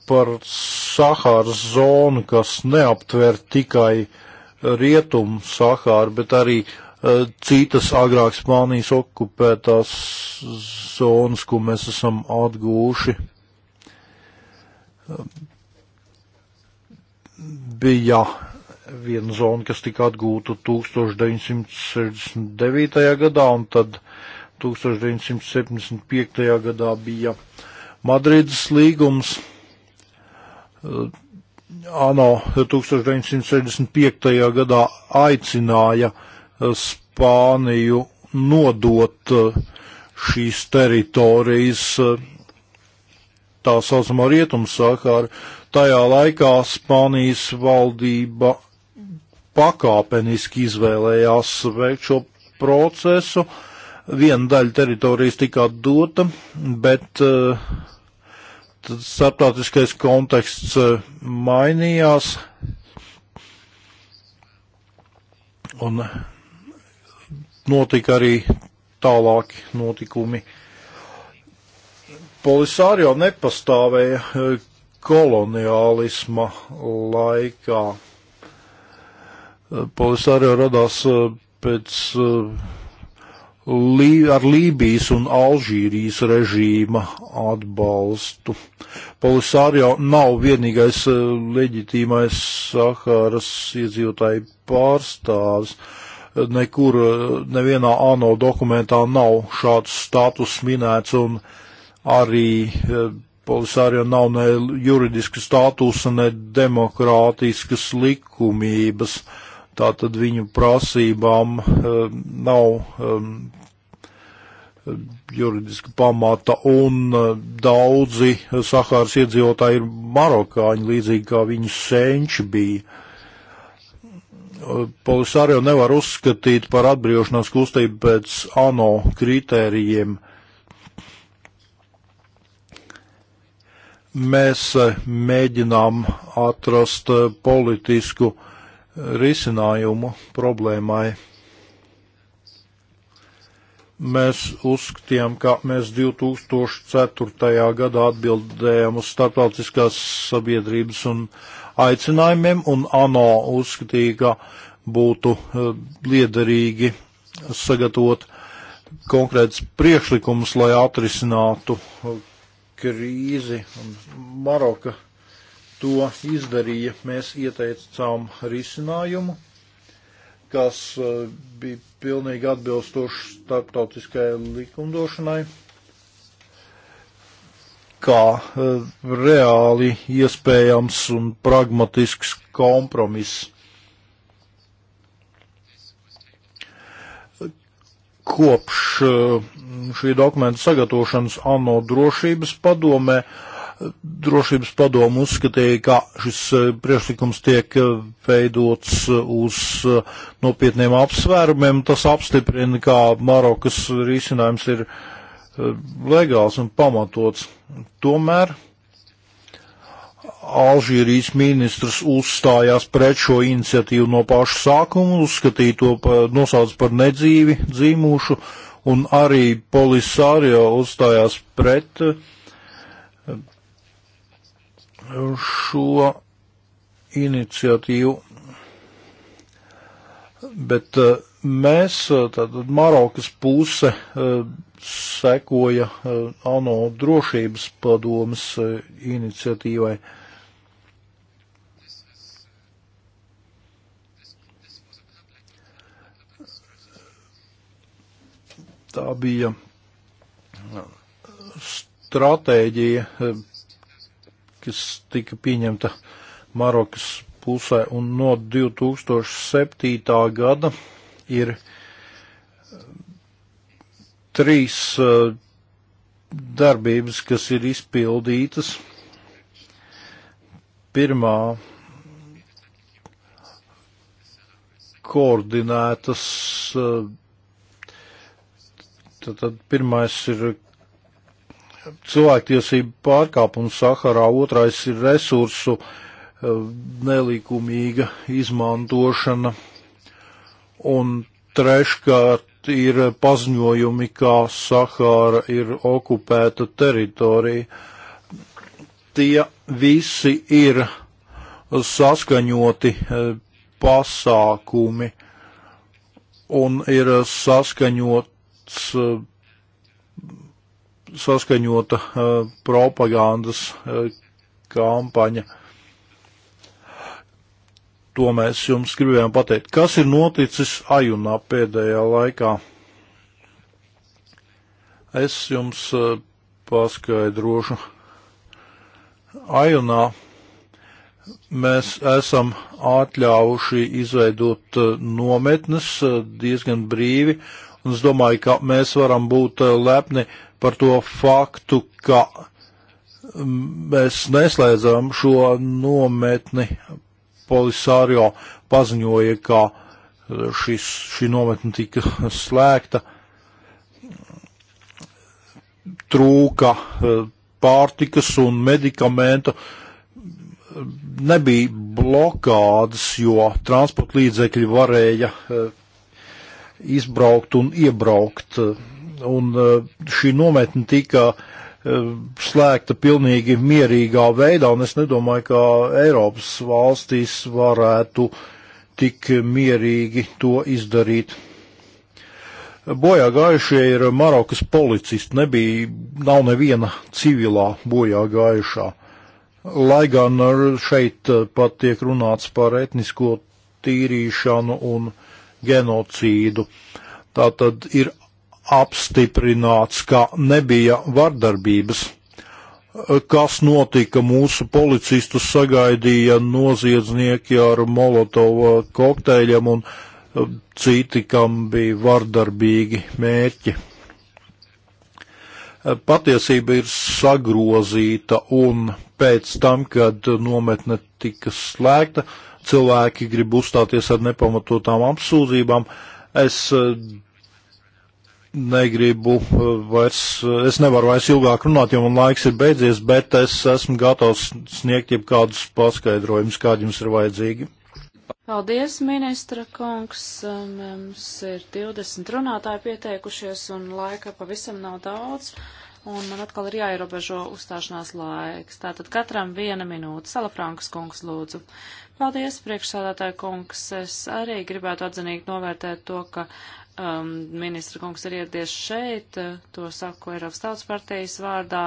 Par Sahāras zonu, kas neaptver tikai uh, rietumu Sahāru, bet arī uh, citas agrāk Spānijas okupētās zonas, ko mēs esam atgūši. Bija viena zona, kas tika atgūta 1969. gadā, un tad 1975. gadā bija Madrides līgums. Uh, ANO 1965. gadā aicināja Spāniju nodot eh, šīs teritorijas eh, tā saucamā rietumsakāra. Tajā laikā Spānijas valdība pakāpeniski izvēlējās veikt šo procesu. Viena daļa teritorijas tika dota, bet uh, starptautiskais konteksts eh, mainījās. Un notika arī tālāki notikumi. Polisārio nepastāvēja eh, koloniālisma laikā. Eh, Polisārio radās pēc uh, ar Lībijas un Alžīrijas režīma atbalstu. Polisārio nav vienīgais eh, leģitīmais Saharas iedzīvotāju pārstāvis. Nekur, eh, nevienā ANO dokumentā nav šāds status minēts un arī eh, Polisārio nav ne juridiska statusa, ne demokrātiskas likumības. Uh, tātad viņu prasībām eh, nav ehm, juridiska pamata, un eh, daudzi Sahāras iedzīvotāji ir marokāņi, līdzīgi kā viņu senči bija. Eh, Polisārio nevar uzskatīt par atbrīvošanās kustību pēc ANO kritērijiem. Mēs mēģinām atrast politisku uh, risinājumu problēmai. Mēs uzskatījām, ka mēs 2004. gadā atbildējām uz starptautiskās sabiedrības un aicinājumiem, un ANO uzskatīja, ka būtu eh, liederīgi sagatavot konkrēts priekšlikums, lai atrisinātu eh, krīzi. Un Maroka to izdarīja, mēs ieteicām risinājumu, kas uh, bija pilnīgi atbilstošs starptautiskajai likumdošanai, kā uh, reāli iespējams un pragmatisks kompromiss. Kopš uh, šī dokumenta sagatavošanas ANO drošības padomē uh, drošības padomu uzskatīja, ka šis e, priekšlikums tiek e, veidots e, uz nopietniem apsvērumiem. Tas apstiprina, ka Marokas risinājums ir legāls un pamatots. Tomēr Alžīrijas ministrs uzstājās pret šo iniciatīvu no paša sākuma, uzskatīja to par, nosauc par nedzīvi dzīmūšu, un arī Polisārio uzstājās pret uh, šo iniciatīvu. Bet eh, mēs, eh, tātad Marokas puse, eh, sekoja ANO drošības padomas iniciatīvai. Tā bija stratēģija kas tika pieņemta Marokas pusē, un no 2007. gada ir uh, trīs uh, darbības, kas ir izpildītas. Pirmā koordinētas, uh, tad, tad pirmais ir cilvēktiesību pārkāpums Saharā, otrais ir resursu eh, nelikumīga izmantošana, un treškārt ir paziņojumi, kā Sahāra ir okupēta teritorija. Tie visi ir saskaņoti eh, pasākumi un ir saskaņots eh, saskaņota eh, propagandas eh, kampaņa. To mēs jums gribējām pateikt. Kas ir noticis Ajunā pēdējā laikā? Es jums eh, paskaidrošu. Ajunā mēs esam atļāvuši izveidot nometnes diezgan brīvi, un es domāju, ka mēs varam būt lepni par to faktu, ka mēs neslēdzam šo nometni. Polisārio paziņoja, ka šis, šī nometne tika slēgta, trūka e, pārtikas un medikamentu, nebija blokādes, jo transporta līdzekļi varēja e, izbraukt un iebraukt e, un uh, šī nometne tika uh, slēgta pilnīgi mierīgā veidā, un es nedomāju, ka Eiropas valstīs varētu tik mierīgi to izdarīt. Bojā gājušie ir Marokas policisti, nebija, nav neviena civilā bojā gājušā. Lai gan šeit uh, pat tiek runāts par etnisko tīrīšanu un genocīdu. Tā tad ir apstiprināts, ka nebija vardarbības. Kas notika? Mūsu policistus sagaidīja noziedznieki ar molotova kokteļiem un um, citi, kam bija vardarbīgi mērķi. Uh, patiesība ir sagrozīta un pēc tam, kad nometne tika slēgta, cilvēki grib uzstāties ar nepamatotām apsūdzībām. Es uh, negribu eh, vairs, eh, es nevaru vairs ilgāk runāt, jo man laiks ir beidzies, bet es esmu gatavs sniegt jau kādus paskaidrojumus, kādi jums ir vajadzīgi. Paldies, ministra kungs. Mums ir 20 runātāji pieteikušies un laika pavisam nav daudz. Un man atkal ir jāierobežo uzstāšanās laiks. Tātad katram viena minūte. Salafrankas kungs lūdzu. Paldies, priekšsādātāja kungs. Es arī gribētu atzinīgi novērtēt to, ka uh, um, ministra kungs ir ieradies šeit, uh, to saku Eiropas tautas partijas vārdā.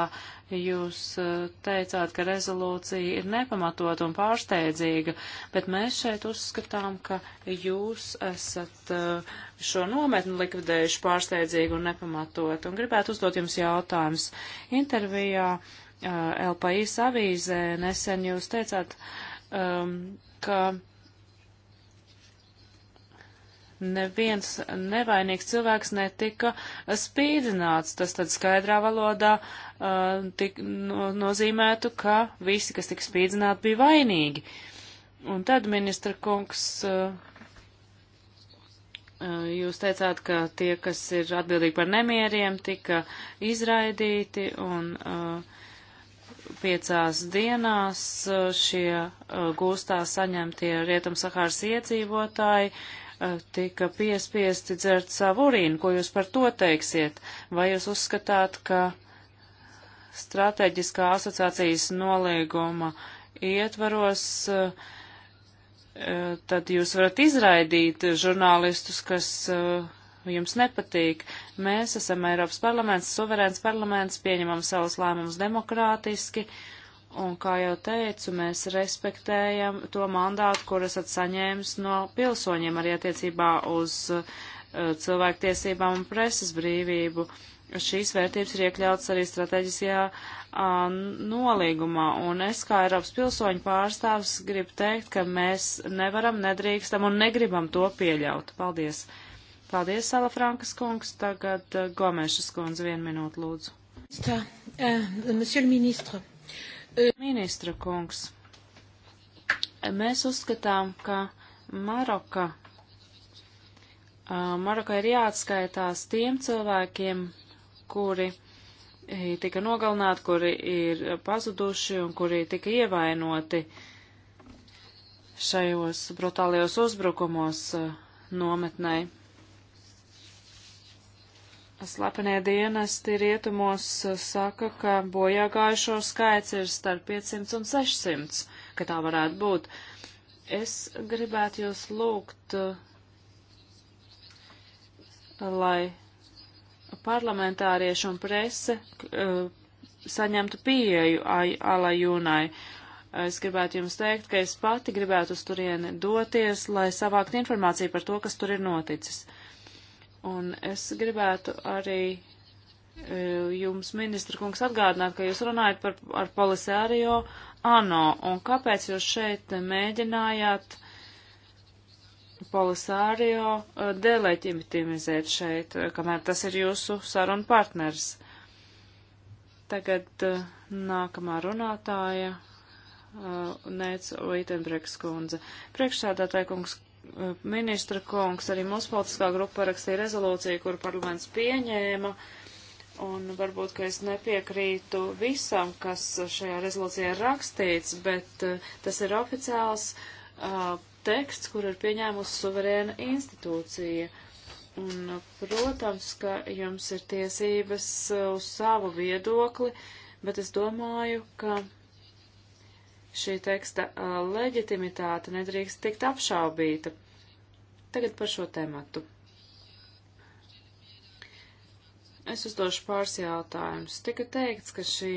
Jūs uh, teicāt, ka rezolūcija ir nepamatot un pārsteidzīga, bet mēs šeit uzskatām, ka jūs esat uh, šo nometni likvidējuši pārsteidzīgi un nepamatot. Un gribētu uzdot jums jautājumus. Intervijā uh, LPI savīzē nesen jūs teicāt, um, ka neviens nevainīgs cilvēks netika spīdzināts. Tas tad skaidrā valodā uh, tik, no, nozīmētu, ka visi, kas tika spīdzināti, bija vainīgi. Un tad, ministra kungs, uh, uh jūs teicāt, ka tie, kas ir atbildīgi par nemieriem, tika izraidīti un uh, piecās dienās uh, šie uh, gūstā saņemtie Rietumsahāras iedzīvotāji uh, tika piespiesti dzert savu urīnu. Ko jūs par to teiksiet? Vai jūs uzskatāt, ka strateģiskā asociācijas nolieguma ietvaros eh, tad jūs varat izraidīt žurnālistus, kas eh, jums nepatīk. Mēs esam Eiropas parlaments, suverēns parlaments, pieņemam savus lēmumus demokrātiski. Uh, Un, kā jau teicu, mēs respektējam to mandātu, kur esat saņēmis no pilsoņiem arī attiecībā uz uh, cilvēktiesībām un preses brīvību. Šīs vērtības ir iekļautas arī strateģiskajā uh, nolīgumā, un es kā Eiropas pilsoņu pārstāvs gribu teikt, ka mēs nevaram, nedrīkstam un negribam to pieļaut. Paldies! Paldies, Salafrankas kungs. Tagad uh, Gomešas kundze vienu minūtu lūdzu. Tā, uh, eh, Ministra kungs, mēs uzskatām, ka Maroka, Maroka ir jāatskaitās tiem cilvēkiem, kuri tika nogalināti, kuri ir pazuduši un kuri tika ievainoti šajos brutālajos uzbrukumos nometnē. Slepenie dienesti rietumos eh, saka, ka bojā gājušo skaits ir starp 500 un 600, ka tā varētu būt. Es gribētu jūs lūgt, eh, lai parlamentārieši un prese eh, saņemtu pieeju Alajūnai. Es gribētu jums teikt, ka es pati gribētu uz turieni doties, lai savākt informāciju par to, kas tur ir noticis. Uh, Un es gribētu arī e, jums, ministra kungs, atgādināt, ka jūs runājat par, ar polisārio ANO, un kāpēc jūs šeit mēģinājāt polisārio e, deleģitimizēt šeit, e, kamēr tas ir jūsu sarunu partners? Tagad nākamā runātāja. Nēc Vītenbreks kundze. Priekšsādātāja kungs, ministra kungs, arī mūsu politiskā grupa parakstīja rezolūciju, kur parlaments pieņēma, un varbūt, ka es nepiekrītu visam, kas šajā rezolūcijā ir rakstīts, bet eh, tas ir oficiāls uh, teksts, kur ir pieņēmusi suverēna institūcija. Un, protams, ka jums ir tiesības eh, uz savu viedokli, bet es domāju, ka šī teksta leģitimitāte nedrīkst tikt apšaubīta. Tagad par šo tematu. Es uzdošu pāris jautājumus. Tika teikts, ka šī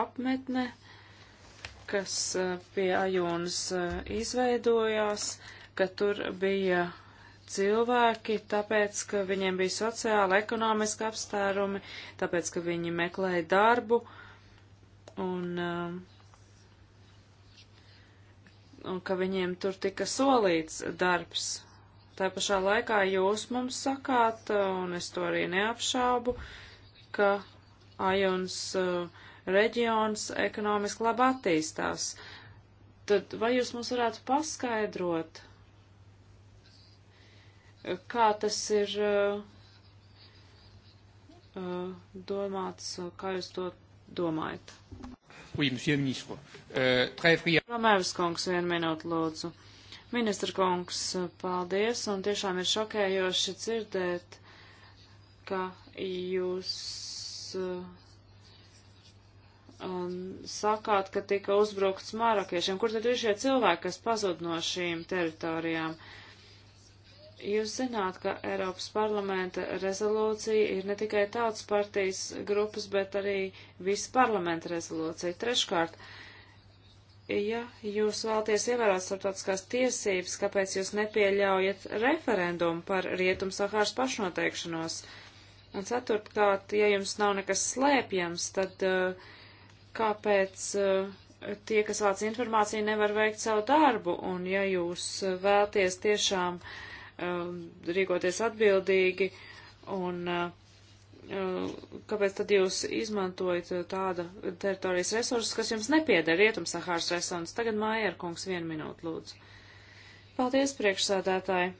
apmetne, kas pie ajūnas izveidojās, ka tur bija cilvēki, tāpēc, ka viņiem bija sociāla, ekonomiska apstērumi, tāpēc, ka viņi meklēja darbu un uh, un ka viņiem tur tika solīts darbs. Tā pašā laikā jūs mums sakāt, uh, un es to arī neapšaubu, ka Ajuns uh, reģions ekonomiski labi attīstās. Tad vai jūs mums varētu paskaidrot, kā tas ir uh, uh domāts, kā jūs to domājat? Oui, monsieur le ministre. Uh, très frier. Romēvs kungs, vienu minūtu lūdzu. Ministra kungs, paldies, un tiešām ir šokējoši dzirdēt, ka jūs uh, um, sakāt, ka tika uzbrukts mārakiešiem. Kur tad ir šie cilvēki, kas pazud no šīm teritorijām? Uh, Jūs zināt, ka Eiropas parlamenta rezolūcija ir ne tikai tautas partijas grupas, bet arī visa parlamenta rezolūcija. Treškārt, ja jūs vēlaties ievērot starptautiskās tiesības, kāpēc jūs nepieļaujat referendumu par Rietum-Sahāras pašnoteikšanos? Un ceturtkārt, ja jums nav nekas slēpjams, tad uh, kāpēc uh, tie, kas vāc informāciju, nevar veikt savu darbu? Un ja jūs uh, vēlaties tiešām uh, Um, rīkoties atbildīgi un uh, uh, kāpēc tad jūs izmantojat tāda teritorijas resursus, kas jums nepieder Rietumsahāras resursus? Tagad Mājērkungs vienu minūtu lūdzu. Paldies, priekšsādātāji.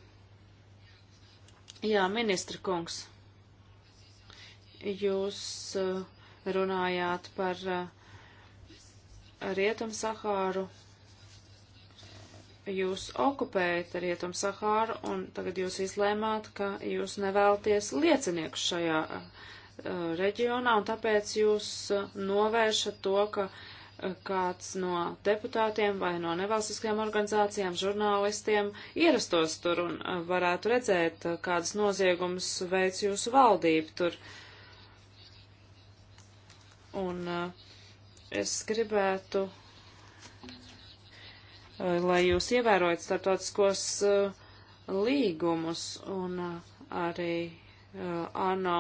Jā, ministra kungs, jūs uh, runājāt par Rietumsahāru jūs okupējat Rietumu Sahāru, un tagad jūs izlēmāt, ka jūs nevēlaties liecinieku šajā uh, reģionā, un tāpēc jūs uh, novēršat to, ka uh, kāds no deputātiem vai no nevalstiskajām organizācijām, žurnālistiem ierastos tur un varētu redzēt, kādas noziegumus veic jūsu valdība tur. Un es gribētu uh, Eh, lai jūs ievērojat starptautiskos eh, līgumus un eh, arī ANO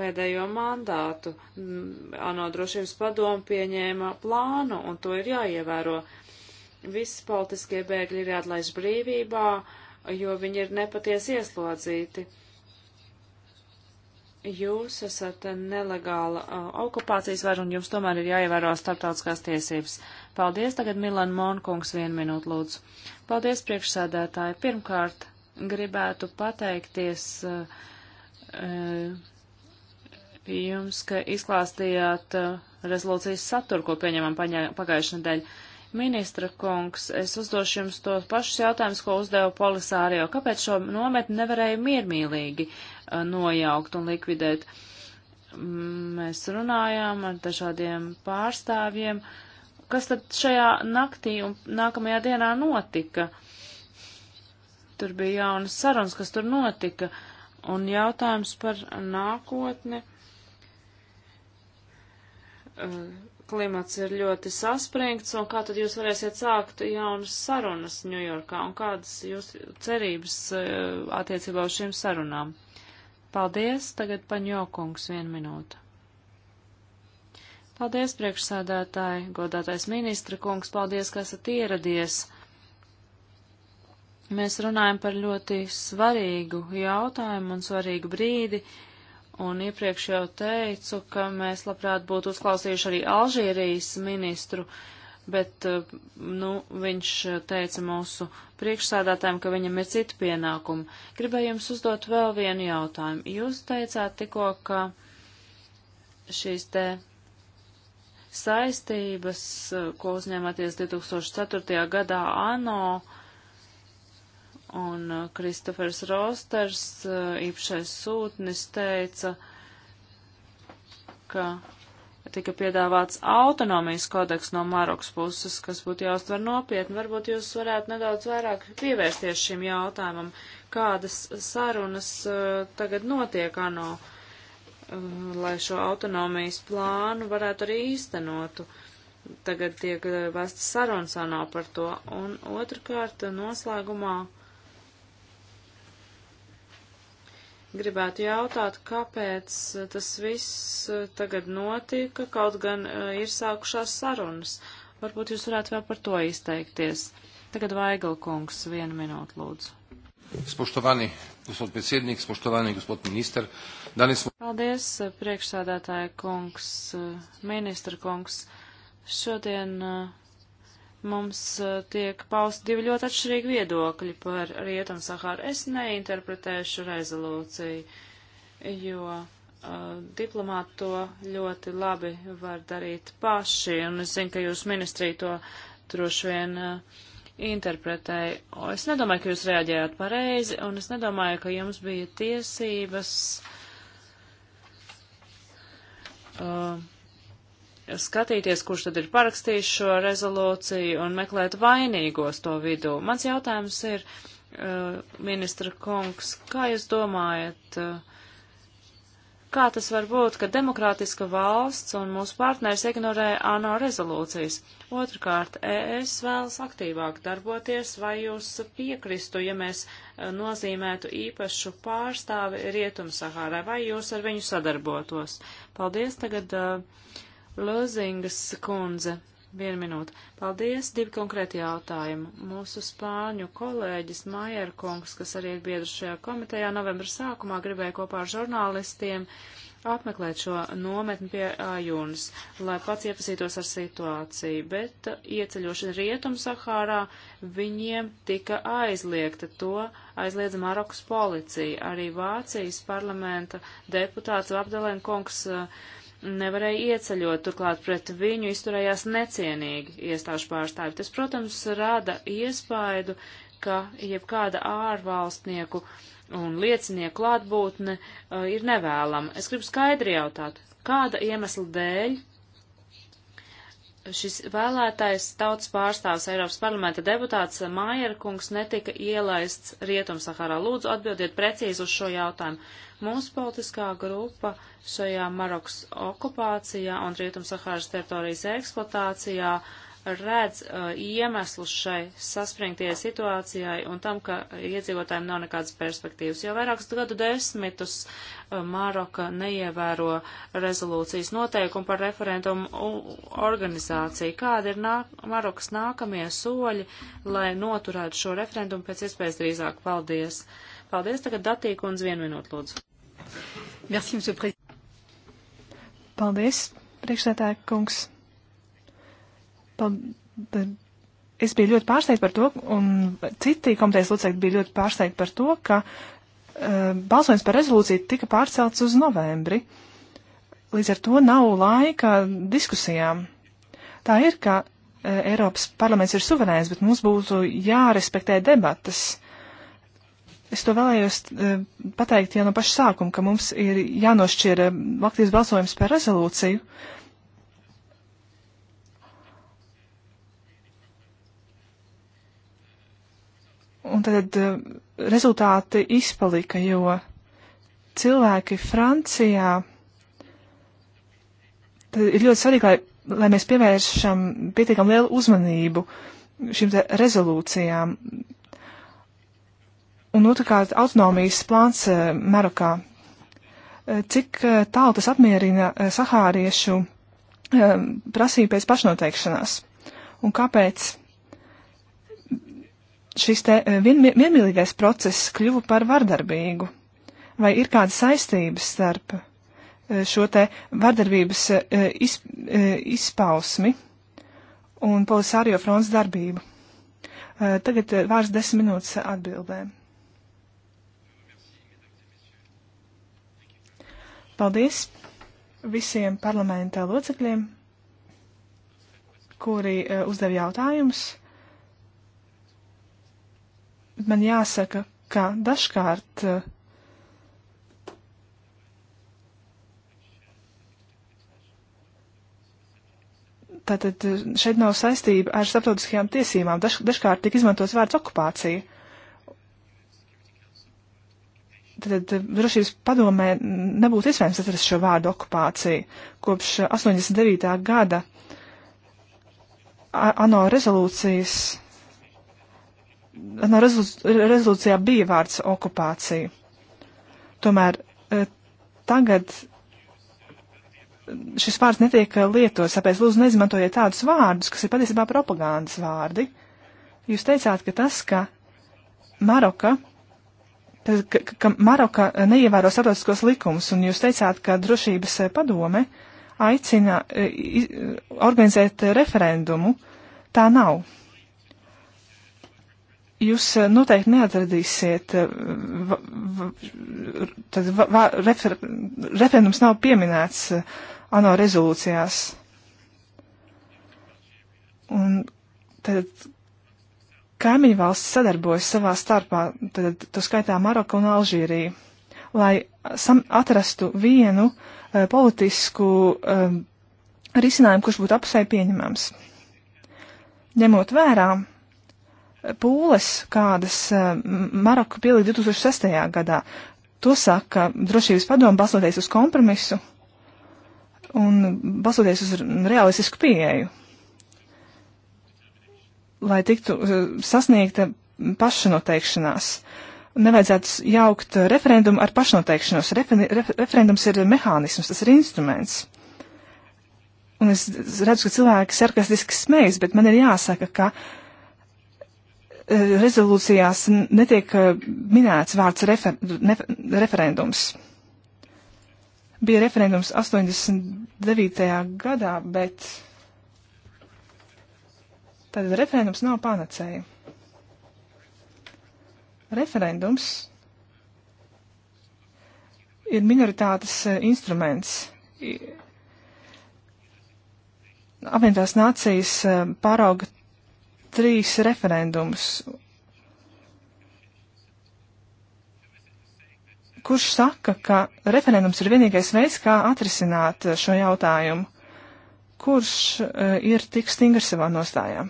pēdējo mandātu. Mm, ANO drošības padomu pieņēma plānu, un to ir jāievēro. Visi politiskie bēgļi ir jāatlaiž brīvībā, jo viņi ir nepatiesi ieslodzīti. Uh, jūs esat nelegāla uh, okupācijas var un jums tomēr ir jāievēro starptautiskās tiesības. Paldies, tagad Milan Monkungs vienu minūtu lūdzu. Paldies, priekšsēdētāji. Pirmkārt, gribētu pateikties uh, uh, jums, ka izklāstījāt rezolūcijas saturu, ko pieņemam pagājušajā nedēļā. Ministra kungs, es uzdošu jums tos pašus jautājumus, ko uzdevu Polisārio. Kāpēc šo nometni nevarēja miermīlīgi Eh, nojaukt un likvidēt. Mēs runājām ar dažādiem pārstāvjiem, kas tad šajā naktī un nākamajā dienā notika. Tur bija jaunas sarunas, kas tur notika, un jautājums par nākotni. Eh, klimats ir ļoti saspringts, un kā tad jūs varēsiet sākt jaunas sarunas Ņujorkā, un kādas jūs cerības eh, attiecībā uz šīm sarunām? Paldies, tagad paņokungs vienu minūtu. Paldies, priekšsādātāji, godātais ministra kungs, paldies, ka esat ieradies. Mēs runājam par ļoti svarīgu jautājumu un svarīgu brīdi, un iepriekš jau teicu, ka mēs labprāt būtu uzklausījuši arī Alžīrijas ministru, uh, bet eh, nu, viņš eh, teica mūsu priekšsādātājiem, ka viņam ir citi pienākumi. Gribēju jums uzdot vēl vienu jautājumu. Jūs teicāt tikko, ka šīs te saistības, eh, ko uzņēmāties 2004. gadā ANO, un Kristofers Rosters, īpašais sūtnis, teica, ka tika piedāvāts autonomijas kodeks no Marokas puses, kas būtu jāuztver nopietni. Varbūt jūs varētu nedaudz vairāk pievērsties šim jautājumam, kādas sarunas uh, tagad notiek ANO, uh, lai šo autonomijas plānu varētu arī īstenotu. Tagad tiek eh, vestas sarunas ANO par to. Un otrkārt, noslēgumā gribētu jautāt, kāpēc eh, tas viss eh, tagad notika, kaut gan eh, ir sākušās sarunas. Varbūt jūs varētu vēl par to izteikties. Tagad Vaigalkungs, vienu minūtu lūdzu. Spoštovani, gospod predsednik, spoštovani, gospod minister. Danes... Paldies, priekšsādātāja kungs, ministra kungs. Šodien uh, mums eh, tiek paust divi ļoti atšķirīgi viedokļi par Rietumu Sahāru. Es neinterpretēšu rezolūciju, jo uh, diplomāti to ļoti labi var darīt paši, un es zinu, ka jūs ministrija to droši vien uh, eh, interpretēja. Es nedomāju, ka jūs reaģējāt pareizi, un es nedomāju, ka jums bija tiesības. Uh, skatīties, kurš tad ir parakstījis šo rezolūciju un meklēt vainīgos to vidū. Mans jautājums ir, uh, ministra kungs, kā jūs domājat, uh, kā tas var būt, ka demokrātiska valsts un mūsu partners ignorē ANO rezolūcijas? Otrakārt, ES vēlas aktīvāk darboties, vai jūs piekristu, ja mēs uh, nozīmētu īpašu pārstāvi Rietum Sahārai, vai jūs ar viņu sadarbotos? Paldies tagad. Uh, Lozingas kundze. Vienu minūti. Paldies, divi konkrēti jautājumi. Mūsu spāņu kolēģis Majerkungs, kas arī ir biedrs šajā komitejā, novembra sākumā gribēja kopā ar žurnālistiem apmeklēt šo nometni pie Ajūnas, lai pats iepazītos ar situāciju, bet uh, ieceļošana Rietum-Sahārā viņiem tika aizliegta, to aizliedza Marokas policija. Arī Vācijas parlamenta deputāts Abdelēn Kungs uh, nevarēja ieceļot, turklāt pret viņu izturējās necienīgi iestāžu pārstāvi. Tas, protams, rada iespaidu, ka jebkāda ārvalstnieku un liecinieku klātbūtne uh, ir nevēlama. Es gribu skaidri jautāt, kāda iemesla dēļ šis vēlētais tautas pārstāvs Eiropas parlamenta deputāts Mājerkungs netika ielaists Rietumsaharā. Lūdzu, atbildiet precīzi uz šo jautājumu. Mūsu politiskā grupa šajā Marokas okupācijā un Rietumsaharas teritorijas eksploatācijā uh, redz uh, iemeslus šai saspringtajai situācijai un tam, ka iedzīvotājiem nav nekādas perspektīvas. Jau vairākus gadu desmitus uh, Maroka neievēro rezolūcijas noteikumu par referendumu organizāciju. Kādi ir nā Marokas nākamie soļi, lai noturētu šo referendumu pēc iespējas drīzāk? Paldies! Paldies, tagad Datīka un Zvienu minūtu lūdzu. Merci, Paldies, priekšsētāja kungs pa, pa, es biju ļoti pārsteigta par to, un citi komitejas locekļi bija ļoti pārsteigti par to, ka uh, balsojums par rezolūciju tika pārcelts uz novembri. Līdz ar to nav laika diskusijām. Tā ir, ka uh, Eiropas parlaments ir suverēns, bet mums būtu jārespektē debatas. Es to vēlējos uh, pateikt jau no paša sākuma, ka mums ir jānošķir aktīvs balsojums par rezolūciju Un tad eh, rezultāti izpalika, jo cilvēki Francijā ir ļoti svarīgi, lai, lai mēs pievēršam pietiekam lielu uzmanību šīm rezolūcijām. Un otrkārt, autonomijas plāns eh, Marokā. Eh, cik tālu tas apmierina sahāriešu prasību pēc pašnoteikšanās? Un kāpēc? šis te eh, vien, vienmīlīgais process kļuva par vardarbīgu? Vai ir kāda saistības starp eh, šo te vardarbības eh, iz, izpausmi un polisārio fronts darbību? Tagad vārds desmit minūtes atbildēm. Paldies visiem parlamenta locekļiem, kuri uzdev jautājumus man jāsaka, ka dažkārt eh, Tātad eh, šeit nav saistība ar starptautiskajām tiesībām. Daž, dažkārt tik izmantots vārds okupācija. Tātad eh, drošības padomē nebūtu iespējams atrast šo vārdu okupācija. Kopš 89. gada ANO rezolūcijas no rezolūcijā bija vārds okupācija. Tomēr e, tagad šis vārds netiek lietots, tāpēc lūdzu neizmantojiet tādus vārdus, kas ir patiesībā propagandas vārdi. Jūs teicāt, ka tas, ka Maroka, tas, ka, ka Maroka neievēro starptautiskos likumus, un jūs teicāt, ka drošības padome aicina e, i, organizēt referendumu, tā nav jūs eh, noteikti neatradīsiet, eh, tad refer, referendums nav pieminēts eh, ANO rezolūcijās. Un tad kaimiņu valsts sadarbojas savā starpā, tad to skaitā Maroka un Alžīrija, lai sam, atrastu vienu eh, politisku eh, risinājumu, kurš būtu apsai pieņemams. Ņemot vērā, pūles, kādas eh, Maroka pielika 2006. gadā. To saka drošības padomu, balstoties uz kompromisu un balstoties uz realistisku pieeju, lai tiktu eh, sasniegta pašanoteikšanās. Nevajadzētu jaukt referendumu ar pašanoteikšanos. Referen, referendums ir mehānisms, tas ir instruments. Un es redzu, ka cilvēki sarkastiski smējas, bet man ir jāsaka, ka uh, Eh, rezolūcijās netiek eh, minēts vārds refer, nefer, referendums. Bija referendums 89. gadā, bet tad referendums nav panacēja. Referendums ir minoritātes eh, instruments. Apvienotās nācijas pārauga trīs referendumus. Kurš saka, ka referendums ir vienīgais veids, kā atrisināt šo jautājumu? Kurš uh, ir tik stingrs savā nostājā?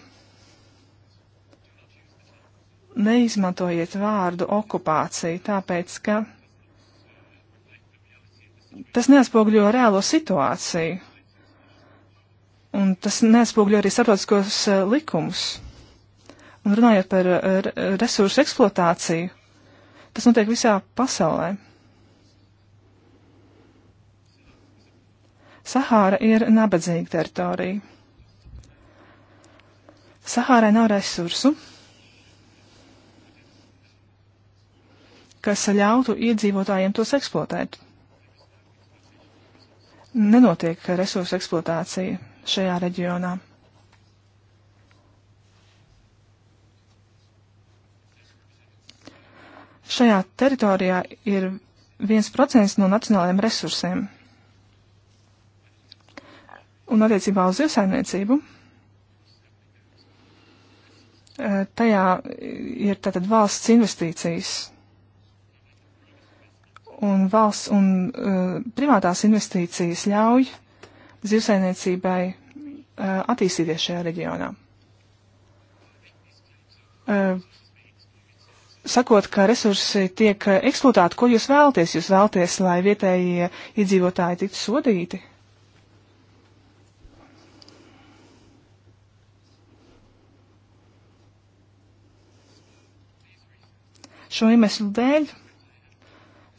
neizmantojiet vārdu okupācija, tāpēc ka tas neatspogļo reālo situāciju, un tas neatspogļo arī starptautiskos eh, likumus. Un runājot par eh, resursu eksploatāciju, tas notiek visā pasaulē. Sahāra ir nabadzīga teritorija. Sahārai nav resursu, kas ļautu iedzīvotājiem tos eksploatēt. Nenotiek resursu eksploatācija šajā reģionā. Šajā teritorijā ir 1% no nacionālajiem resursiem. Un attiecībā uz zivsaimniecību eh, tajā ir tātad valsts investīcijas. Un valsts un uh, privātās investīcijas ļauj zivsainiecībai uh, eh, attīstīties šajā reģionā. Uh, sakot, ka resursi tiek eh, eksploatēti, ko jūs vēlaties? Jūs vēlaties, lai vietējie iedzīvotāji tiktu sodīti? Šo iemeslu dēļ,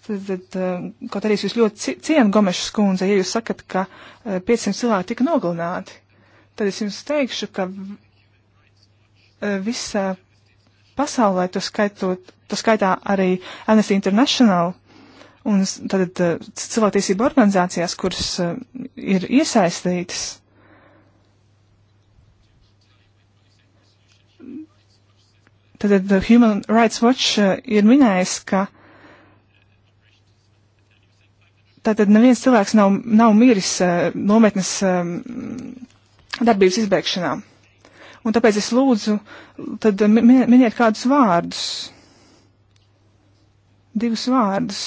tad, tad, eh, kaut arī es jūs ļoti cienu, Gomešas kundze, ja jūs sakat, ka 500 eh, cilvēki tika nogalināti, tad es jums teikšu, ka visa pasaulē, to, skaitot, to skaitā arī Amnesty International un tad eh, cilvēktiesību organizācijās, kuras eh, ir iesaistītas. Tad eh, Human Rights Watch ir minējis, ka tātad neviens cilvēks nav, nav miris nometnes darbības izbēgšanā un tāpēc es lūdzu, tad miniet kādus vārdus. Divus vārdus.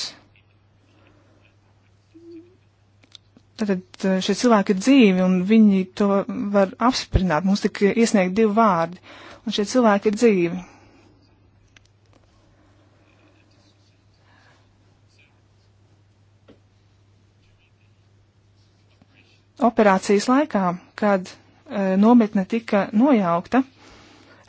Tātad eh, šie cilvēki ir dzīvi, un viņi to var apstiprināt. Mums tik iesniegt divi vārdi, un šie cilvēki ir dzīvi. Operācijas laikā, kad Eh, nometne tika nojaukta,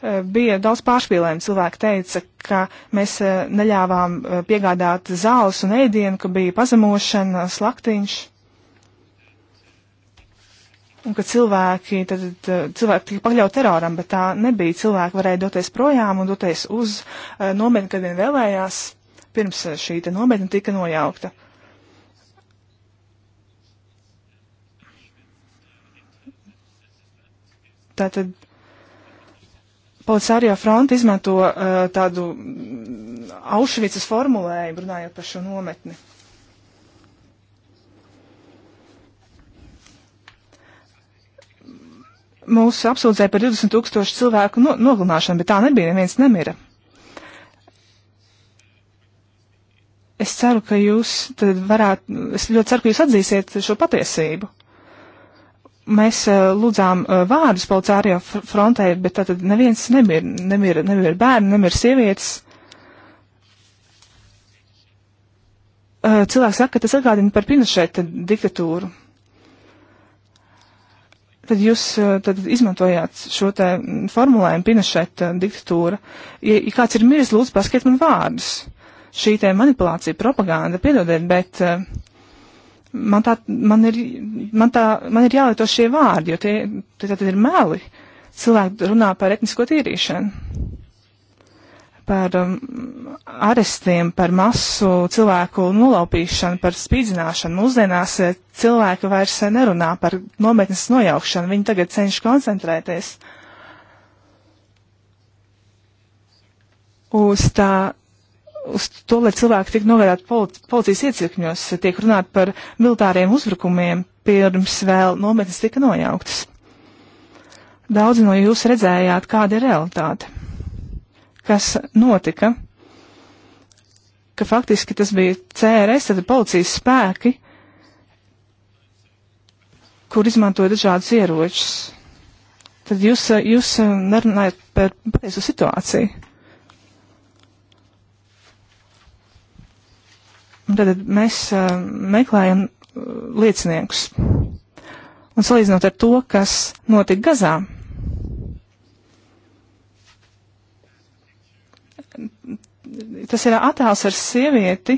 eh, bija daudz pārspīlējumu. Cilvēki teica, ka mēs eh, neļāvām piegādāt zāles un ēdienu, ka bija pazemošana, slaktiņš. Un ka cilvēki, tad, cilvēki tika pakļauti teroram, bet tā nebija. Cilvēki varēja doties projām un doties uz nometni, kad vien vēlējās, pirms šī nometne tika nojaukta. Uh, Tātad Polisārijā fronte izmanto uh, tādu Aušvicas formulējumu, runājot par šo nometni. Mūsu apsūdzēja par 20 tūkstošu cilvēku no nogalināšanu, bet tā nebija, neviens nemira. Es ceru, ka jūs varētu, es ļoti ceru, ka jūs atzīsiet šo patiesību mēs uh, lūdzām uh, vārdus policārijā frontē, bet tad neviens nemir, nemir, nemir bērni, nemir sievietes. Uh, cilvēks saka, ka tas atgādina par Pinošēta diktatūru. Tad jūs tad izmantojāt šo te formulējumu Pinošēta diktatūra. Ja, ja kāds ir miris, lūdzu, paskiet man vārdus. Šī te manipulācija, propaganda, piedodiet, bet uh, man, tā, man, ir, man, tā, man ir jālieto šie vārdi, jo tie, tie tad ir meli. Cilvēki runā par etnisko tīrīšanu, par um, arestiem, par masu cilvēku nolaupīšanu, par spīdzināšanu. Mūsdienās eh, cilvēki vairs eh, nerunā par nometnes nojaukšanu, viņi tagad cenšas koncentrēties uz tā uz to, lai cilvēki tik novērāti polic policijas iecirkņos, tiek runāt par militāriem uzbrukumiem, pirms vēl nometnes tika nojauktas. Daudzi no jūs redzējāt, kāda ir realitāte. Kas notika? Ka faktiski tas bija CRS, tad policijas spēki, kur izmantoja dažādus ieročus. Tad jūs, jūs nerunājat par patiesu situāciju. Tad mēs uh, meklējam lieciniekus. Un salīdzinot ar to, kas notika Gazā, tas ir attēls ar sievieti,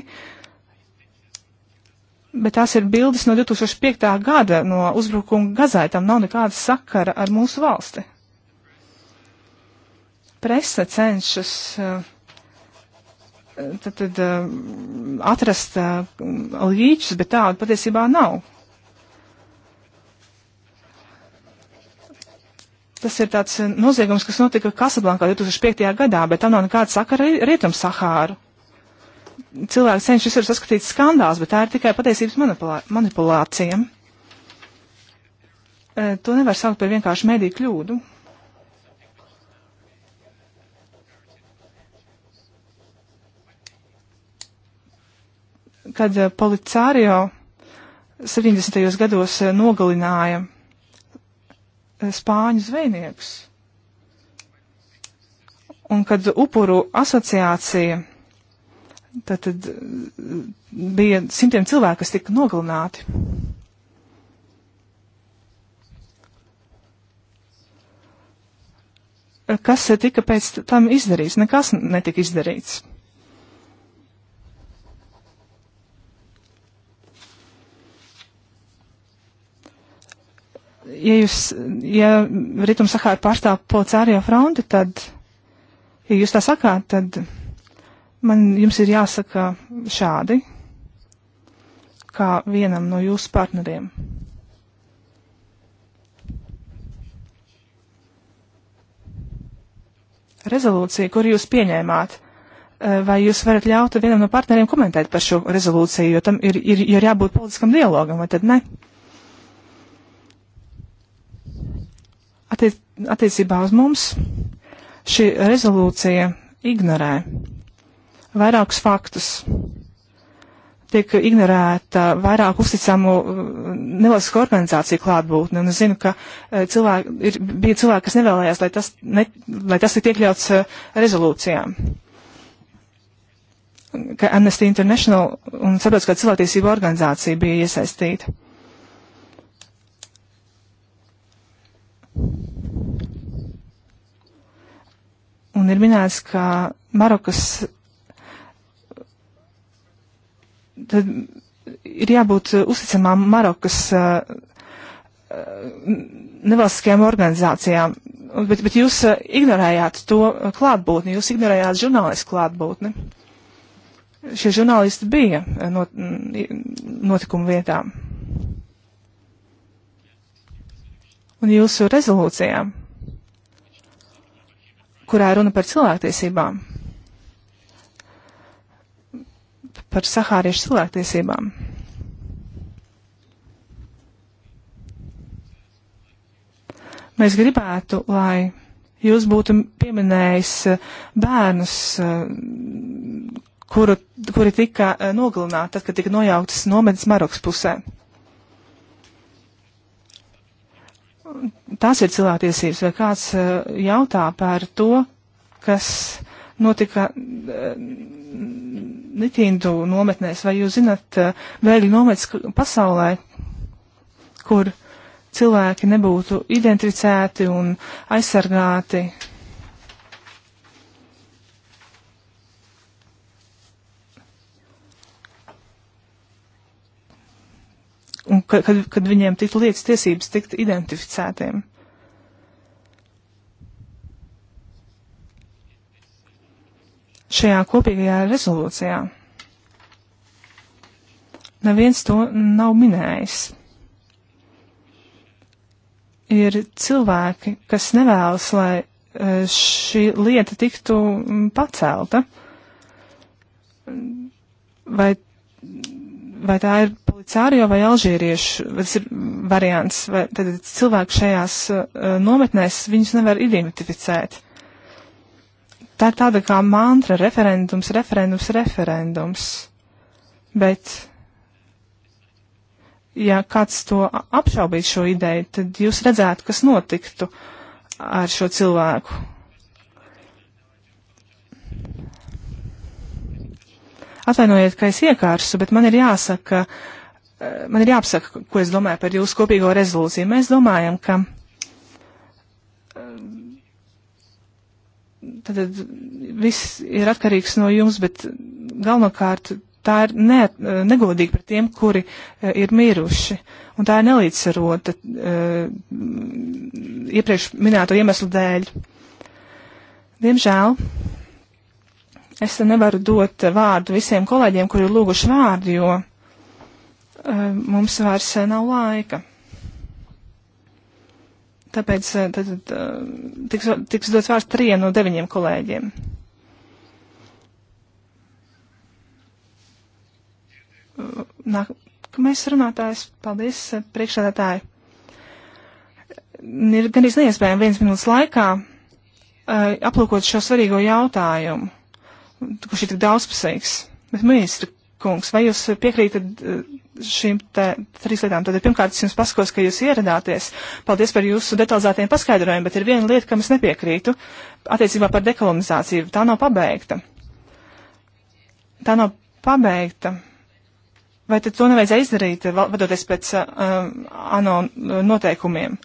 bet tās ir bildes no 2005. gada, no uzbrukuma Gazai, tam nav nekāda sakara ar mūsu valsti. Presa cenšas uh, tad, tad eh, atrast eh, līčus, bet tādu patiesībā nav. Tas ir tāds noziegums, kas notika Kasablankā 2005. gadā, bet tam nav nekāda sakara ar Rietumu Sahāru. Cilvēki cenšas visur saskatīt skandāls, bet tā ir tikai patiesības manipulā manipulācija. Eh, to nevar saukt par vienkāršu mediju kļūdu. kad eh, policārio 70. gados eh, nogalināja eh, spāņu zvejniekus. Un kad upuru asociācija, tad, tad bija simtiem cilvēku, kas tika nogalināti. Kas tika pēc tam izdarīts? Nekas netika izdarīts. ja jūs, ja Ritum Sahāra pārstāv policārio fronti, tad, ja jūs tā sakāt, tad man jums ir jāsaka šādi, kā vienam no jūsu partneriem. Rezolūcija, kur jūs pieņēmāt, eh, vai jūs varat ļaut vienam no partneriem komentēt par šo rezolūciju, jo tam ir, ir, ir jābūt politiskam dialogam, vai tad ne? Uh, attiec, attiecībā uz mums šī rezolūcija ignorē vairākus faktus. Tiek ignorēta vairāk uzticamu mm, nevalstisko organizāciju klātbūtne. Un es zinu, ka e, cilvēki, ir, bija cilvēki, kas nevēlējās, lai tas, ne, lai tas tiek iekļauts e, rezolūcijām. Ka Amnesty International un sabiedriskā cilvēktiesība organizācija bija iesaistīta. Un ir minēts, ka Marokas tad ir jābūt uzticamām Marokas nevalstiskajām organizācijām, bet, bet jūs ignorējāt to klātbūtni, jūs ignorējāt žurnālistu klātbūtni. Šie žurnālisti bija not, notikumu vietā. Un jūsu rezolūcijām kurā runa par cilvēktiesībām, par sahāriešu cilvēktiesībām. Mēs gribētu, lai jūs būtu pieminējis eh, bērnus, eh, kuru, kuri tika eh, nogalināti, tad, kad tika nojauktas nometnes Marokas pusē. tās ir cilvēktiesības, vai kāds eh, jautā par to, kas notika eh, Nitindu nometnēs, vai jūs zinat eh, bēgļu nometnes pasaulē, kur cilvēki nebūtu identificēti un aizsargāti un kad, kad, kad viņiem tiktu lietas tiesības tikt identificētiem. Šajā kopīgajā rezolūcijā neviens to nav minējis. Ir cilvēki, kas nevēlas, lai e, šī lieta tiktu pacelta. Vai vai tā ir policārio vai alžīriešu tas ir variants, vai tad cilvēki šajās uh, nometnēs viņus nevar identificēt. Tā ir tāda kā mantra referendums, referendums, referendums. Bet, ja kāds to apšaubītu šo ideju, tad jūs redzētu, kas notiktu ar šo cilvēku Atvainojiet, ka es iekāršu, bet man ir jāsaka, eh, man ir jāapsaka, ko es domāju par jūsu kopīgo rezolūciju. Mēs domājam, ka eh, tad viss ir atkarīgs no jums, bet galvenokārt tā ir ne, eh, negodīga pret tiem, kuri ir miruši. Un tā ir nelīdzsvarota iepriekš minēto iemeslu dēļ. Diemžēl es nevaru dot vārdu visiem kolēģiem, kuri ir lūguši vārdu, jo uh, mums vairs eh, nav laika. Tāpēc eh, tad, tad, tiks, tiks dots vārds trijiem no deviņiem kolēģiem. Nākamais runātājs, paldies, priekšsēdētāji. Ir gan iespējami viens minūtes laikā uh, aplūkot šo svarīgo jautājumu kurš ir tik daudzpusīgs. Bet, ministra kungs, vai jūs piekrītat eh, šīm te trīs lietām? Tad pirmkārt, es jums pasakos, ka jūs ieradāties. Paldies par jūsu detalizētiem paskaidrojumiem, bet ir viena lieta, kam es nepiekrītu attiecībā par dekolonizāciju. Tā nav pabeigta. Tā nav pabeigta. Vai tad to nevajadzēja izdarīt, vadoties pēc uh, ANO noteikumiem?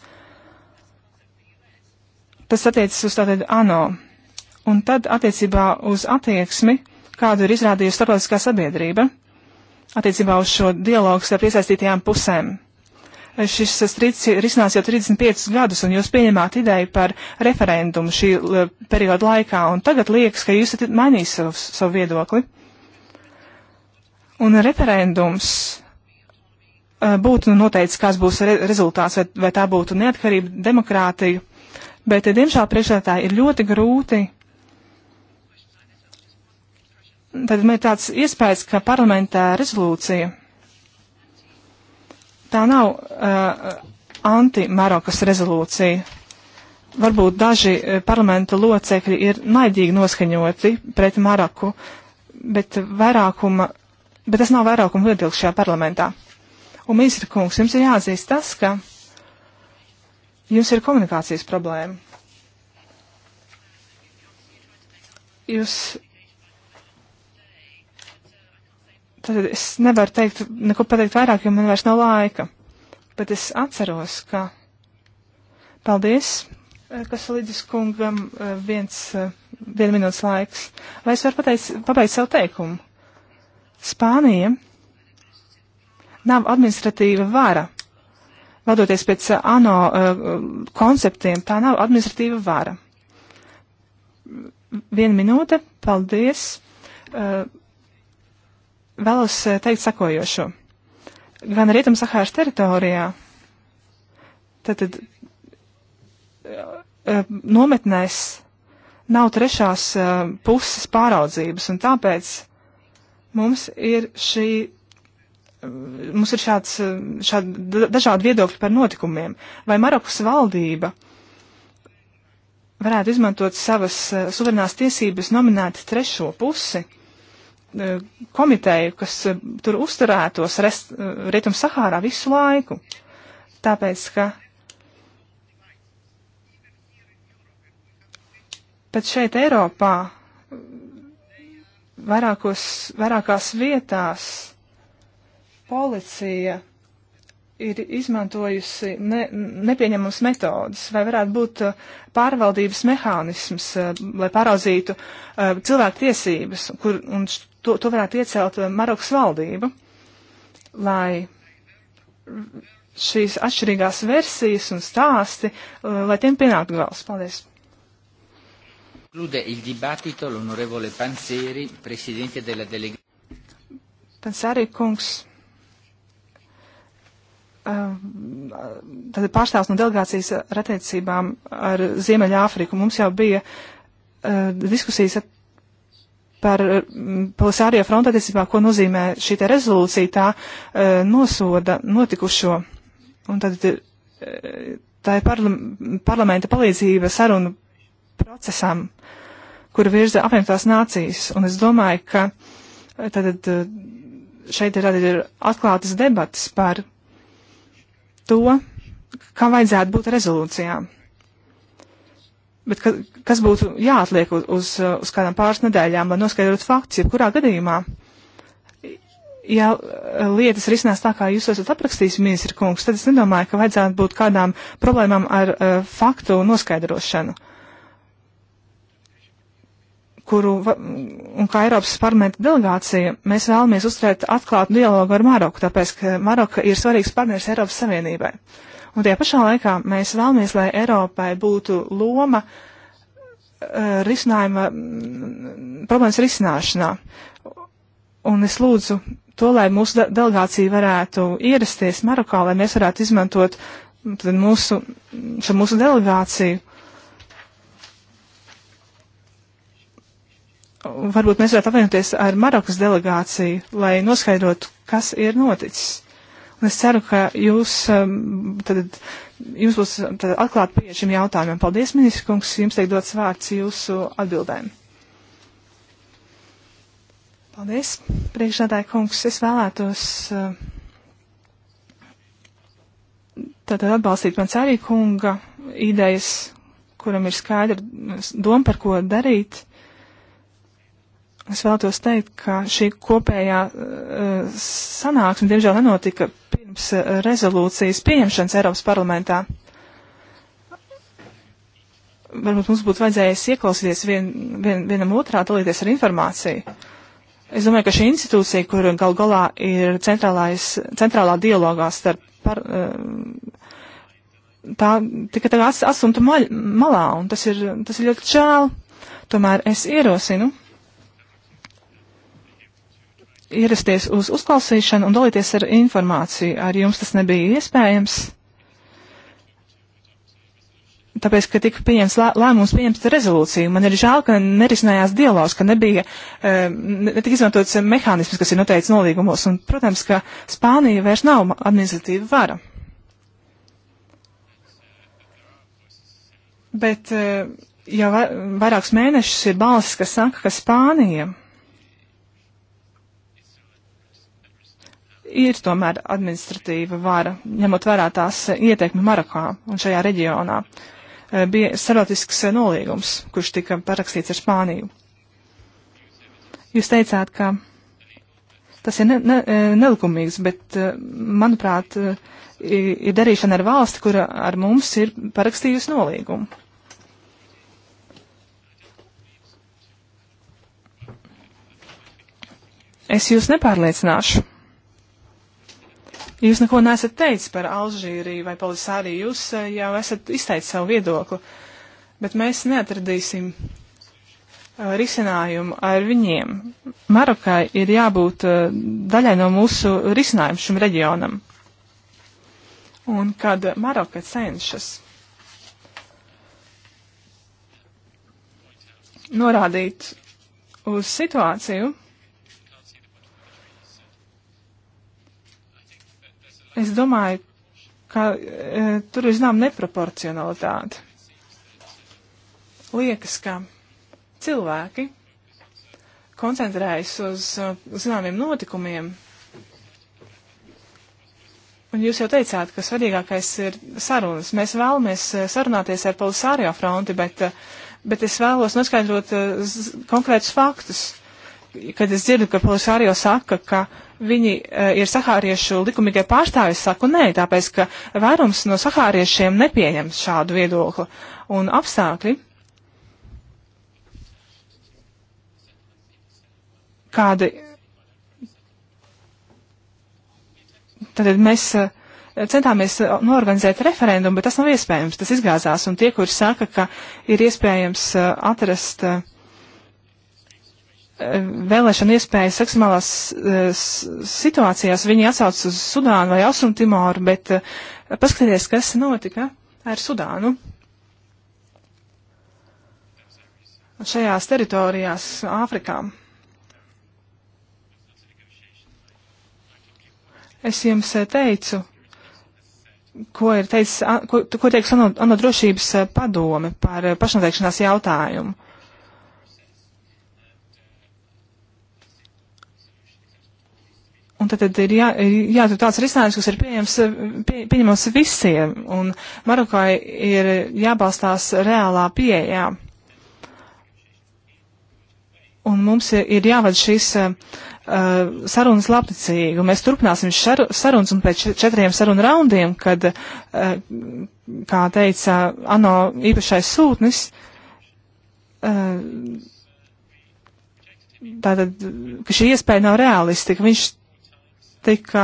Tas attiecas uz tātad ANO Un tad attiecībā uz attieksmi, kādu ir izrādījusi starptautiskā sabiedrība, attiecībā uz šo dialogu starp iesaistītajām pusēm. Šis strīds risinās jau 35 gadus, un jūs pieņemāt ideju par referendumu šī perioda laikā, un tagad liekas, ka jūs esat mainījis savu, savu viedokli. Un referendums būtu noteicis, kāds būs re rezultāts, vai, vai tā būtu neatkarība, demokrātija, bet, diemžēl, priekšētāji ir ļoti grūti tad man ir tāds iespējas, ka parlamentā rezolūcija tā nav uh, anti-Marokas rezolūcija. Varbūt daži uh, parlamenta locekļi ir naidīgi noskaņoti pret Maroku, bet, vairākuma, bet tas nav vairākuma viedoklis šajā parlamentā. Un, ministra kungs, jums ir jāzīst tas, ka jums ir komunikācijas problēma. Jūs tad es nevaru teikt, neko pateikt vairāk, jo man vairs nav laika. Bet es atceros, ka paldies, eh, kas līdzis kungam eh, viens, eh, viena minūtes laiks. Vai es varu pateikt, pabeigt savu teikumu? Spānija nav administratīva vara. Vadoties pēc ANO konceptiem, tā nav administratīva vara. Viena minūte, paldies. Uh, vēlos eh, teikt sakojošo. Gan Rietumsahāras teritorijā, tad, tad eh, eh, nometnēs nav trešās puses pāraudzības, un tāpēc mums ir šī. Mums ir šāds, šādi dažādi viedokļi par notikumiem. Vai Marokas valdība varētu izmantot savas suverenās tiesības nominēt trešo pusi? E, komiteju, kas e, tur uzturētos e, Rietum Sahārā visu laiku. Tāpēc, ka pat šeit Eiropā vairākos, vairākās vietās policija ir izmantojusi ne, nepieņemams metodas, vai varētu būt uh, pārvaldības mehānisms, uh, lai pāraudzītu uh, cilvēku tiesības, kur, un to, to varētu iecelt Marokas valdība, lai šīs atšķirīgās versijas un stāsti, lai tiem pienāktu gals. Paldies! Conclude il dibattito l'onorevole Panzeri, presidente della delegazione. Pansari kungs Ehm, tad pārstāvs no delegācijas ar attiecībām ar Ziemeļāfriku. Mums jau bija uh, diskusijas par mm, Polisārio frontu attiecībā, ko nozīmē šī te rezolūcija, tā uh, nosoda notikušo. Un tad ir, eh, tā ir parla parlamenta palīdzība sarunu procesam, kuru virza apvienotās nācijas. Un es domāju, ka tad šeit ir, ir atklātas debatas par to, kā vajadzētu būt rezolūcijām. Bet ka, kas būtu jāatliek uz, uz, uz kādām pāris nedēļām, lai noskaidrotu faktus, jebkurā gadījumā, ja lietas risinās tā, kā jūs esat aprakstījis, ministra kungs, tad es nedomāju, ka vajadzētu būt kādām problēmām ar uh, faktu noskaidrošanu kuru un kā Eiropas parlamenta delegācija mēs vēlamies uzturēt atklātu dialogu ar Maroku, tāpēc, ka Maroka ir svarīgs partners Eiropas Savienībai. Un tajā pašā laikā mēs vēlamies, lai Eiropai būtu loma uh, risinājuma, mm, problēmas risināšanā. Un es lūdzu to, lai mūsu de delegācija varētu ierasties Marokā, lai mēs varētu izmantot mm, tad, mūsu, šo mūsu delegāciju varbūt mēs varētu apvienoties ar Marokas delegāciju, lai noskaidrotu, kas ir noticis. Un es ceru, ka jūs, um, tad, jums būs um, tad, atklāti pie šiem jautājumiem. Paldies, ministrs kungs, jums tiek dots vārds jūsu atbildēm. Paldies, priekšādāja kungs, es vēlētos uh, tad atbalstīt man cerī kunga idejas, kuram ir skaidra doma, par ko darīt. Es vēlos teikt, ka šī kopējā uh, sanāksme, diemžēl, nenotika pirms uh, rezolūcijas pieņemšanas Eiropas parlamentā. Varbūt mums būtu vajadzējis ieklausīties vien, vien, vienam otrā, dalīties ar informāciju. Es domāju, ka šī institūcija, kur gal galā ir centrālā dialogā starp par, uh, tā tikai tagad as, asumta maļ, malā, un tas ir, tas ir ļoti žēl. Tomēr es ierosinu ierasties uz uzklausīšanu un dalīties ar informāciju. Ar jums tas nebija iespējams, tāpēc, ka tika pieņems lē, lēmums pieņemt rezolūciju. Man ir žēl, ka nerisinājās dialogs, ka nebija, eh, netika izmantots mehānisms, kas ir noteikts nolīgumos. Un, protams, ka Spānija vairs nav administratīva vara. Bet eh, jau vairākus mēnešus ir balsis, kas saka, ka Spānija ir tomēr administratīva vara, ņemot vērā tās ietekmi Marokā un šajā reģionā. Eh, bija starptautisks nolīgums, kurš tika parakstīts ar Spāniju. Jūs teicāt, ka tas ir ne, ne, eh, nelikumīgs, bet, eh, manuprāt, ir darīšana ar valsti, kura ar mums ir parakstījusi nolīgumu. Es jūs nepārliecināšu. Jūs neko nesat teicis par Alžīriju vai Polisāriju, jūs eh, jau esat izteicis savu viedokli, bet mēs neatradīsim eh, risinājumu ar viņiem. Marokai ir jābūt eh, daļai no mūsu risinājumu šim reģionam. Un kad Maroka cenšas norādīt uz situāciju, Es domāju, ka e, tur ir zinām neproporcionalitāte. Liekas, ka cilvēki koncentrējas uz e, zināmiem notikumiem. Un jūs jau teicāt, ka svarīgākais ir sarunas. Mēs vēlamies e, sarunāties ar Polisārio fronti, bet, e, bet es vēlos noskaidrot konkrētus faktus. Kad es dzirdu, ka Polisārio saka, ka uh, viņi uh, ir sahāriešu likumīgie pārstāvji, saku nē, tāpēc, ka vairums no sahāriešiem nepieņem šādu viedokli un apstākļi. Kādi. Tad mēs uh, centāmies uh, norganizēt referendumu, bet tas nav iespējams, tas izgāzās, un tie, kur saka, ka ir iespējams uh, atrast uh, vēlēšana iespējas ekstremālās eh, situācijās. Viņi atsauc uz Sudānu vai Austrumtimoru, bet eh, paskatieties, kas notika ar Sudānu. Šajās teritorijās Āfrikā. Es jums eh, teicu, ko ir teicis, ko, ko teiks ANO, ANO drošības padome par pašnoteikšanās jautājumu. Un tad, tad ir jā, jāatrod tāds risinājums, kas ir pieņems, pie, pieņemams visiem, un Marokai ir jābalstās reālā pieejā. Un mums ir jāved šīs uh, eh, eh, sarunas labticīgi, un mēs turpināsim šaru, sarunas, un pēc četriem sarunu raundiem, kad, uh, kā teica ANO īpašais sūtnis, uh, tātad, ka šī iespēja nav realistika. Viņš tika,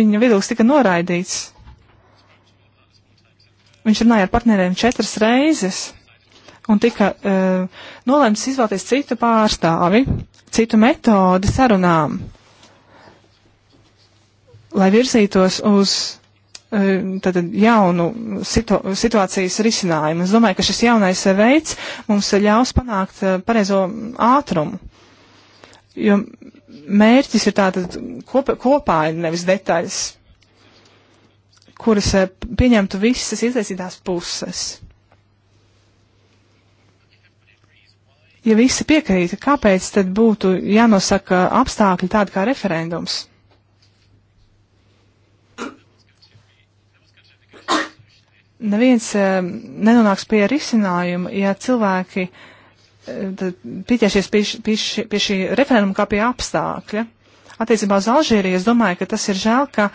viņa viedoklis tika noraidīts. Viņš runāja ar partneriem četras reizes un tika uh, nolēmts izvēlēties citu pārstāvi, citu metodi sarunām, lai virzītos uz eh, tad jaunu situ, situācijas risinājumu. Es domāju, ka šis jaunais veids mums ļaus panākt eh, pareizo ātrumu jo mērķis ir tātad kopā, kopā nevis detaļas, kuras eh, pieņemtu visas izlaisītās puses. Ja visi piekrīt, kāpēc tad būtu jānosaka apstākļi tādi kā referendums? Neviens eh, nenonāks pie risinājuma, ja cilvēki uh, pieķeršies pie, pie, pie šī referenduma kā pie apstākļa. Attiecībā uz Alžīriju es domāju, ka tas ir žēl, ka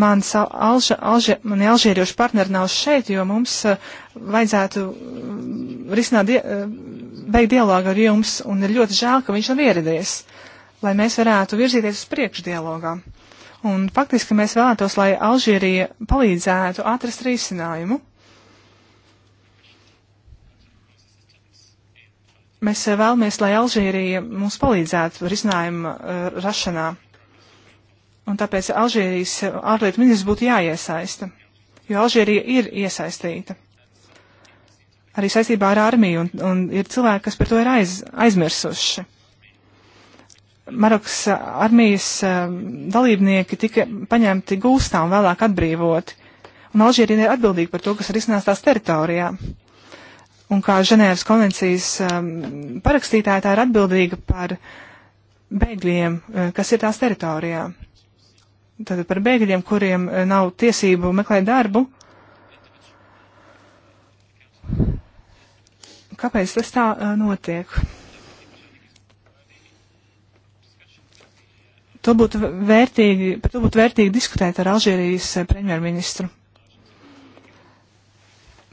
mans alža, alža, mani alžīriešu partneri nav šeit, jo mums uh, vajadzētu mm, risināt, die, uh, beigt dialogu ar jums, un ir ļoti žēl, ka viņš nav ieradies, lai mēs varētu virzīties uz priekšu dialogā. Un faktiski mēs vēlētos, lai Alžīrija palīdzētu atrast risinājumu Mēs eh, vēlamies, lai Alžīrija mums palīdzētu risinājuma uh, eh, rašanā. Un tāpēc Alžīrijas eh, ārlietu ministrs būtu jāiesaista, jo Alžīrija ir iesaistīta. Arī saistībā ar armiju, un, un ir cilvēki, kas par to ir aiz, aizmirsuši. Marokas armijas uh, dalībnieki tika paņemti gūstā un vēlāk atbrīvoti, un Alžīrija ir atbildīga par to, kas ir iznāstās teritorijā. Uh, Un kā Ženēvas konvencijas um, parakstītāja, tā ir atbildīga par bēgļiem, uh, kas ir tās teritorijā. Tātad par bēgļiem, kuriem uh, nav tiesību meklēt darbu. Kāpēc tas tā uh, notiek? To būtu vērtīgi, par to būtu vērtīgi diskutēt ar Alžērijas uh, premjerministru.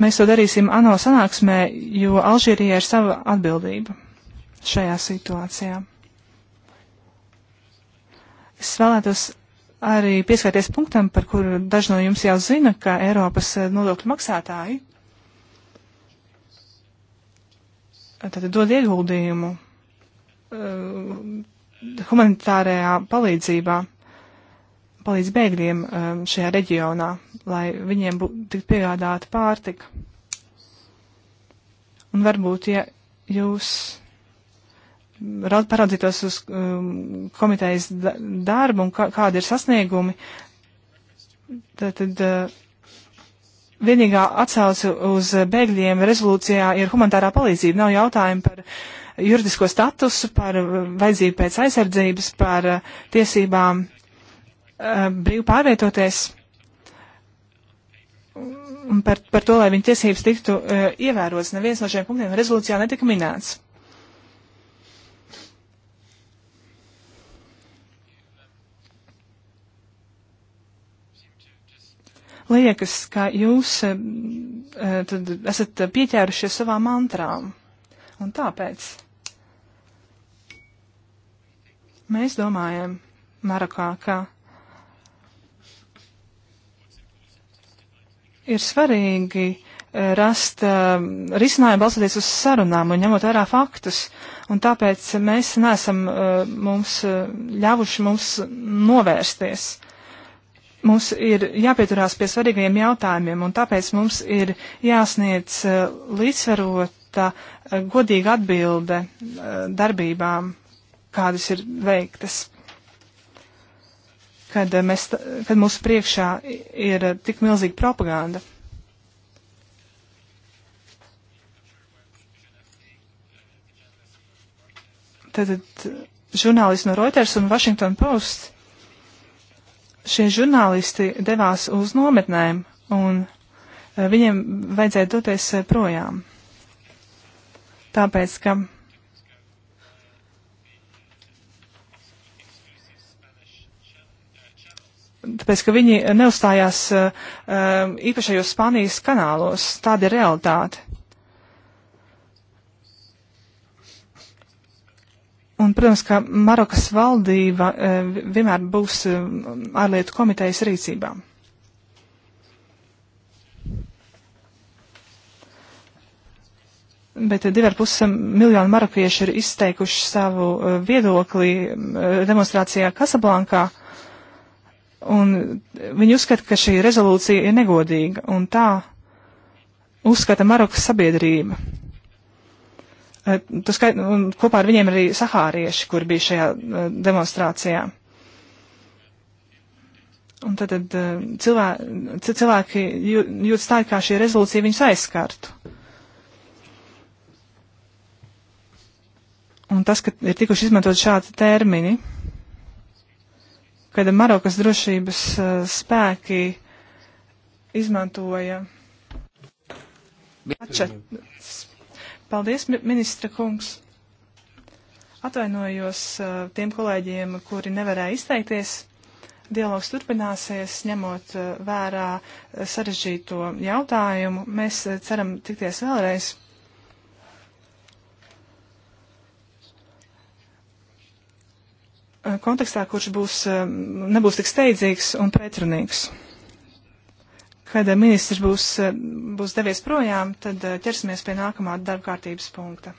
Mēs to darīsim ANO sanāksmē, jo Alžīrijai ir sava atbildība šajā situācijā. Es vēlētos arī pieskarties punktam, par kuru daži no jums jau zina, ka Eiropas eh, nodokļu maksātāji tad dod ieguldījumu uh, humanitārajā palīdzībā palīdz bēgļiem um, šajā reģionā, lai viņiem tiktu piegādāta pārtika. Un varbūt, ja jūs paraudzītos uz um, komitejas da darbu un kā, kādi ir sasniegumi, tad, tad uh, vienīgā atsauce uz bēgļiem rezolūcijā ir humanitārā palīdzība. Nav jautājumi par juridisko statusu, par uh, vajadzību pēc aizsardzības, par uh, tiesībām Eh, brīvi pārvietoties un par, par to, lai viņa tiesības tiktu uh, ievērotas. Neviens no šiem punktiem rezolūcijā netika minēts. Liekas, ka jūs uh, tad esat pieķērušies savām mantrām. Un tāpēc mēs domājam Marokā, ka Ir svarīgi eh, rast uh, risinājumu balstoties uz sarunām un ņemot vērā faktus. Un tāpēc mēs neesam uh, mums uh, ļāvuši mums novērsties. Mums ir jāpieturās pie svarīgajiem jautājumiem, un tāpēc mums ir jāsniedz uh, līdzsvarota, uh, godīga atbilde uh, darbībām, kādas ir veiktas kad, eh, mēs, kad mūsu priekšā ir eh, tik milzīga propaganda. Tad eh, žurnālisti no Reuters un Washington Post. Šie žurnālisti devās uz nometnēm un viņiem vajadzēja doties projām. Tāpēc, ka tāpēc, ka viņi neuzstājās eh, eh, īpašajos Spānijas kanālos. Tāda ir realitāte. Un, protams, ka Marokas valdība eh, vienmēr būs ārlietu komitejas rīcībā. Bet divi ar pus miljonu marokiešu ir izteikuši savu viedokli demonstrācijā Kasablankā. Uh, Un viņi uzskata, ka šī rezolūcija ir negodīga, un tā uzskata Marokas sabiedrība. Eh, tu skait, un kopā ar viņiem arī sahārieši, kur bija šajā eh, demonstrācijā. Un tad, tad eh, cilvē, cilvēki jūtas tā, kā šī rezolūcija viņus aizskartu. Un tas, ka ir tikuši izmantot šādi termini kad Marokas drošības eh, spēki izmantoja. Ača. Paldies, ministra kungs. Atvainojos eh, tiem kolēģiem, kuri nevarēja izteikties. Dialogs turpināsies, ņemot eh, vērā sarežģīto jautājumu. Mēs ceram tikties vēlreiz. kontekstā, kurš būs, eh, nebūs tik steidzīgs un pretrunīgs. Kad ministrs būs, eh, būs devies projām, tad eh, ķersimies pie nākamā darbkārtības punkta.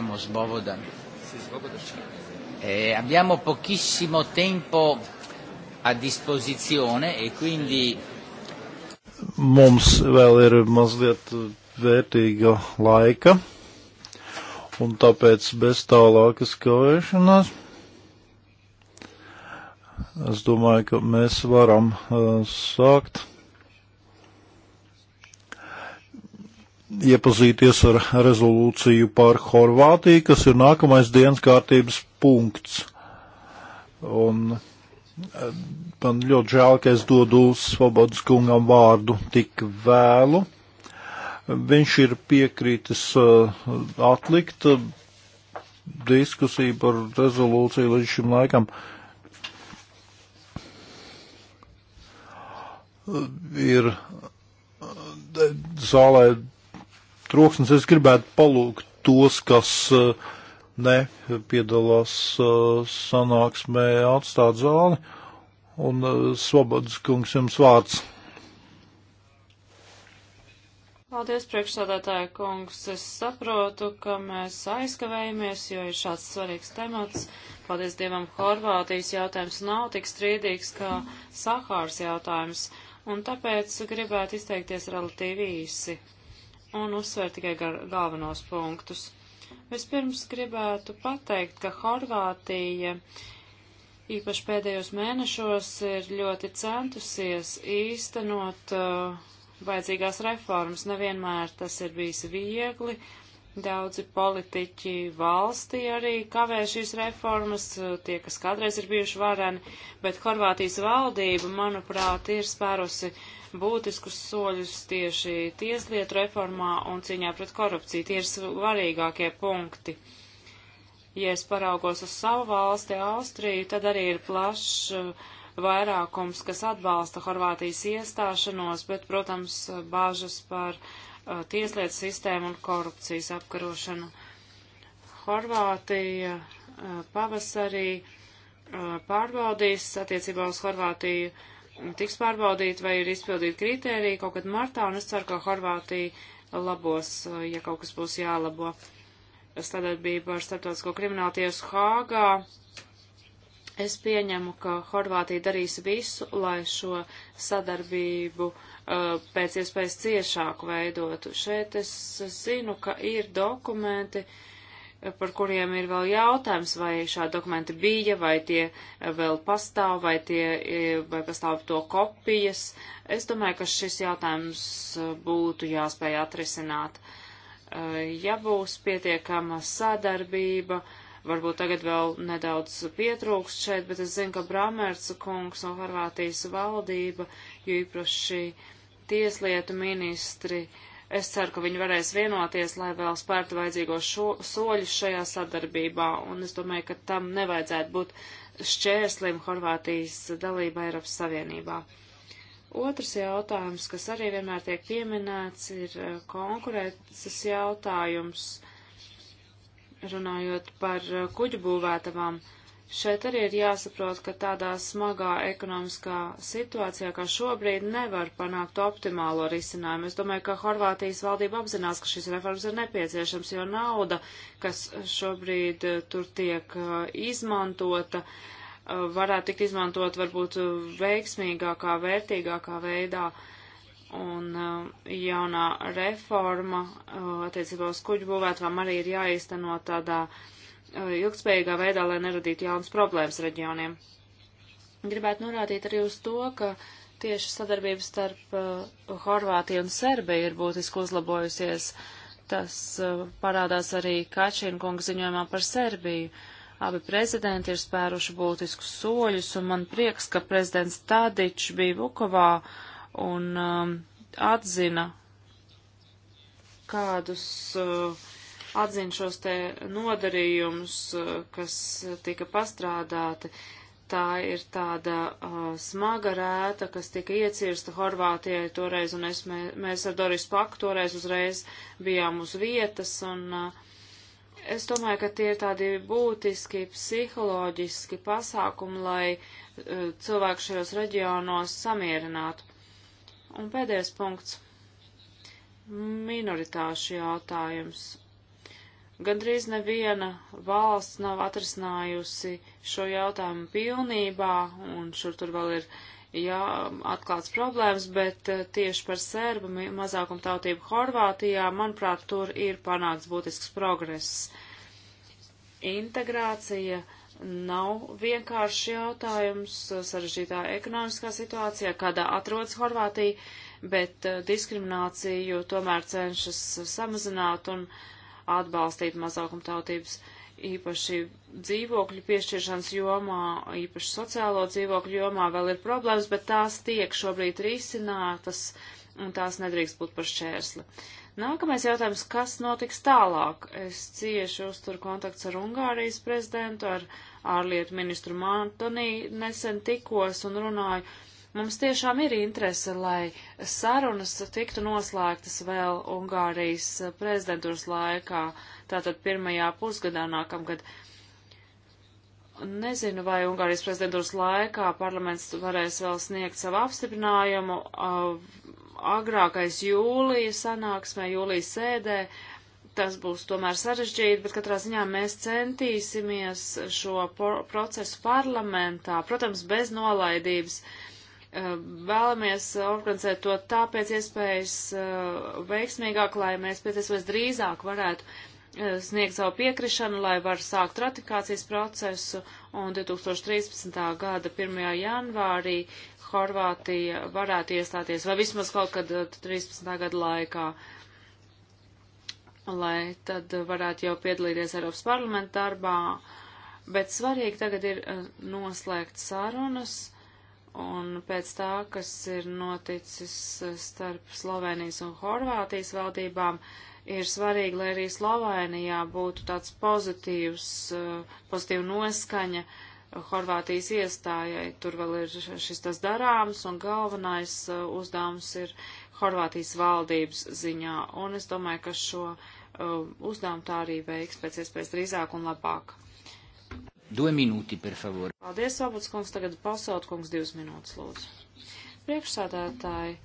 siamo Svoboda. Eh, abbiamo pochissimo tempo a disposizione e quindi. Mums vēl ir mazliet vērtīga laika, un tāpēc bez tālākas kavēšanās es domāju, ka mēs varam uh, sākt. iepazīties ar rezolūciju par Horvātiju, kas ir nākamais dienas kārtības punkts. Un eh, man ļoti žēl, ka es dodu Svobodas kungam vārdu tik vēlu. Viņš ir piekrītis eh, atlikt eh, diskusiju par rezolūciju līdz šim laikam. Ir zālē troksnis. Es gribētu palūgt tos, kas eh, nepiedalās eh, sanāksmē atstāt zāli. Un eh, Svobodas kungs jums vārds. Paldies, priekšsādātāja kungs. Es saprotu, ka mēs aizkavējamies, jo ir šāds svarīgs temats. Paldies Dievam, Horvātijas jautājums nav tik strīdīgs kā Sahāras jautājums, un tāpēc gribētu izteikties relatīvi īsi un uzsver tikai galvenos punktus. Vispirms gribētu pateikt, ka Horvātija īpaši pēdējos mēnešos ir ļoti centusies īstenot uh, vajadzīgās reformas. Nevienmēr tas ir bijis viegli. Daudzi politiķi valstī arī kavē šīs reformas, uh, tie, kas kādreiz ir bijuši vareni, bet Horvātijas valdība, manuprāt, ir spērusi uh, būtiskus soļus tieši tieslietu reformā un cīņā pret korupciju. Tie ir svarīgākie punkti. Ja es paraugos uz savu valsti, Austriju, tad arī ir plašs uh, vairākums, kas atbalsta Horvātijas iestāšanos, bet, protams, bāžas par uh, tieslietu sistēmu un korupcijas apkarošanu. Horvātija uh, pavasarī uh, pārbaudīs attiecībā uz Horvātiju uh, tiks pārbaudīt, vai ir izpildīti kriteriji kaut kad martā, un es ceru, ka Horvātija labos, eh, ja kaut kas būs jālabo. Sadarbība ar starptautisko kriminālu tiesu Hāgā. Es pieņemu, ka Horvātija darīs visu, lai šo sadarbību uh, pēc iespējas ciešāku veidotu. Šeit es zinu, ka ir dokumenti, uh, par kuriem ir vēl jautājums, vai šādi dokumenti bija, vai tie vēl pastāv, vai, tie, vai pastāv to kopijas. Es domāju, ka šis jautājums būtu jāspēj atrisināt. Eh, ja būs pietiekama sadarbība, varbūt tagad vēl nedaudz pietrūkst šeit, bet es zinu, ka Bramerca kungs no Horvātijas valdība, jo īpaši tieslietu ministri, uh, Es ceru, ka viņi varēs vienoties, lai vēl spērtu vajadzīgos soļus šajā sadarbībā, un es domāju, ka tam nevajadzētu būt šķērslim Horvātijas dalība Eiropas Savienībā. Otrs jautājums, kas arī vienmēr tiek pieminēts, ir eh, konkurences jautājums, runājot par eh, kuģu būvētavām. Uh, Šeit arī ir jāsaprot, ka tādā smagā ekonomiskā situācijā, kā šobrīd, nevar panākt optimālo risinājumu. Es domāju, ka Horvātijas valdība apzinās, ka šis reformas ir nepieciešams, jo nauda, kas šobrīd eh, tur tiek eh, izmantota, eh, varētu tikt izmantot varbūt veiksmīgākā, vērtīgākā veidā. Un jaunā reforma attiecībā uz kuģu būvētām arī ir jāiztenot tādā uh, Eh, ilgspējīgā veidā, lai neradītu jaunas problēmas reģioniem. Gribētu norādīt arī uz to, ka tieši sadarbības starp eh, Horvātiju un Serbiju ir būtiski uzlabojusies. Tas eh, parādās arī Kačina kunga ziņojumā par Serbiju. Abi prezidenti ir spēruši būtiskus soļus, un man prieks, ka prezidents Tadičs bija Vukovā un um, atzina, kādus uh, atzina šos te nodarījumus, eh, kas tika pastrādāti. Tā ir tāda uh, smaga rēta, kas tika iecirsta Horvātijai toreiz, un es, mē, mēs ar Doris Paku toreiz uzreiz bijām uz vietas, un uh, es domāju, ka tie ir tādi būtiski psiholoģiski pasākumi, lai uh, cilvēku šajos reģionos samierinātu. Un pēdējais punkts minoritāšu jautājums. Gandrīz neviena valsts nav atrisinājusi šo jautājumu pilnībā, un šur tur vēl ir jā, atklāts problēmas, bet eh, tieši par serbu mazākumu tautību Horvātijā, manuprāt, tur ir panākts būtisks progress. Integrācija nav vienkāršs jautājums sarežģītā ekonomiskā situācijā, kādā atrodas Horvātija, bet eh, diskrimināciju tomēr cenšas samazināt un uh, atbalstīt mazākumtautības īpaši dzīvokļu piešķiršanas jomā, īpaši sociālo dzīvokļu jomā vēl ir problēmas, bet tās tiek šobrīd risinātas un tās nedrīkst būt par šķērsli. Nākamais jautājums, kas notiks tālāk? Es cieši uzturu kontakts ar Ungārijas prezidentu, ar ārlietu ministru Mantonī nesen tikos un runāju Mums tiešām ir interese, lai sarunas tiktu noslēgtas vēl Ungārijas prezidentūras laikā, tātad pirmajā pusgadā nākamgad. Nezinu, vai Ungārijas prezidentūras laikā parlaments varēs vēl sniegt savu apstiprinājumu. Agrākais jūlija sanāksmē, jūlija sēdē, tas būs tomēr sarežģīti, bet katrā ziņā mēs centīsimies šo procesu parlamentā, protams, bez nolaidības, uh, Eh, vēlamies organizēt to tāpēc iespējas eh, veiksmīgāk, lai mēs pēc iespējas drīzāk varētu eh, sniegt savu piekrišanu, lai var sākt ratifikācijas procesu, un 2013. gada 1. janvārī Horvātija varētu iestāties, vai vismaz kaut kad 13. gada laikā lai tad varētu jau piedalīties Eiropas parlamenta darbā, bet svarīgi tagad ir noslēgt sarunas Un pēc tā, kas ir noticis starp Slovenijas un Horvātijas valdībām, ir svarīgi, lai arī Slovenijā būtu tāds pozitīvs, eh, pozitīva noskaņa Horvātijas iestājai. Tur vēl ir šis tas darāms, un galvenais eh, uzdevums ir Horvātijas valdības ziņā. Un es domāju, ka šo eh, uzdevumu tā arī veiks pēc iespējas drīzāk un labāk. Due minūti, per favore. Paldies, Abuts kungs. Tagad pasaut kungs divas minūtes, lūdzu. Priekšsādātāji,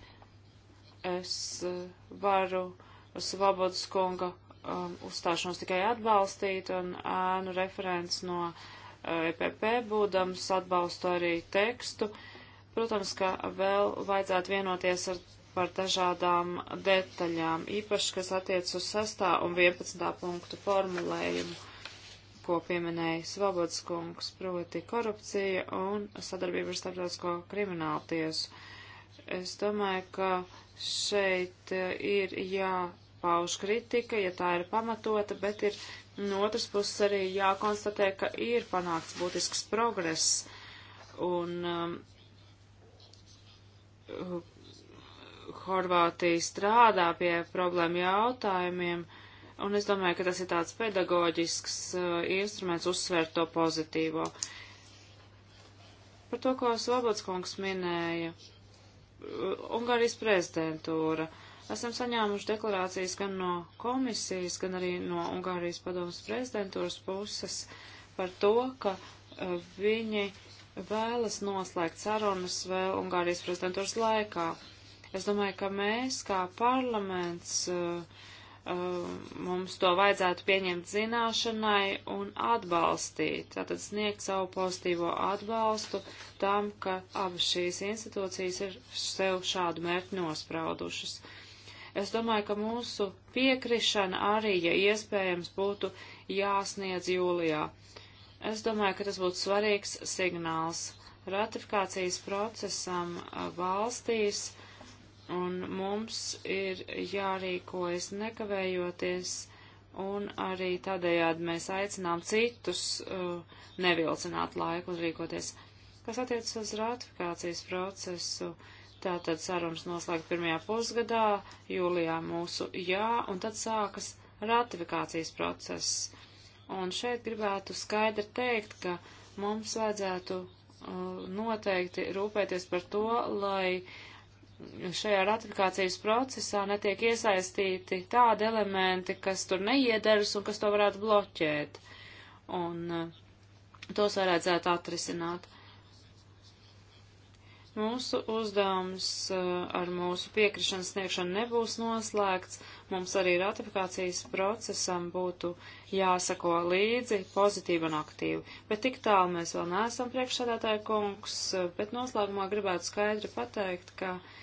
es eh, varu Svabodas kunga um, uzstāšanos tikai atbalstīt un ēnu referents no EPP eh, e būdams atbalstu arī tekstu. Protams, ka vēl vajadzētu vienoties ar, par dažādām detaļām, īpaši, kas attiec uz 6. un 11. punktu formulējumu ko pieminēja Svobods kungs, proti korupcija un sadarbība ar starptautisko kriminālu tiesu. Es domāju, ka šeit eh, ir jāpauž kritika, ja tā ir pamatota, bet ir no otras puses arī jākonstatē, ka ir panākts būtisks progress. Un, um, Horvātija strādā pie problēmu jautājumiem, Un es domāju, ka tas ir tāds pedagoģisks uh, instruments uzsvērt to pozitīvo. Par to, ko Svobodskungs minēja, uh, Ungārijas prezidentūra. Esam saņēmuši deklarācijas gan no komisijas, gan arī no Ungārijas padomas prezidentūras puses par to, ka uh, viņi vēlas noslēgt sarunas vēl Ungārijas prezidentūras laikā. Es domāju, ka mēs kā parlaments uh, Uh, mums to vajadzētu pieņemt zināšanai un atbalstīt, tātad sniegt savu pozitīvo atbalstu tam, ka abas šīs institūcijas ir sev šādu mērķu nospraudušas. Es domāju, ka mūsu piekrišana arī, ja iespējams, būtu jāsniedz jūlijā. Es domāju, ka tas būtu svarīgs signāls ratifikācijas procesam uh, valstīs, uh, Un mums ir jārīkojas nekavējoties, un arī tādējādi mēs aicinām citus uh, nevilcināt laiku un rīkoties. Kas attiecas uz ratifikācijas procesu, tātad sarunas noslēgt pirmajā pusgadā, jūlijā mūsu jā, un tad sākas ratifikācijas process. Un šeit gribētu skaidri teikt, ka mums vajadzētu uh, noteikti rūpēties par to, lai šajā ratifikācijas procesā netiek iesaistīti tādi elementi, kas tur neiederas un kas to varētu bloķēt. Un eh, tos vajadzētu atrisināt. Mūsu uzdevums eh, ar mūsu piekrišanas sniegšanu nebūs noslēgts. Mums arī ratifikācijas procesam būtu jāsako līdzi pozitīvi un aktīvi. Bet tik tālu mēs vēl neesam priekšsēdētāja kungs, eh, bet noslēgumā gribētu skaidri pateikt, ka uh,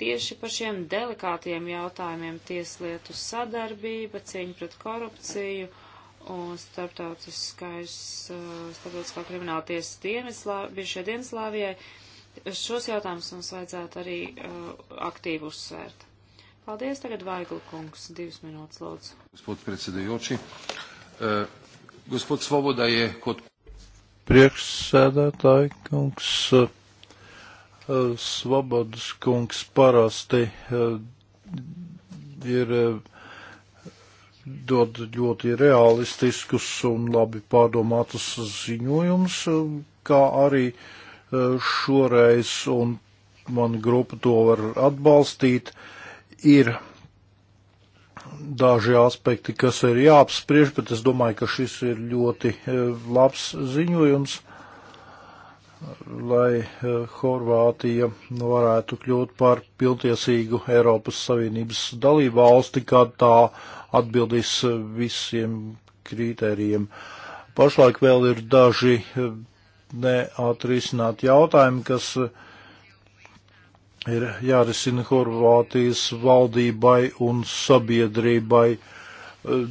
tieši par šiem delikātiem jautājumiem - tieslietu sadarbība, cīņa pret korupciju un starptautiskais, eh, starptautiskā krimināla tiesas dienas, bijušajai Dienaslāvijai. Šos jautājumus mums vajadzētu arī uh, aktīvi uzsvērt. Paldies, tagad Vaigla kungs, divas minūtes lūdzu. Gospod predsedajoči, uh, eh, gospod Svoboda je kot. Priekšsēdētāji kungs. Uh, Svobodas kungs parasti e, ir e, dod ļoti realistiskus un labi pārdomātus ziņojumus, e, kā arī šoreiz, un man grupa to var atbalstīt, ir daži aspekti, kas ir jāapspriež, bet es domāju, ka šis ir ļoti labs ziņojums lai eh, Horvātija varētu kļūt par pilntiesīgu Eiropas Savienības dalību valsti, kad tā atbildīs eh, visiem kritērijiem. Pašlaik vēl ir daži eh, neatrisināti jautājumi, kas ir jārisina Horvātijas valdībai un sabiedrībai.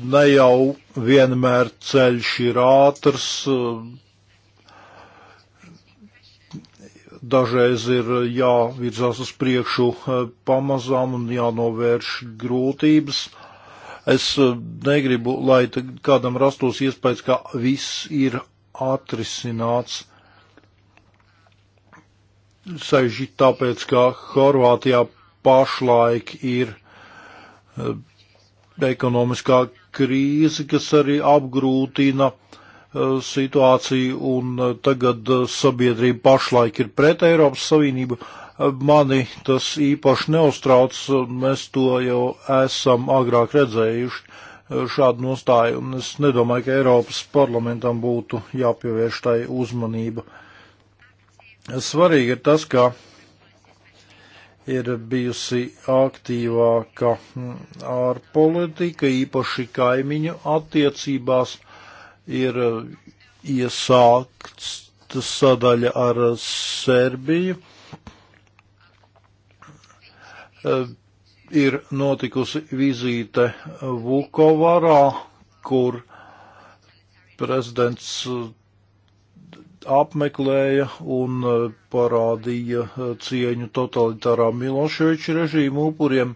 Ne jau vienmēr ceļš ir ātrs, dažreiz ir jāvirzās uz priekšu eh, pamazām un jānovērš grūtības. Es eh, negribu, lai kādam rastos iespējas, ka viss ir atrisināts. Sevišķi tāpēc, ka Horvātijā pašlaik ir eh, ekonomiskā krīze, kas arī apgrūtina uh, E, situāciju, un e, tagad e, sabiedrība pašlaik ir pret Eiropas Savienību. Mani tas īpaši neuztrauc, mēs to jau esam agrāk redzējuši šādu nostāju, un es nedomāju, ka Eiropas parlamentam būtu jāpievērš tai uzmanība. Svarīgi ir tas, ka ir bijusi aktīvāka ārpolitika, īpaši kaimiņu attiecībās ir uh, iesākts sadaļa ar uh, Serbiju. Uh, ir notikusi vizīte Vukovarā, kur prezidents apmeklēja un parādīja cieņu totalitārā Miloševiča režīmu upuriem,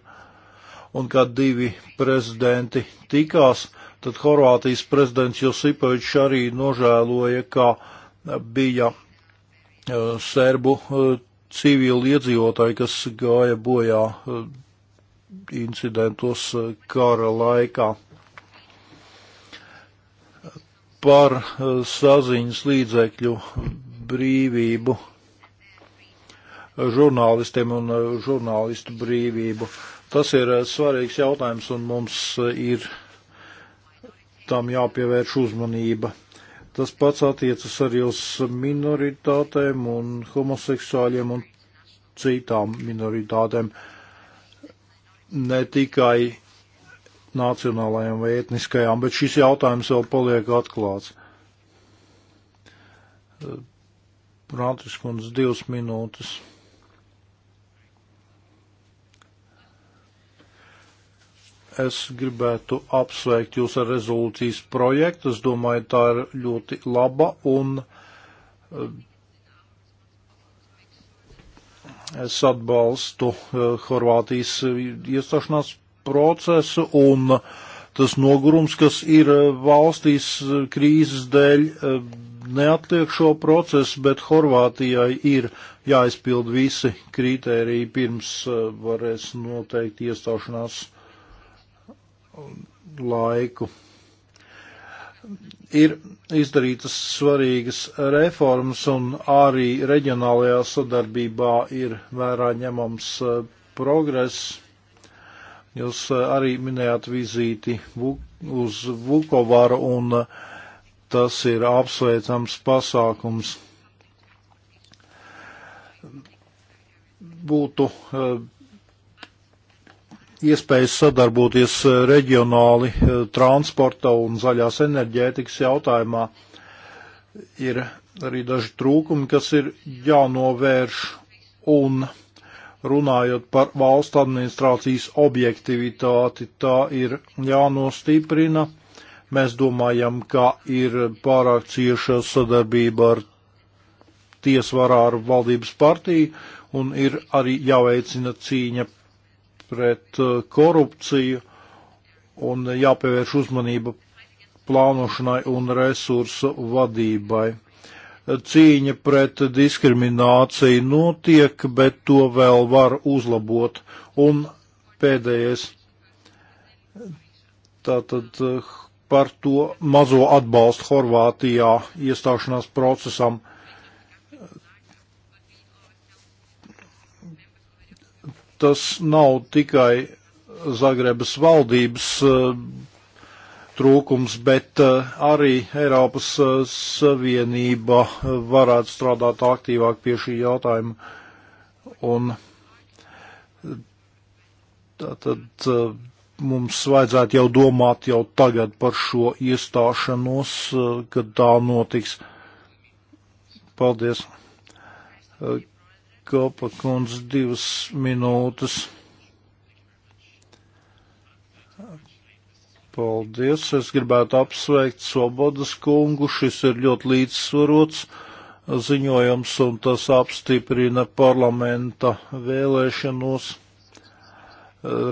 un kad divi prezidenti tikās, uh, Tad Horvātijas prezidents Josipovičs arī nožēloja, ka bija e, serbu e, civili iedzīvotāji, kas gāja bojā e, incidentos kara laikā. Par saziņas līdzekļu brīvību, žurnālistiem un žurnālistu brīvību. Tas ir svarīgs jautājums un mums ir tam jāpievērš uzmanība. Tas pats attiecas arī uz minoritātēm un homoseksuāļiem un citām minoritātēm, ne tikai nacionālajām vai etniskajām, bet šis jautājums vēl paliek atklāts. Prātis kundze divas minūtes. es gribētu apsveikt jūs ar rezolūcijas projektu. Es domāju, tā ir ļoti laba un eh, es atbalstu eh, Horvātijas iestāšanās procesu un eh, tas nogurums, kas ir valstīs krīzes dēļ, neatliek šo procesu, bet Horvātijai ir jāizpild visi kritēriji pirms varēs noteikt iestāšanās laiku. Ir izdarītas svarīgas reformas un arī reģionālajā sadarbībā ir vērā ņemams e, progress. Jūs e, arī minējāt vizīti uz Vukovaru un e, tas ir apsveicams pasākums. Būtu iespējas sadarboties eh, reģionāli eh, transporta un zaļās enerģētikas jautājumā. Ir arī daži trūkumi, kas ir jānovērš un runājot par valsts administrācijas objektivitāti, tā ir jānostiprina. Mēs domājam, ka ir pārāk cieša sadarbība ar tiesvarā ar valdības partiju un ir arī jāveicina cīņa pret uh, korupciju un jāpievērš uzmanība plānošanai un resursu vadībai. Cīņa pret diskrimināciju notiek, bet to vēl var uzlabot. Un pēdējais, tātad uh, par to mazo atbalstu Horvātijā iestāšanās procesam. tas nav tikai Zagrebas valdības eh, trūkums, bet eh, arī Eiropas eh, Savienība varētu strādāt aktīvāk pie šī jautājuma. Un tātad mums vajadzētu jau domāt jau tagad par šo iestāšanos, kad tā notiks. Paldies. Kopa kundze divas minūtes. Paldies. Es gribētu apsveikt Sobodas kungu. Šis ir ļoti līdzsvarots ziņojums un tas apstiprina parlamenta vēlēšanos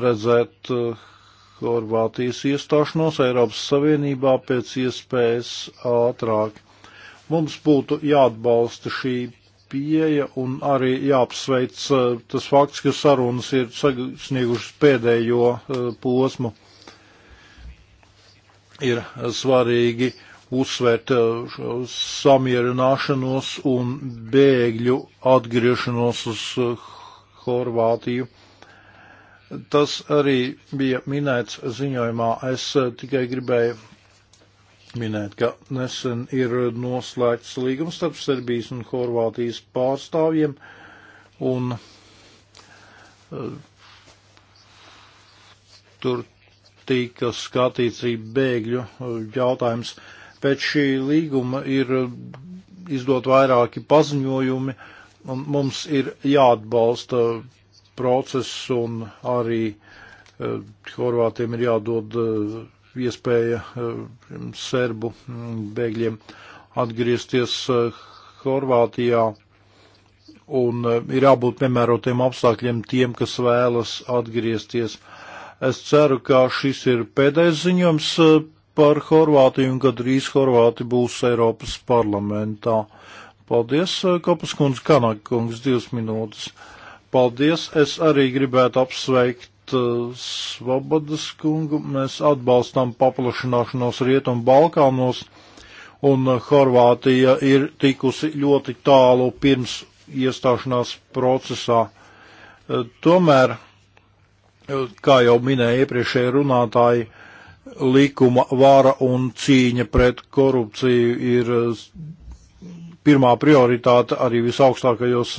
redzēt eh, Horvātijas iestāšanos Eiropas Savienībā pēc iespējas ātrāk. Mums būtu jāatbalsta šī pieeja un arī jāapsveic eh, tas fakts, ka sarunas ir sasniegušas pēdējo eh, posmu. Ir eh, svarīgi uzsvērt samierināšanos un bēgļu atgriešanos uz Horvātiju. Tas arī bija minēts ziņojumā. Es tikai gribēju minēt, ka nesen ir noslēgts līgums starp Serbijas un Horvātijas pārstāvjiem, un eh, tur tika skatīts arī bēgļu eh, jautājums. Pēc šī līguma ir eh, izdot vairāki paziņojumi, un mums ir jāatbalsta process, un arī Horvātiem ir jādod iespēja eh, serbu mm, bēgļiem atgriezties eh, Horvātijā un eh, ir jābūt piemērotiem apstākļiem tiem, kas vēlas atgriezties. Es ceru, ka šis ir pēdējais ziņojums par Horvātiju un ka drīz Horvāti būs Eiropas parlamentā. Paldies, Kopas kundze, Kanakungs, divas minūtes. Paldies, es arī gribētu apsveikt Uh, Svobodas kungu. Mēs atbalstam paplašināšanos Rietumu Balkānos, un uh, Horvātija ir tikusi ļoti tālu pirms iestāšanās procesā. Uh, tomēr, kā jau minēja iepriekšēji runātāji, likuma vara un cīņa pret korupciju ir pirmā prioritāte arī visaugstākajos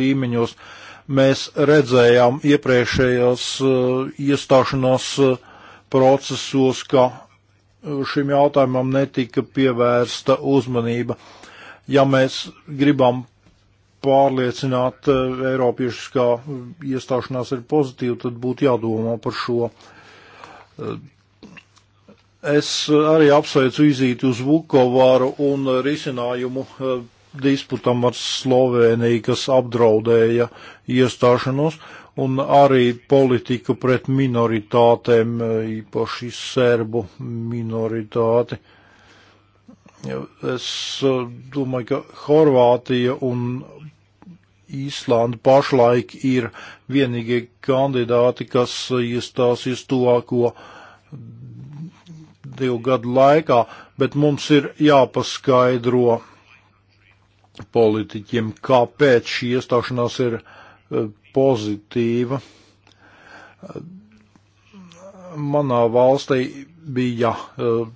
līmeņos. Uh, mēs redzējām iepriekšējos eh, iestāšanās eh, procesos, ka eh, šim jautājumam netika pievērsta uzmanība. Ja mēs gribam pārliecināt Eiropiešus, ka iestāšanās ir pozitīva, tad būtu jādomā par šo. Es arī apsveicu vizīti uz Vukovaru un risinājumu disputam ar Sloveniju, kas apdraudēja iestāšanos, un arī politiku pret minoritātēm, īpaši serbu minoritāti. Es eh, domāju, ka Horvātija un Īslanda pašlaik ir vienīgie kandidāti, kas iestāsies tuvāko divu gadu laikā, bet mums ir jāpaskaidro politiķiem, kāpēc šī iestāšanās ir eh, pozitīva. Manā valstī bija eh,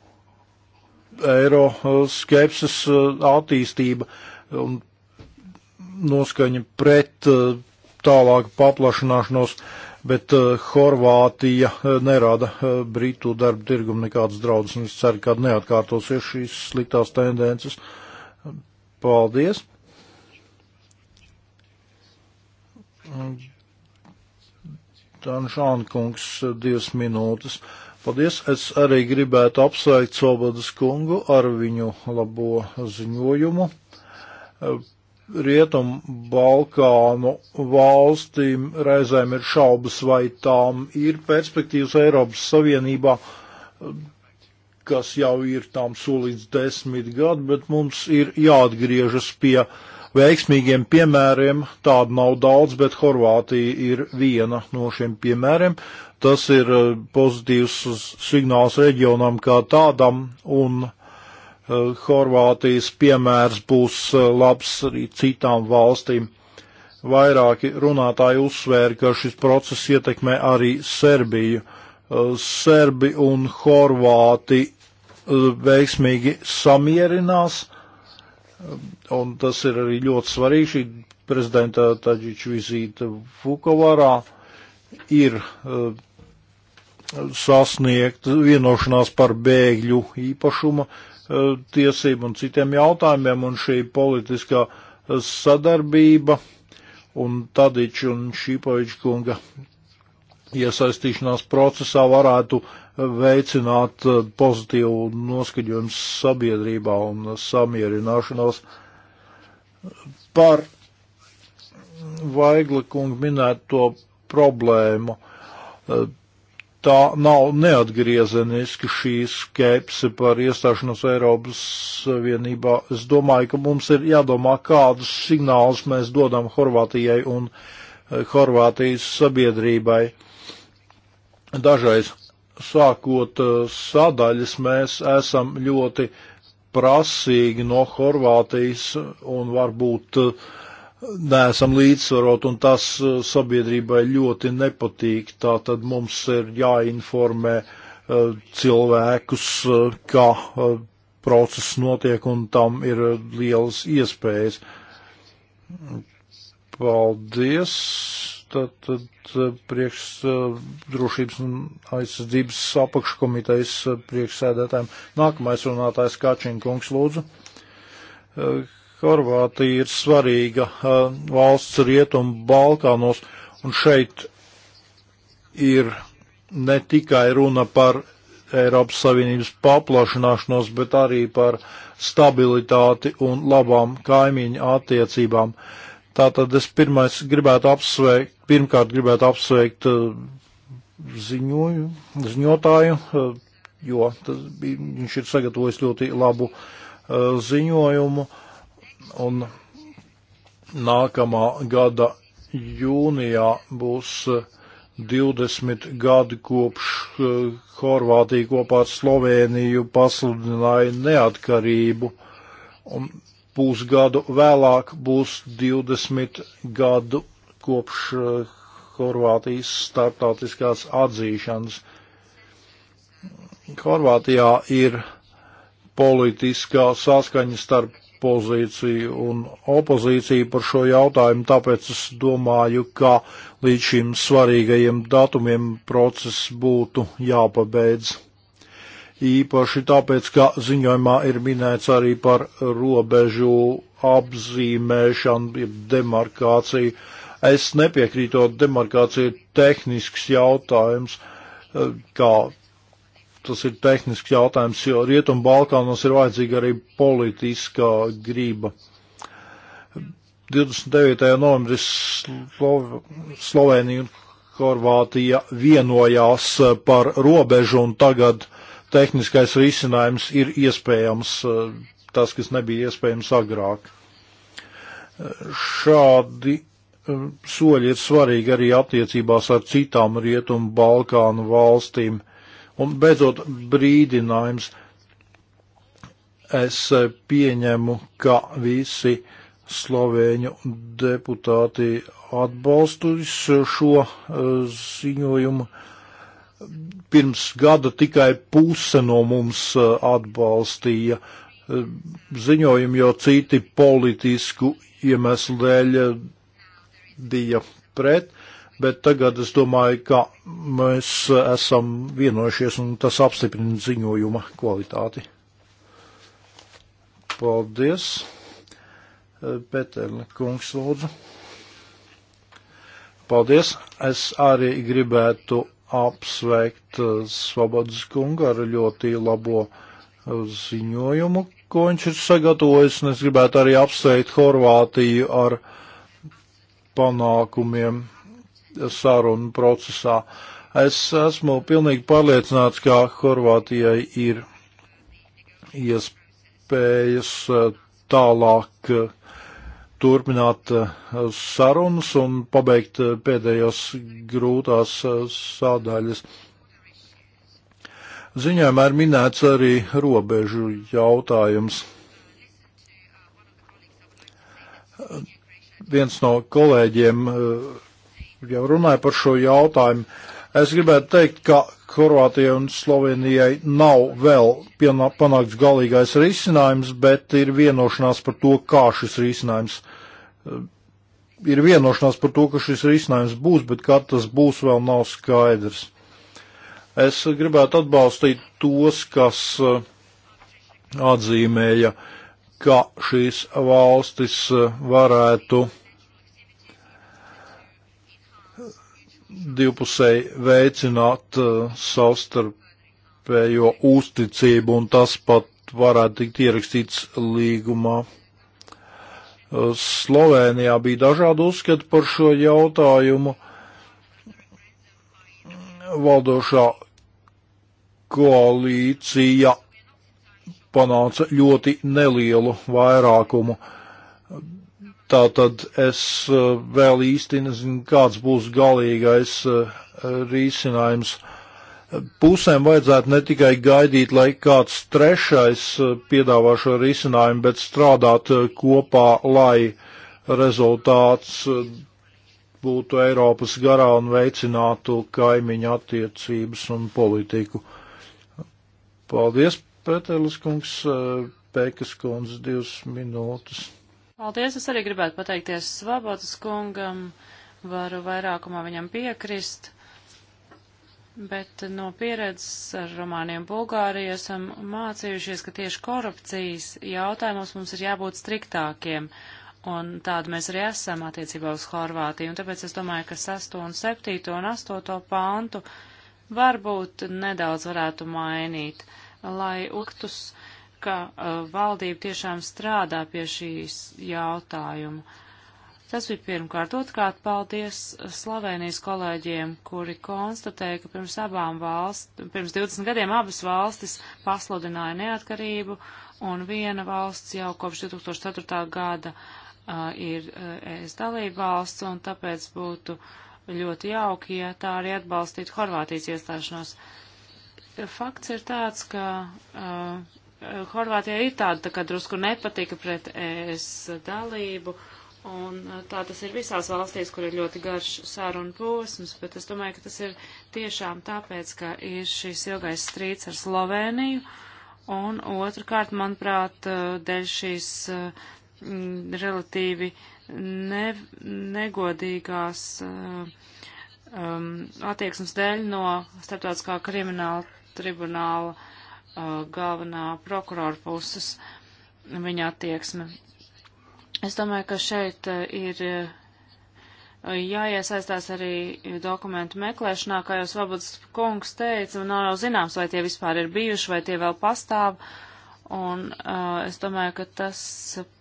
eiro skepses eh, attīstība un noskaņa pret tālāku paplašanāšanos, bet Horvātija nerada Britu darba tirgumu nekādas draudzes, un es ceru, ka neatkārtosies šīs sliktās tendences. Uh, Paldies! Danžāna kungs, divas minūtes. Paldies! Es arī gribētu apsveikt Sobadas kungu ar viņu labo ziņojumu. Rietumu Balkānu valstīm reizēm ir šaubas, vai tām ir perspektīvas Eiropas Savienībā kas jau ir tām solīts desmit gadi, bet mums ir jāatgriežas pie veiksmīgiem piemēriem. Tādu nav daudz, bet Horvātija ir viena no šiem piemēriem. Tas ir eh, pozitīvs signāls reģionam kā tādam, un uh, Horvātijas piemērs būs uh, labs arī citām valstīm. Vairāki runātāji uzsvēra, ka šis process ietekmē arī Serbiju. Serbi un Horvāti veiksmīgi samierinās, un tas ir arī ļoti svarīgi. Šī prezidenta Taģiča vizīte Fukovārā ir eh, sasniegt vienošanās par bēgļu īpašuma eh, tiesību un citiem jautājumiem, un šī politiskā eh, sadarbība un Tadiča un Šīpoviča kunga iesaistīšanās procesā varētu uh, veicināt uh, pozitīvu noskaņojumu sabiedrībā un samierināšanos. Par Vaigla kungu minēto problēmu. Uh, tā nav neatgriezeniski šī skepse par iestāšanos Eiropas Savienībā. Es domāju, ka mums ir jādomā, kādus signālus mēs dodam Horvātijai un uh, Horvātijas sabiedrībai. Dažreiz sākot eh, sadaļas, mēs esam ļoti prasīgi no Horvātijas un varbūt eh, neesam līdzsvarot, un tas eh, sabiedrībai ļoti nepatīk. Tātad mums ir jāinformē cilvēkus, kā process notiek, un tam ir lielas iespējas. Paldies! tātad eh, priekš eh, drošības un aizsardzības apakškomitejas eh, priekšsēdētājiem. Nākamais runātājs Kāčinkungs lūdzu. Horvātija ir svarīga valsts rietumu Balkānos, un šeit ir ne tikai runa par Eiropas Savienības paplašanāšanos, bet arī par stabilitāti un labām kaimiņu attiecībām. Uh, Tātad es pirmais gribētu apsveikt, pirmkārt gribētu apsveikt uh, ziņoju, ziņotāju, uh, jo tas bija, viņš ir sagatavojis ļoti labu uh, ziņojumu. Un nākamā gada jūnijā būs 20 gadi kopš Horvātija kopā ar Sloveniju pasludināja neatkarību. Un pusgadu vēlāk būs 20 gadu kopš eh, Horvātijas startautiskās atzīšanas. Horvātijā ir politiskā saskaņa starp pozīciju un opozīciju par šo jautājumu, tāpēc es domāju, ka līdz šim svarīgajiem datumiem process būtu jāpabeidz īpaši tāpēc, ka ziņojumā ir minēts arī par robežu apzīmēšanu, demarkāciju. Es nepiekrītu, demarkācija ir tehnisks jautājums, eh, kā tas ir tehnisks jautājums, jo Rietumu Balkānos ir vajadzīga arī politiskā grība. 29. novembris Slo Slovenija un Horvātija vienojās par robežu un tagad uh, tehniskais risinājums ir iespējams, eh, tas, kas nebija iespējams agrāk. Šādi eh, soļi ir svarīgi arī attiecībās ar citām Rietumu Balkānu valstīm. Un beidzot brīdinājums. Es eh, pieņemu, ka visi slovēņu deputāti atbalstus šo ziņojumu. Uh, pirms gada tikai puse no mums uh, atbalstīja uh, ziņojumu, jo citi politisku iemeslu dēļ uh, bija pret, bet tagad es domāju, ka mēs esam vienojušies un tas apstiprina ziņojuma kvalitāti. Paldies. Pēterle kungs lūdzu. Paldies. Es arī gribētu apsveikt eh, Svobodas kungu ar ļoti labo eh, ziņojumu, ko viņš ir sagatavojis, un es gribētu arī apsveikt Horvātiju ar panākumiem sarunu procesā. Es esmu pilnīgi pārliecināts, ka Horvātijai ir iespējas eh, tālāk turpināt eh, sarunas un pabeigt eh, pēdējos grūtās eh, sādaļas. Ziņojumā ir minēts arī robežu jautājums. Viens no kolēģiem jau runāja par šo jautājumu. Es gribētu teikt, ka Horvātijai un Slovenijai nav vēl panākts galīgais risinājums, bet ir vienošanās par to, kā šis risinājums Eh, ir vienošanās par to, ka šis risinājums būs, bet kā tas būs, vēl nav skaidrs. Es gribētu atbalstīt tos, kas eh, atzīmēja, ka šīs valstis eh, varētu divpusēji veicināt savstarpējo uzticību, un tas pat varētu tikt ierakstīts līgumā. Slovenijā bija dažādi uzskati par šo jautājumu. Valdošā koalīcija panāca ļoti nelielu vairākumu. Tātad es eh, vēl īsti nezinu, kāds būs galīgais eh, risinājums. Uh, pusēm vajadzētu ne tikai gaidīt, lai kāds trešais eh, piedāvā šo risinājumu, bet strādāt eh, kopā, lai rezultāts eh, būtu Eiropas garā un veicinātu kaimiņu attiecības un politiku. Paldies, Pētelis kungs, Pēkas kundze, divas minūtes. Paldies, es arī gribētu pateikties Svabotas kungam, varu vairākumā viņam piekrist bet no pieredzes ar Romāniem Bulgāriju esam mācījušies, ka tieši korupcijas jautājumos mums ir jābūt striktākiem, un tādu mēs arī esam attiecībā uz Horvātiju, un tāpēc es domāju, ka 6. un 7. un 8. pāntu varbūt nedaudz varētu mainīt, lai uktus, ka uh, valdība tiešām strādā pie šīs jautājumu Tas bija pirmkārt. Otkārt, paldies Slovenijas kolēģiem, kuri konstatēja, ka pirms abām valsts, pirms 20 gadiem abas valstis pasludināja neatkarību, un viena valsts jau kopš 2004. gada uh, ir uh, es dalība valsts, un tāpēc būtu ļoti jauki, ja tā arī atbalstītu Horvātijas iestāšanos. Fakts ir tāds, ka uh, Horvātija ir tāda, tā kā drusku nepatika pret es dalību. Uh, Un uh, tā tas ir visās valstīs, kur ir ļoti garš sārunu posms, bet es domāju, ka tas ir tiešām tāpēc, ka ir šis ilgais strīds ar Sloveniju, un otrkārt, manuprāt, uh, dēļ šīs uh, m, relatīvi ne, negodīgās um, attieksmes dēļ no starptautiskā krimināla tribunāla uh, galvenā prokurora puses viņa attieksme. Es domāju, ka šeit eh, ir eh, jāiesaistās arī dokumentu meklēšanā, kā jau Svabuds kungs teica, un nav jau zināms, vai tie vispār ir bijuši, vai tie vēl pastāv. Un uh, es domāju, ka tas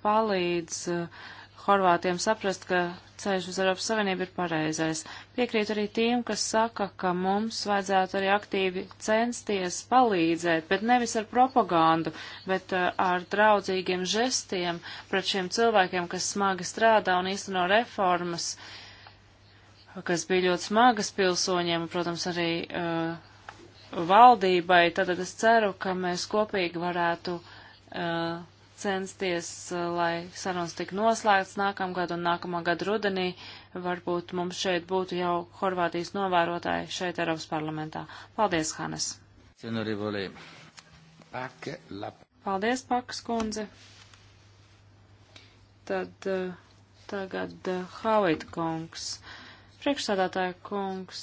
palīdz uh, horvātiem saprast, ka ceļš uz Eiropas Savienību ir pareizais. Piekrītu arī tiem, kas saka, ka mums vajadzētu arī aktīvi censties palīdzēt, bet nevis ar propagandu, bet uh, ar draudzīgiem žestiem pret šiem cilvēkiem, kas smagi strādā un īsteno reformas, kas bija ļoti smagas pilsoņiem, protams, arī uh, valdībai. Tad es ceru, ka mēs kopīgi varētu. Uh, censties, eh, lai sarunas tik noslēgts nākamgad un nākamā gada rudenī. Varbūt mums šeit būtu jau Horvātijas novērotāji šeit Eiropas parlamentā. Paldies, Hanes! Paldies, Pakas kundze! Tad eh, tagad eh, Havit kungs. Priekšsādātāja kungs,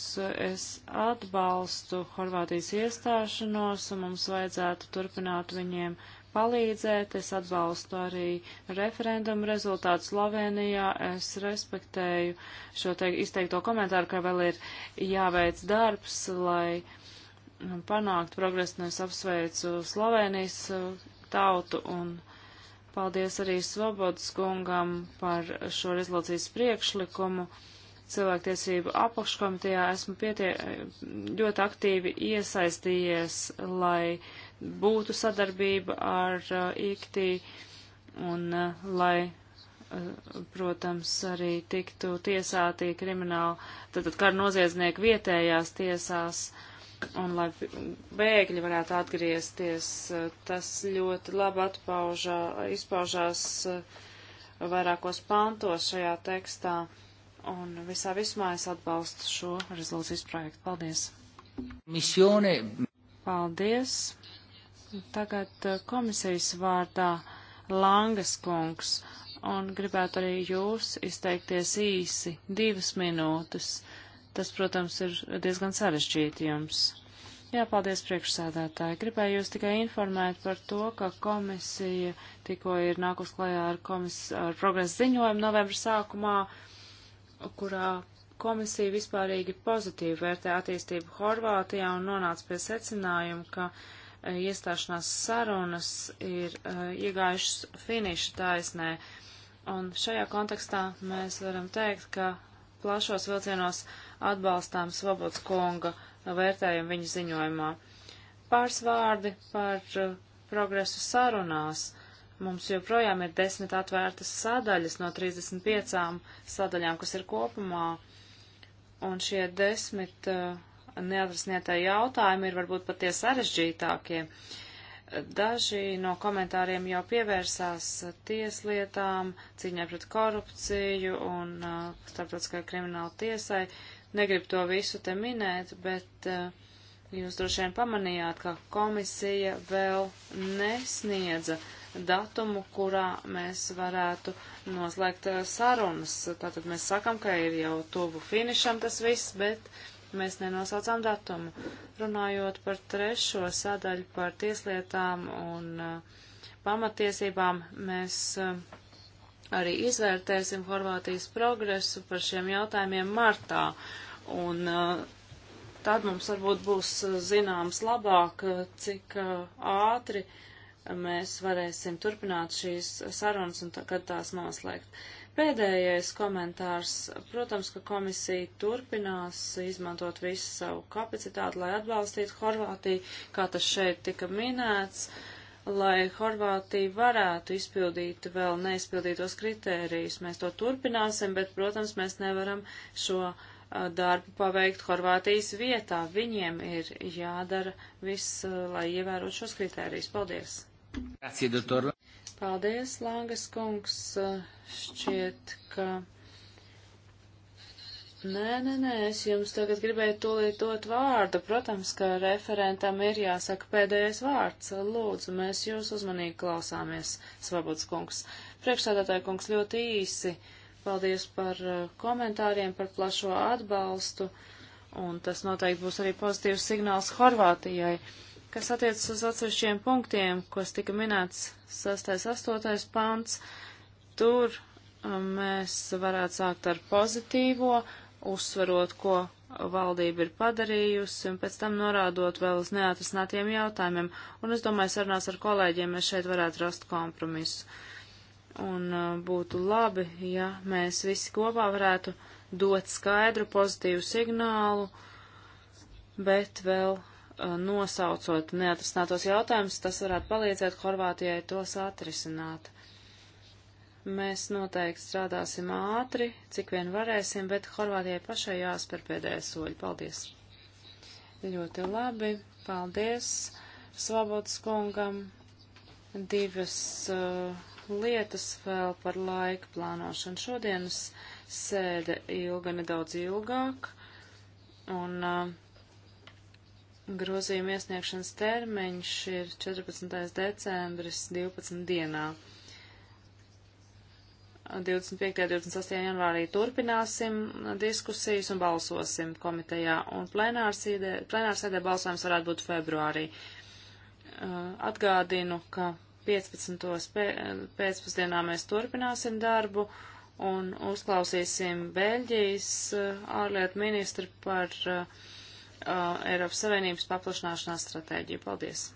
es atbalstu Horvātijas iestāšanos un mums vajadzētu turpināt viņiem uh, palīdzēt. Es atbalstu arī referendumu rezultātu Slovenijā. Es respektēju šo te izteikto komentāru, ka vēl ir jāveic darbs, lai nu, panākt progresu. Es apsveicu Slovenijas uh, tautu un paldies arī Svobodas kungam par šo rezolūcijas priekšlikumu cilvēktiesību apakškomitejā esmu pietie, ļoti aktīvi iesaistījies, lai būtu sadarbība ar uh, IKTI un uh, lai, uh, protams, arī tiktu tiesāti krimināli, tad, tad kā noziedznieki vietējās tiesās un lai bēgļi varētu atgriezties, uh, tas ļoti labi atpaužā, izpaužās uh, vairākos pantos šajā tekstā. Un visā vismā es atbalstu šo rezolūcijas projektu. Paldies! Misione. Paldies! Tagad eh, komisijas vārdā Langas kungs, un gribētu arī jūs izteikties īsi, divas minūtes. Tas, protams, ir diezgan sarežģīti jums. Jā, paldies priekšsēdētāji. Gribēju jūs tikai informēt par to, ka komisija tikko ir nākus klajā ar, komis, ar progresu ziņojumu novembra sākumā, kurā komisija vispārīgi pozitīvi vērtē attīstību Horvātijā un nonāca pie secinājuma, ka iestāšanās sarunas ir eh, iegājušas finiša taisnē. Un šajā kontekstā mēs varam teikt, ka plašos vilcienos atbalstām Svobods kunga vērtējumu viņa ziņojumā. Pāris vārdi par eh, progresu sarunās. Mums joprojām ir desmit atvērtas sadaļas no 35 sadaļām, kas ir kopumā, un šie desmit uh, neatrasnietie jautājumi ir varbūt pat tie sarežģītākie. Daži no komentāriem jau pievērsās tieslietām, cīņai pret korupciju un uh, starptautiskai krimināla tiesai. Negribu to visu te minēt, bet uh, jūs droši vien pamanījāt, ka komisija vēl nesniedza datumu, kurā mēs varētu noslēgt uh, sarunas. Tātad mēs sakam, ka ir jau tuvu finišam tas viss, bet uh, mēs nenosaucām datumu. Runājot par trešo sadaļu par tieslietām un uh, pamatiesībām, mēs uh, arī izvērtēsim Horvātijas progresu par šiem jautājumiem martā. Un uh, tad mums varbūt būs uh, zināms labāk, uh, cik uh, ātri mēs varēsim turpināt šīs sarunas un tā, kad tās noslēgt. Pēdējais komentārs. Protams, ka komisija turpinās izmantot visu savu kapacitāti, lai atbalstītu Horvātiju, kā tas šeit tika minēts, lai Horvātija varētu izpildīt vēl neizpildītos kritērijus. Mēs to turpināsim, bet, protams, mēs nevaram šo darbu paveikt Horvātijas vietā. Viņiem ir jādara viss, lai ievērot šos kritērijus. Paldies! Grazie, doktor. Paldies, Langas kungs. Eh, šķiet, ka. Nē, nē, nē, es jums tagad gribēju tūlīt dot vārdu. Protams, ka referentam ir jāsaka pēdējais vārds. Lūdzu, mēs jūs uzmanīgi klausāmies, Svabots kungs. Priekšsādātāja kungs ļoti īsi. Paldies par eh, komentāriem, par plašo atbalstu, un tas noteikti būs arī pozitīvs signāls Horvātijai. Kas attiecas uz atsevišķiem punktiem, kas tika minēts 6.8. pants, tur um, mēs varētu sākt ar pozitīvo, uzsverot, ko valdība ir padarījusi, un pēc tam norādot vēl uz neatrisinātiem jautājumiem. Un es domāju, sarunās ar kolēģiem mēs šeit varētu rast kompromisu. Un uh, būtu labi, ja mēs visi kopā varētu dot skaidru pozitīvu signālu, bet vēl Uh, nosaucot neatrisinātos jautājumus, tas varētu palīdzēt Horvātijai tos atrisināt. Mēs noteikti strādāsim ātri, cik vien varēsim, bet Horvātijai pašai jāspēr pēdējā soļa. Paldies! Ļoti labi, paldies Svabots kungam. Divas uh, lietas vēl par laika plānošanu. Šodienas sēde ilga nedaudz ilgāk, un uh, Grozījuma iesniegšanas termiņš ir 14. decembris 12 dienā. 25. un 28. janvārī turpināsim diskusijas un balsosim komitejā, un plenārsēdē plenār balsojums varētu būt februārī. Uh, atgādinu, ka 15. pēcpusdienā mēs turpināsim darbu un uzklausīsim Beļģijas uh, ārlietu ministru par uh, uh, Eiropas Savienības paplašanāšanās stratēģiju. Paldies!